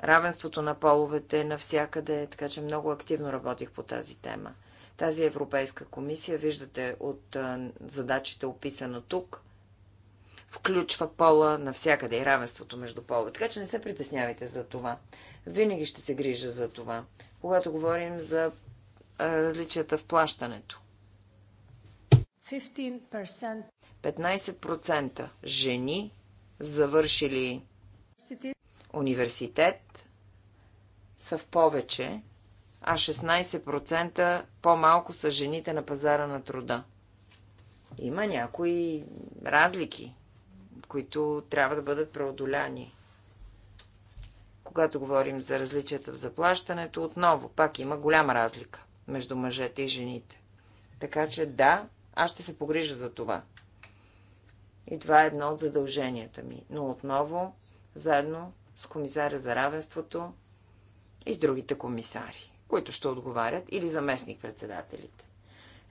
Speaker 2: равенството на половете навсякъде, така че много активно работих по тази тема. Тази Европейска комисия, виждате от задачите описано тук, включва пола навсякъде и равенството между пола. Така че не се притеснявайте за това. Винаги ще се грижа за това, когато говорим за различията в плащането.
Speaker 3: 15%,
Speaker 2: 15% жени завършили университет са в повече а 16% по-малко са жените на пазара на труда. Има някои разлики, които трябва да бъдат преодоляни. Когато говорим за различията в заплащането, отново пак има голяма разлика между мъжете и жените. Така че да, аз ще се погрижа за това. И това е едно от задълженията ми. Но отново, заедно с комисаря за равенството и с другите комисари които ще отговарят, или заместник-председателите.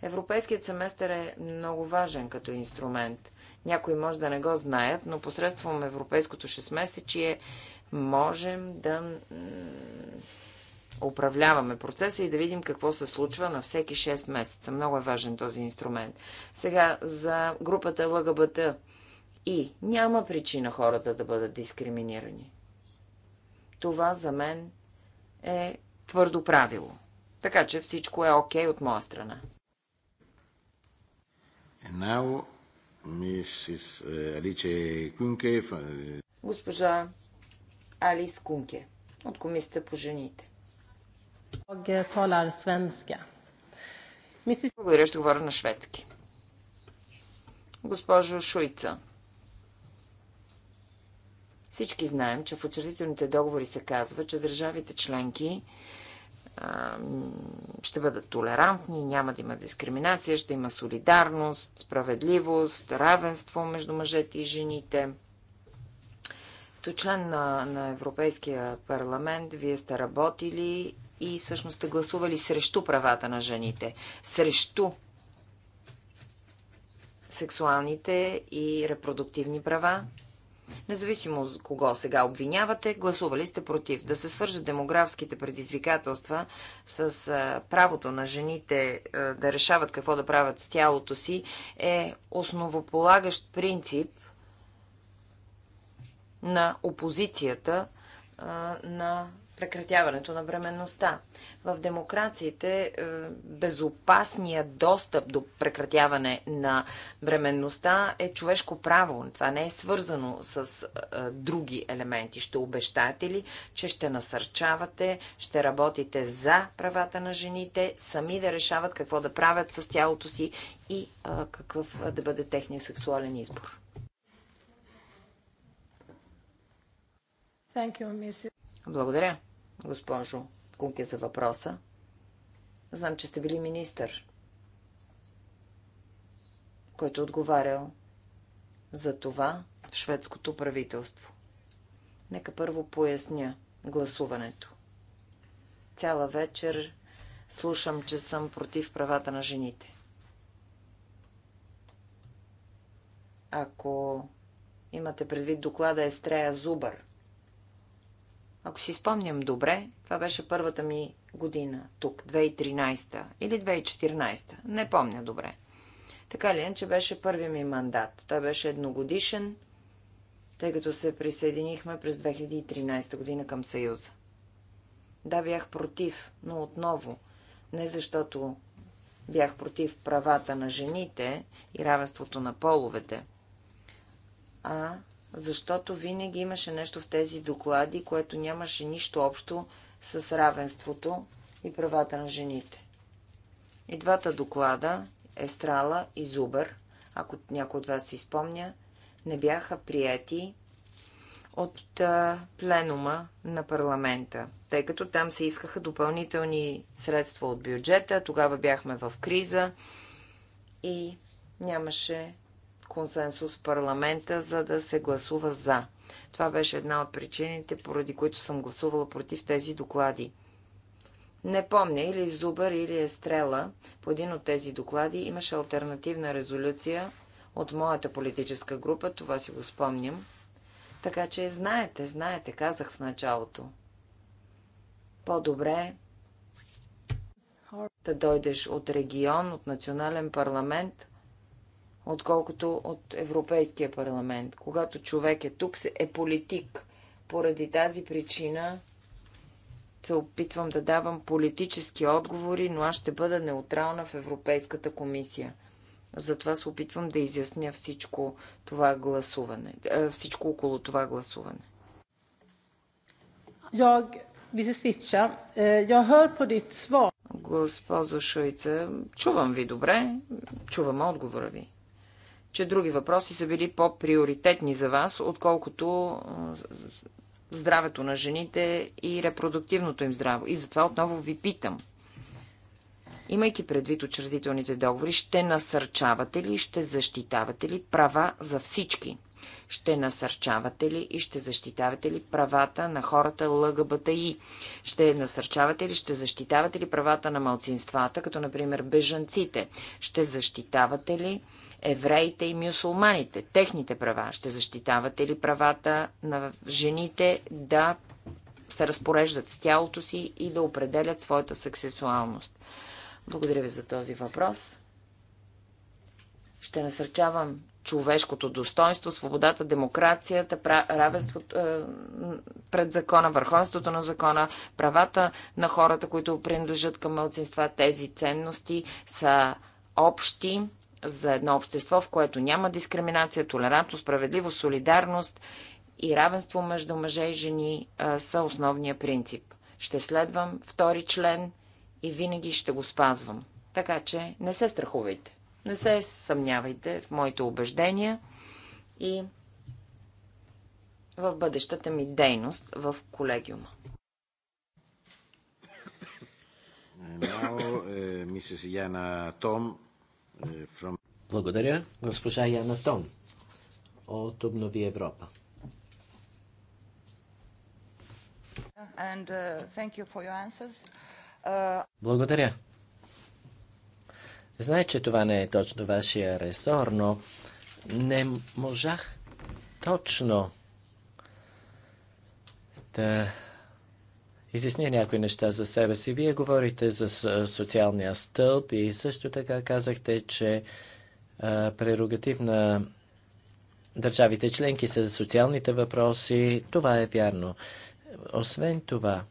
Speaker 2: Европейският семестър е много важен като инструмент. Някои може да не го знаят, но посредством европейското 6 можем да управляваме процеса и да видим какво се случва на всеки 6 месеца. Много е важен този инструмент. Сега за групата ЛГБТ и няма причина хората да бъдат дискриминирани. Това за мен е твърдо правило. Така че всичко е окей okay от моя страна.
Speaker 1: Now, eh, Kunke...
Speaker 2: Госпожа Алис Кунке от Комисията по жените. Благодаря, ще говоря на шведски. Госпожо Шуйца, всички знаем, че в учредителните договори се казва, че държавите членки ще бъдат толерантни, няма да има дискриминация, ще има солидарност, справедливост, равенство между мъжете и жените. Като член на, на Европейския парламент, вие сте работили и всъщност сте гласували срещу правата на жените, срещу сексуалните и репродуктивни права, Независимо кого сега обвинявате, гласували сте против. Да се свържат демографските предизвикателства с правото на жените да решават какво да правят с тялото си е основополагащ принцип на опозицията на прекратяването на бременността. В демокрациите е, безопасният достъп до прекратяване на бременността е човешко право. Това не е свързано с е, е, други елементи. Ще обещаете ли, че ще насърчавате, ще работите за правата на жените, сами да решават какво да правят с тялото си и какъв да бъде техния сексуален избор? Благодаря госпожо Кунке, за въпроса. Знам, че сте били министър, който е отговарял за това в шведското правителство. Нека първо поясня гласуването. Цяла вечер слушам, че съм против правата на жените. Ако имате предвид доклада Естрея Зубър, ако си спомням добре, това беше първата ми година тук, 2013 или 2014, не помня добре. Така ли че беше първият ми мандат. Той беше едногодишен, тъй като се присъединихме през 2013 година към Съюза. Да, бях против, но отново, не защото бях против правата на жените и равенството на половете, а защото винаги имаше нещо в тези доклади, което нямаше нищо общо с равенството и правата на жените. И двата доклада, Естрала и Зубър, ако някой от вас си спомня, не бяха прияти от пленума на парламента, тъй като там се искаха допълнителни средства от бюджета, тогава бяхме в криза и нямаше консенсус в парламента, за да се гласува за. Това беше една от причините, поради които съм гласувала против тези доклади. Не помня, или Зубър, или Естрела, по един от тези доклади имаше альтернативна резолюция от моята политическа група, това си го спомням. Така че знаете, знаете, казах в началото. По-добре да дойдеш от регион, от национален парламент, отколкото от Европейския парламент. Когато човек е тук, е политик. Поради тази причина се опитвам да давам политически отговори, но аз ще бъда неутрална в Европейската комисия. Затова се опитвам да изясня всичко това гласуване, е, всичко около това гласуване.
Speaker 3: Jag е, vill
Speaker 2: Госпожо чувам ви добре, чувам отговора ви че други въпроси са били по-приоритетни за вас, отколкото здравето на жените и репродуктивното им здраво. И затова отново ви питам. Имайки предвид учредителните договори, ще насърчавате ли, ще защитавате ли права за всички? Ще насърчавате ли и ще защитавате ли правата на хората ЛГБТИ? Ще насърчавате ли, ще защитавате ли правата на малцинствата, като например бежанците? Ще защитавате ли евреите и мюсулманите, техните права? Ще защитавате ли правата на жените да се разпореждат с тялото си и да определят своята сексуалност? Благодаря ви за този въпрос. Ще насърчавам човешкото достоинство, свободата, демокрацията, равенството е, пред закона, върховенството на закона, правата на хората, които принадлежат към мълцинства. Тези ценности са общи за едно общество, в което няма дискриминация, толерантност, справедливост, солидарност и равенство между мъже и жени е, са основния принцип. Ще следвам втори член и винаги ще го спазвам. Така че не се страхувайте. Не се съмнявайте в моите убеждения и в бъдещата ми дейност в колегиума.
Speaker 1: Е, е,
Speaker 4: Благодаря, госпожа Яна Том от Обнови Европа.
Speaker 2: And, uh, you uh...
Speaker 4: Благодаря Знае, че това не е точно вашия ресор, но не можах точно да изясня някои неща за себе си. Вие говорите за социалния стълб и също така казахте, че прерогатив на държавите членки са за социалните въпроси. Това е вярно. Освен това,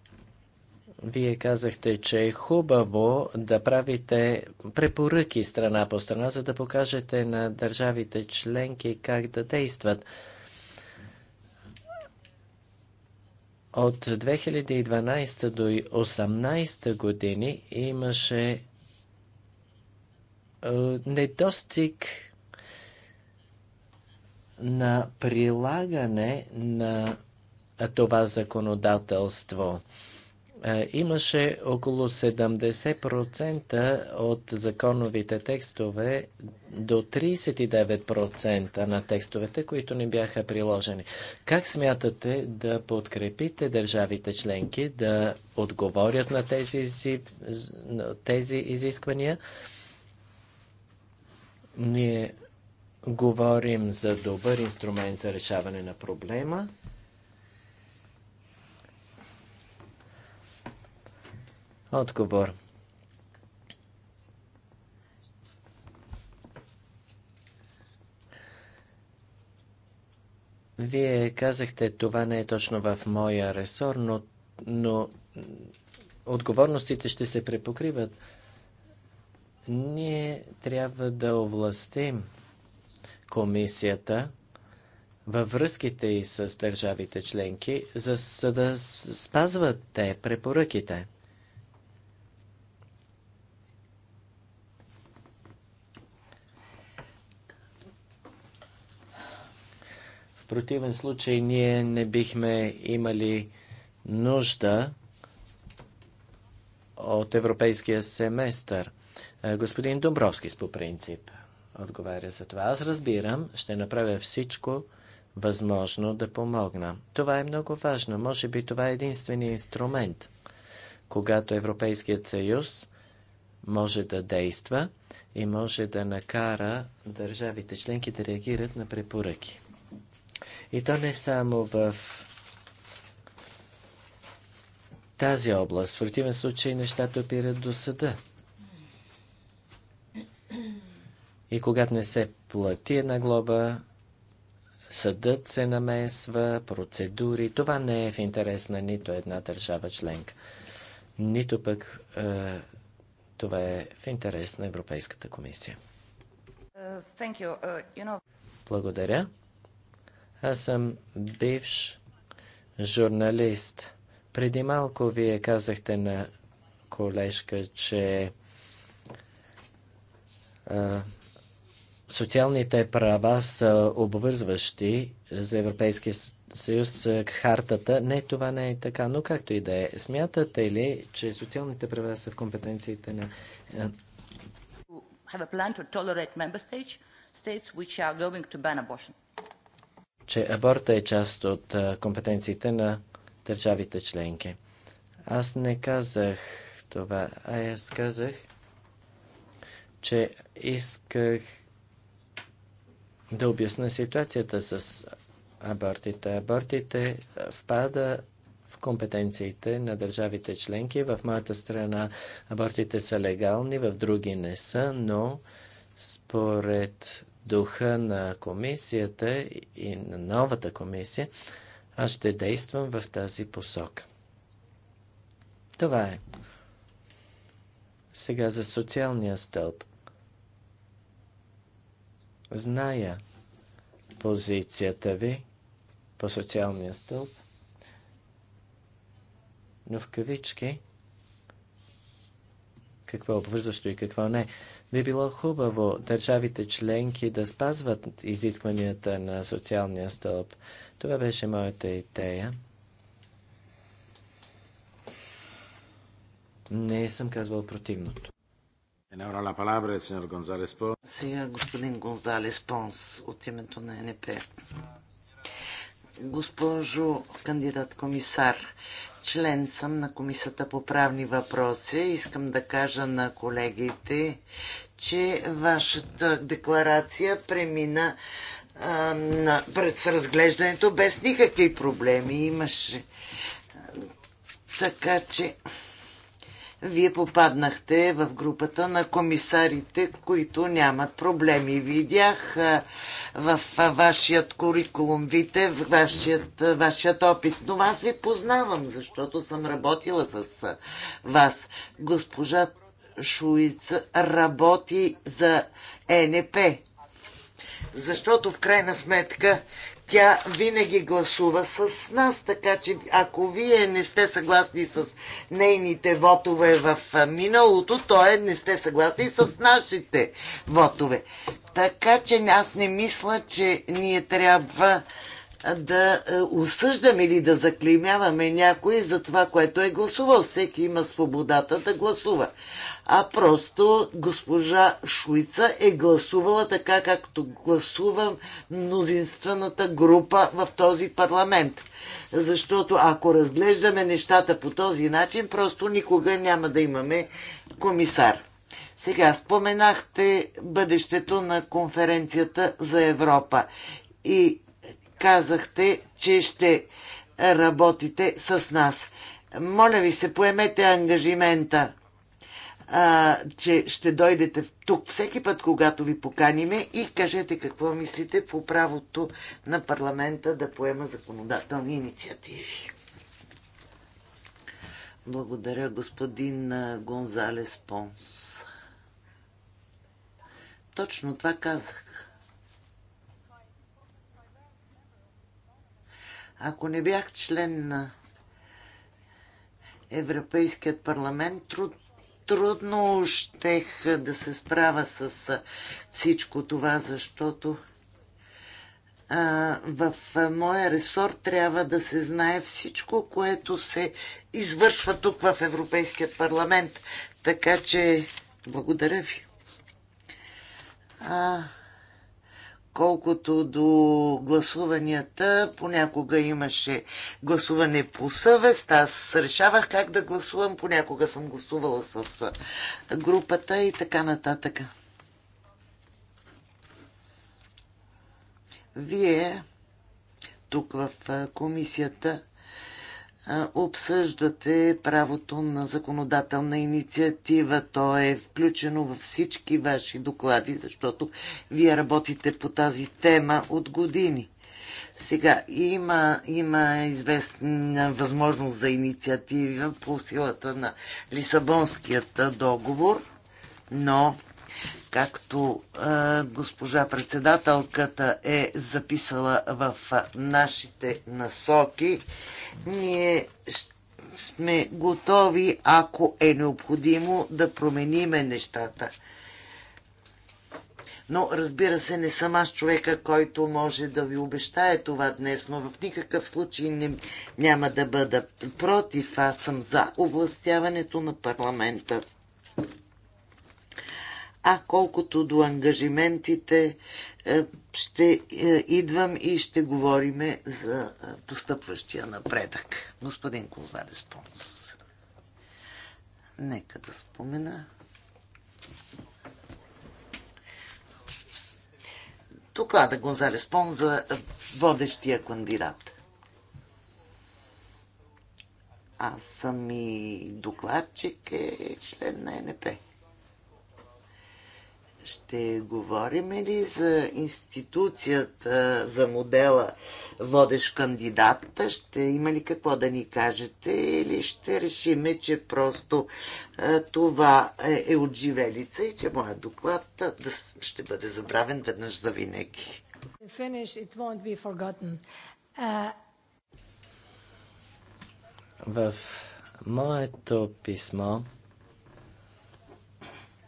Speaker 4: вие казахте, че е хубаво да правите препоръки страна по страна, за да покажете на държавите членки как да действат. От 2012 до 2018 години имаше е, недостиг на прилагане на това законодателство. Е, имаше около 70% от законовите текстове до 39% на текстовете, които не бяха приложени. Как смятате да подкрепите държавите членки да отговорят на тези, тези изисквания? Ние говорим за добър инструмент за решаване на проблема. Отговор. Вие казахте, това не е точно в моя ресор, но, но отговорностите ще се препокриват. Ние трябва да овластим комисията във връзките и с държавите членки, за, за да спазват те препоръките. противен случай ние не бихме имали нужда от европейския семестър. Е, господин Домбровски, по принцип, отговаря за това. Аз разбирам, ще направя всичко възможно да помогна. Това е много важно. Може би това е единственият инструмент, когато Европейският съюз може да действа и може да накара държавите членки да реагират на препоръки. И то не само в тази област. В противен случай нещата опират до съда. И когато не се плати една глоба, съдът се намесва, процедури. Това не е в интерес на нито една държава членка. Нито пък е, това е в интерес на Европейската комисия.
Speaker 2: Uh, uh
Speaker 4: Благодаря. Аз съм бивш журналист. Преди малко вие казахте на колежка, че а, социалните права са обвързващи за Европейския съюз хартата. Не, това не е така, но както и да е. Смятате ли, че социалните права са в компетенциите на...
Speaker 2: Have a plan to tolerate member states, states which are going to ban abortion
Speaker 4: че аборта е част от компетенциите на държавите членки. Аз не казах това, а аз казах, че исках да обясна ситуацията с абортите. Абортите впада в компетенциите на държавите членки. В моята страна абортите са легални, в други не са, но според духа на комисията и на новата комисия, аз ще действам в тази посока. Това е. Сега за социалния стълб. Зная позицията ви по социалния стълб, но в кавички какво е обвързващо и какво не. Би било хубаво държавите членки да спазват изискванията на социалния стълб. Това беше моята идея.
Speaker 5: Не съм казвал противното. Сега господин Гонзалес Понс от името на НП. Госпожо кандидат комисар, член съм на Комисията по правни въпроси. Искам да кажа на колегите, че вашата декларация премина а, на, през разглеждането без никакви проблеми. Имаше. Така че вие попаднахте в групата на комисарите, които нямат проблеми. Видях в вашият курикулум, вите, в вашият, вашият опит, но аз ви познавам, защото съм работила с вас. Госпожа Шуиц работи за ЕНП. Защото в крайна сметка тя винаги гласува с нас, така че ако вие не сте съгласни с нейните вотове в миналото, то е не сте съгласни с нашите вотове. Така че аз не мисля, че ние трябва да осъждаме или да заклеймяваме някой за това, което е гласувал. Всеки има свободата да гласува а просто госпожа Шуица е гласувала така, както гласува мнозинствената група в този парламент. Защото ако разглеждаме нещата по този начин, просто никога няма да имаме комисар. Сега споменахте бъдещето на конференцията за Европа и казахте, че ще работите с нас. Моля ви се, поемете ангажимента а, че ще дойдете тук всеки път, когато ви поканиме и кажете какво мислите по правото на парламента да поема законодателни инициативи. Благодаря, господин Гонзалес Понс. Точно това казах. Ако не бях член на Европейският парламент, труд, трудно щех да се справя с всичко това, защото в моя ресор трябва да се знае всичко, което се извършва тук в Европейския парламент. Така че, благодаря ви. А, Колкото до гласуванията, понякога имаше гласуване по съвест. Аз решавах как да гласувам, понякога съм гласувала с групата и така нататък. Вие тук в комисията обсъждате правото на законодателна инициатива. То е включено във всички ваши доклади, защото вие работите по тази тема от години. Сега има, има известна възможност за инициатива по силата на Лисабонският договор, но както а, госпожа председателката е записала в нашите насоки, ние сме готови, ако е необходимо, да промениме нещата. Но, разбира се, не съм аз човека, който може да ви обещае това днес, но в никакъв случай не, няма да бъда против. Аз съм за овластяването на парламента. А колкото до ангажиментите, е, ще е, идвам и ще говорим за е, постъпващия напредък. Господин Козарес Понс. Нека да спомена. доклада Гонзалес Пон за водещия кандидат. Аз съм и докладчик, е член на НП. Ще говорим ли за институцията, за модела водещ кандидат? Ще има ли какво да ни кажете или ще решиме, че просто а, това е, е от живелица и че моят доклад да, ще бъде забравен веднъж за винаги? Uh... В
Speaker 4: моето писмо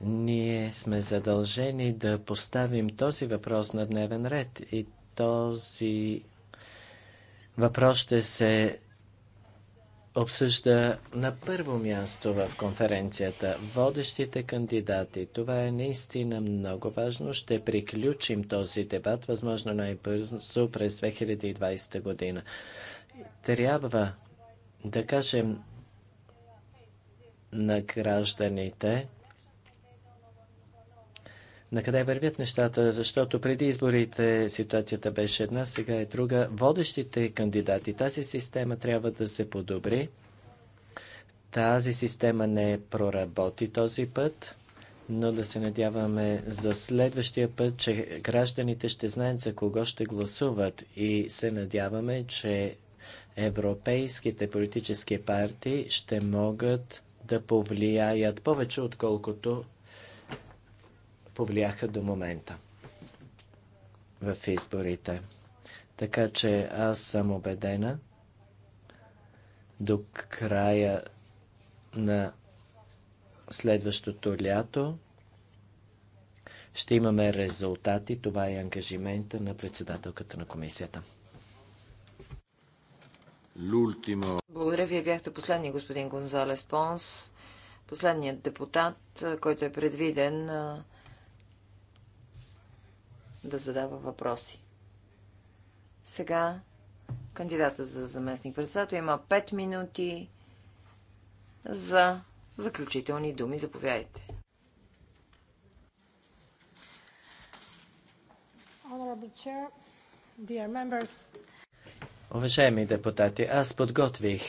Speaker 4: ние сме задължени да поставим този въпрос на дневен ред и този въпрос ще се обсъжда на първо място в конференцията водещите кандидати. Това е наистина много важно. Ще приключим този дебат, възможно най-бързо през 2020 година. Трябва да кажем на гражданите, на къде вървят нещата, защото преди изборите ситуацията беше една, сега е друга. Водещите кандидати, тази система трябва да се подобри. Тази система не проработи този път, но да се надяваме за следващия път, че гражданите ще знаят за кого ще гласуват и се надяваме, че европейските политически партии ще могат да повлияят повече, отколкото повлияха до момента в изборите. Така че аз съм убедена до края на следващото лято ще имаме резултати. Това е ангажимента на председателката на комисията.
Speaker 2: Благодаря. Вие бяхте последния, господин Гонзалес Понс, последният депутат, който е предвиден да задава въпроси. Сега кандидата за заместник председател има 5 минути за заключителни думи. Заповядайте.
Speaker 4: Уважаеми депутати, аз подготвих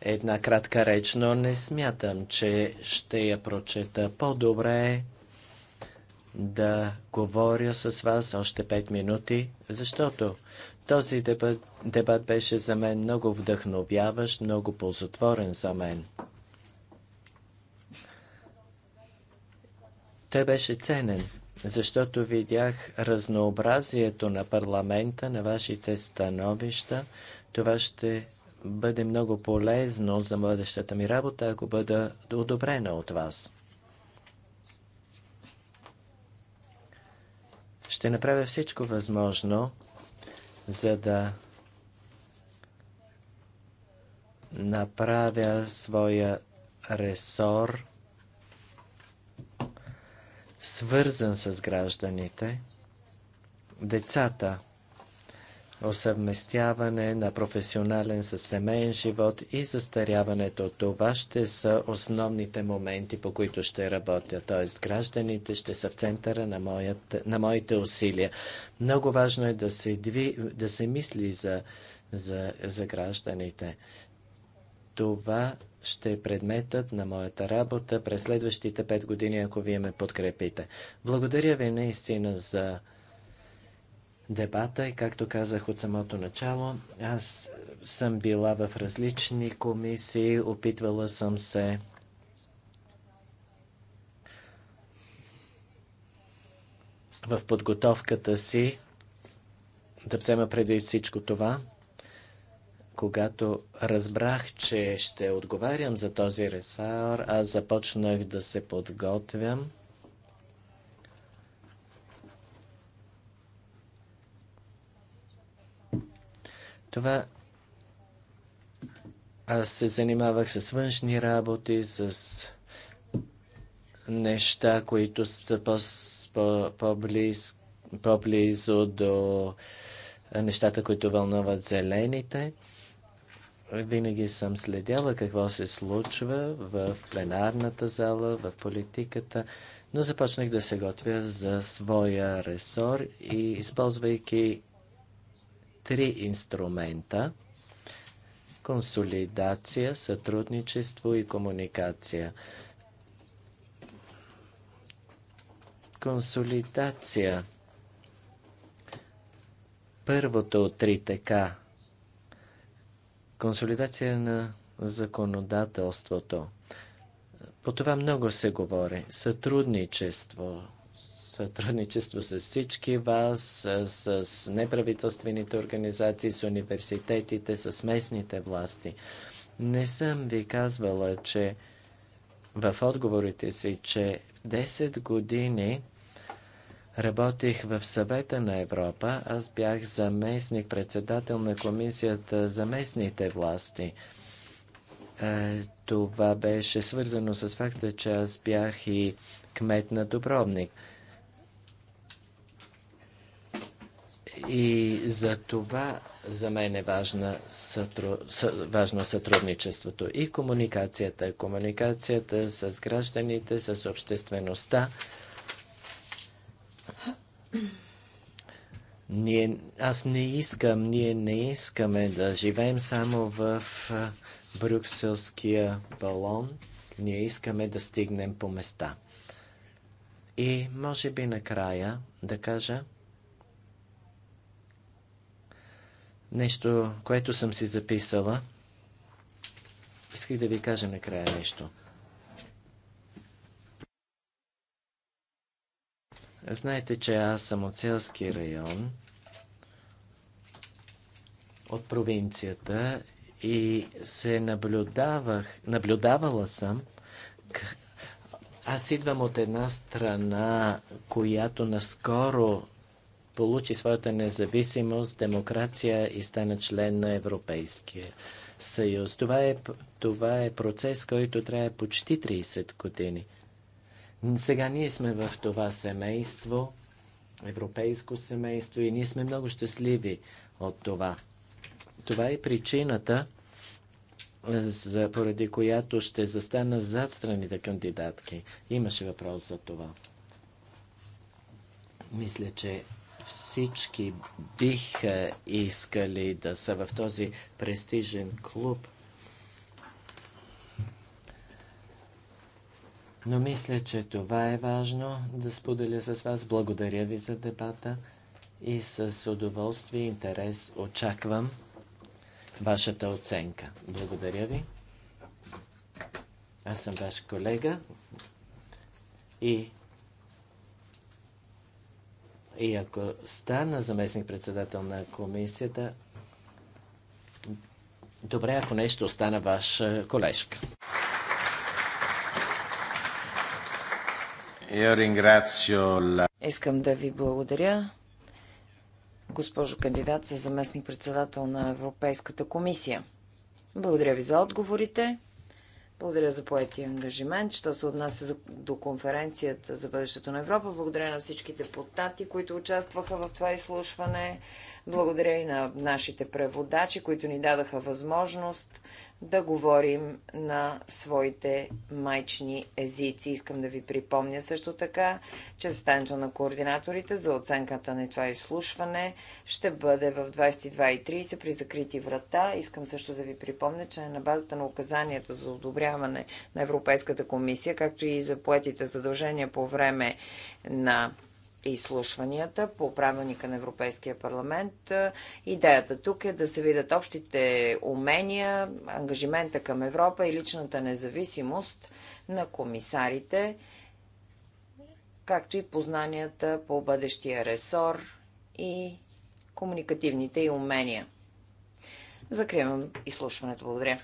Speaker 4: една кратка реч, но не смятам, че ще я прочета по-добре да говоря с вас още 5 минути, защото този дебат, дебат беше за мен много вдъхновяващ, много ползотворен за мен. Той беше ценен, защото видях разнообразието на парламента, на вашите становища. Това ще бъде много полезно за младещата ми работа, ако бъда одобрена от вас. Ще направя всичко възможно, за да направя своя ресор свързан с гражданите. Децата – осъвместяване на професионален със семейен живот и застаряването. Това ще са основните моменти, по които ще работя. Т.е. гражданите ще са в центъра на, моят, на моите усилия. Много важно е да се, дви, да се мисли за, за, за гражданите. Това ще е предметът на моята работа през следващите пет години, ако вие ме подкрепите. Благодаря ви наистина за дебата и е, както казах от самото начало, аз съм била в различни комисии, опитвала съм се в подготовката си да взема преди всичко това. Когато разбрах, че ще отговарям за този ресор, аз започнах да се подготвям – това аз се занимавах с външни работи, с неща, които са по-близо по по до нещата, които вълнуват зелените. Винаги съм следяла какво се случва в пленарната зала, в политиката, но започнах да се готвя за своя ресор и използвайки три инструмента – консолидация, сътрудничество и комуникация. Консолидация първото от трите К – консолидация на законодателството – по това много се говори. Сътрудничество сътрудничество с всички вас, с, с неправителствените организации, с университетите, с местните власти. Не съм ви казвала, че в отговорите си, че 10 години Работих в съвета на Европа. Аз бях заместник председател на комисията за местните власти. Е, това беше свързано с факта, че аз бях и кмет на Добровник. И за това за мен е важна сътру... съ... важно сътрудничеството и комуникацията. Комуникацията с гражданите, с обществеността. Ние, аз не искам, ние не искаме да живеем само в брюкселския балон. Ние искаме да стигнем по места. И може би накрая да кажа, нещо, което съм си записала. Исках да ви кажа накрая нещо. Знаете, че аз съм от селски район, от провинцията и се наблюдавах, наблюдавала съм. Аз идвам от една страна, която наскоро получи своята независимост, демокрация и стана член на Европейския съюз. Това е, това е процес, който трябва почти 30 години. Сега ние сме в това семейство, европейско семейство и ние сме много щастливи от това. Това е причината, за, поради която ще застана зад страните кандидатки. Имаше въпрос за това. Мисля, че всички биха искали да са в този престижен клуб. Но мисля, че това е важно да споделя с вас. Благодаря ви за дебата и с удоволствие и интерес очаквам вашата оценка. Благодаря ви. Аз съм ваш колега и и ако стана заместник-председател на комисията, добре, ако нещо остана ваш е, колежка.
Speaker 2: Искам да ви благодаря, госпожо кандидат за заместник-председател на Европейската комисия. Благодаря ви за отговорите. Благодаря за поетия ангажимент. Що се отнася до конференцията за бъдещето на Европа, благодаря на всички депутати, които участваха в това изслушване. Благодаря и на нашите преводачи, които ни дадаха възможност да говорим на своите майчни езици. Искам да ви припомня също така, че състоянието на координаторите за оценката на това изслушване ще бъде в 22.30 при закрити врата. Искам също да ви припомня, че на базата на указанията за одобряване на Европейската комисия, както и за поетите задължения по време на изслушванията по правилника на Европейския парламент. Идеята тук е да се видят общите умения, ангажимента към Европа и личната независимост на комисарите, както и познанията по бъдещия ресор и комуникативните и умения. Закривам изслушването. Благодаря.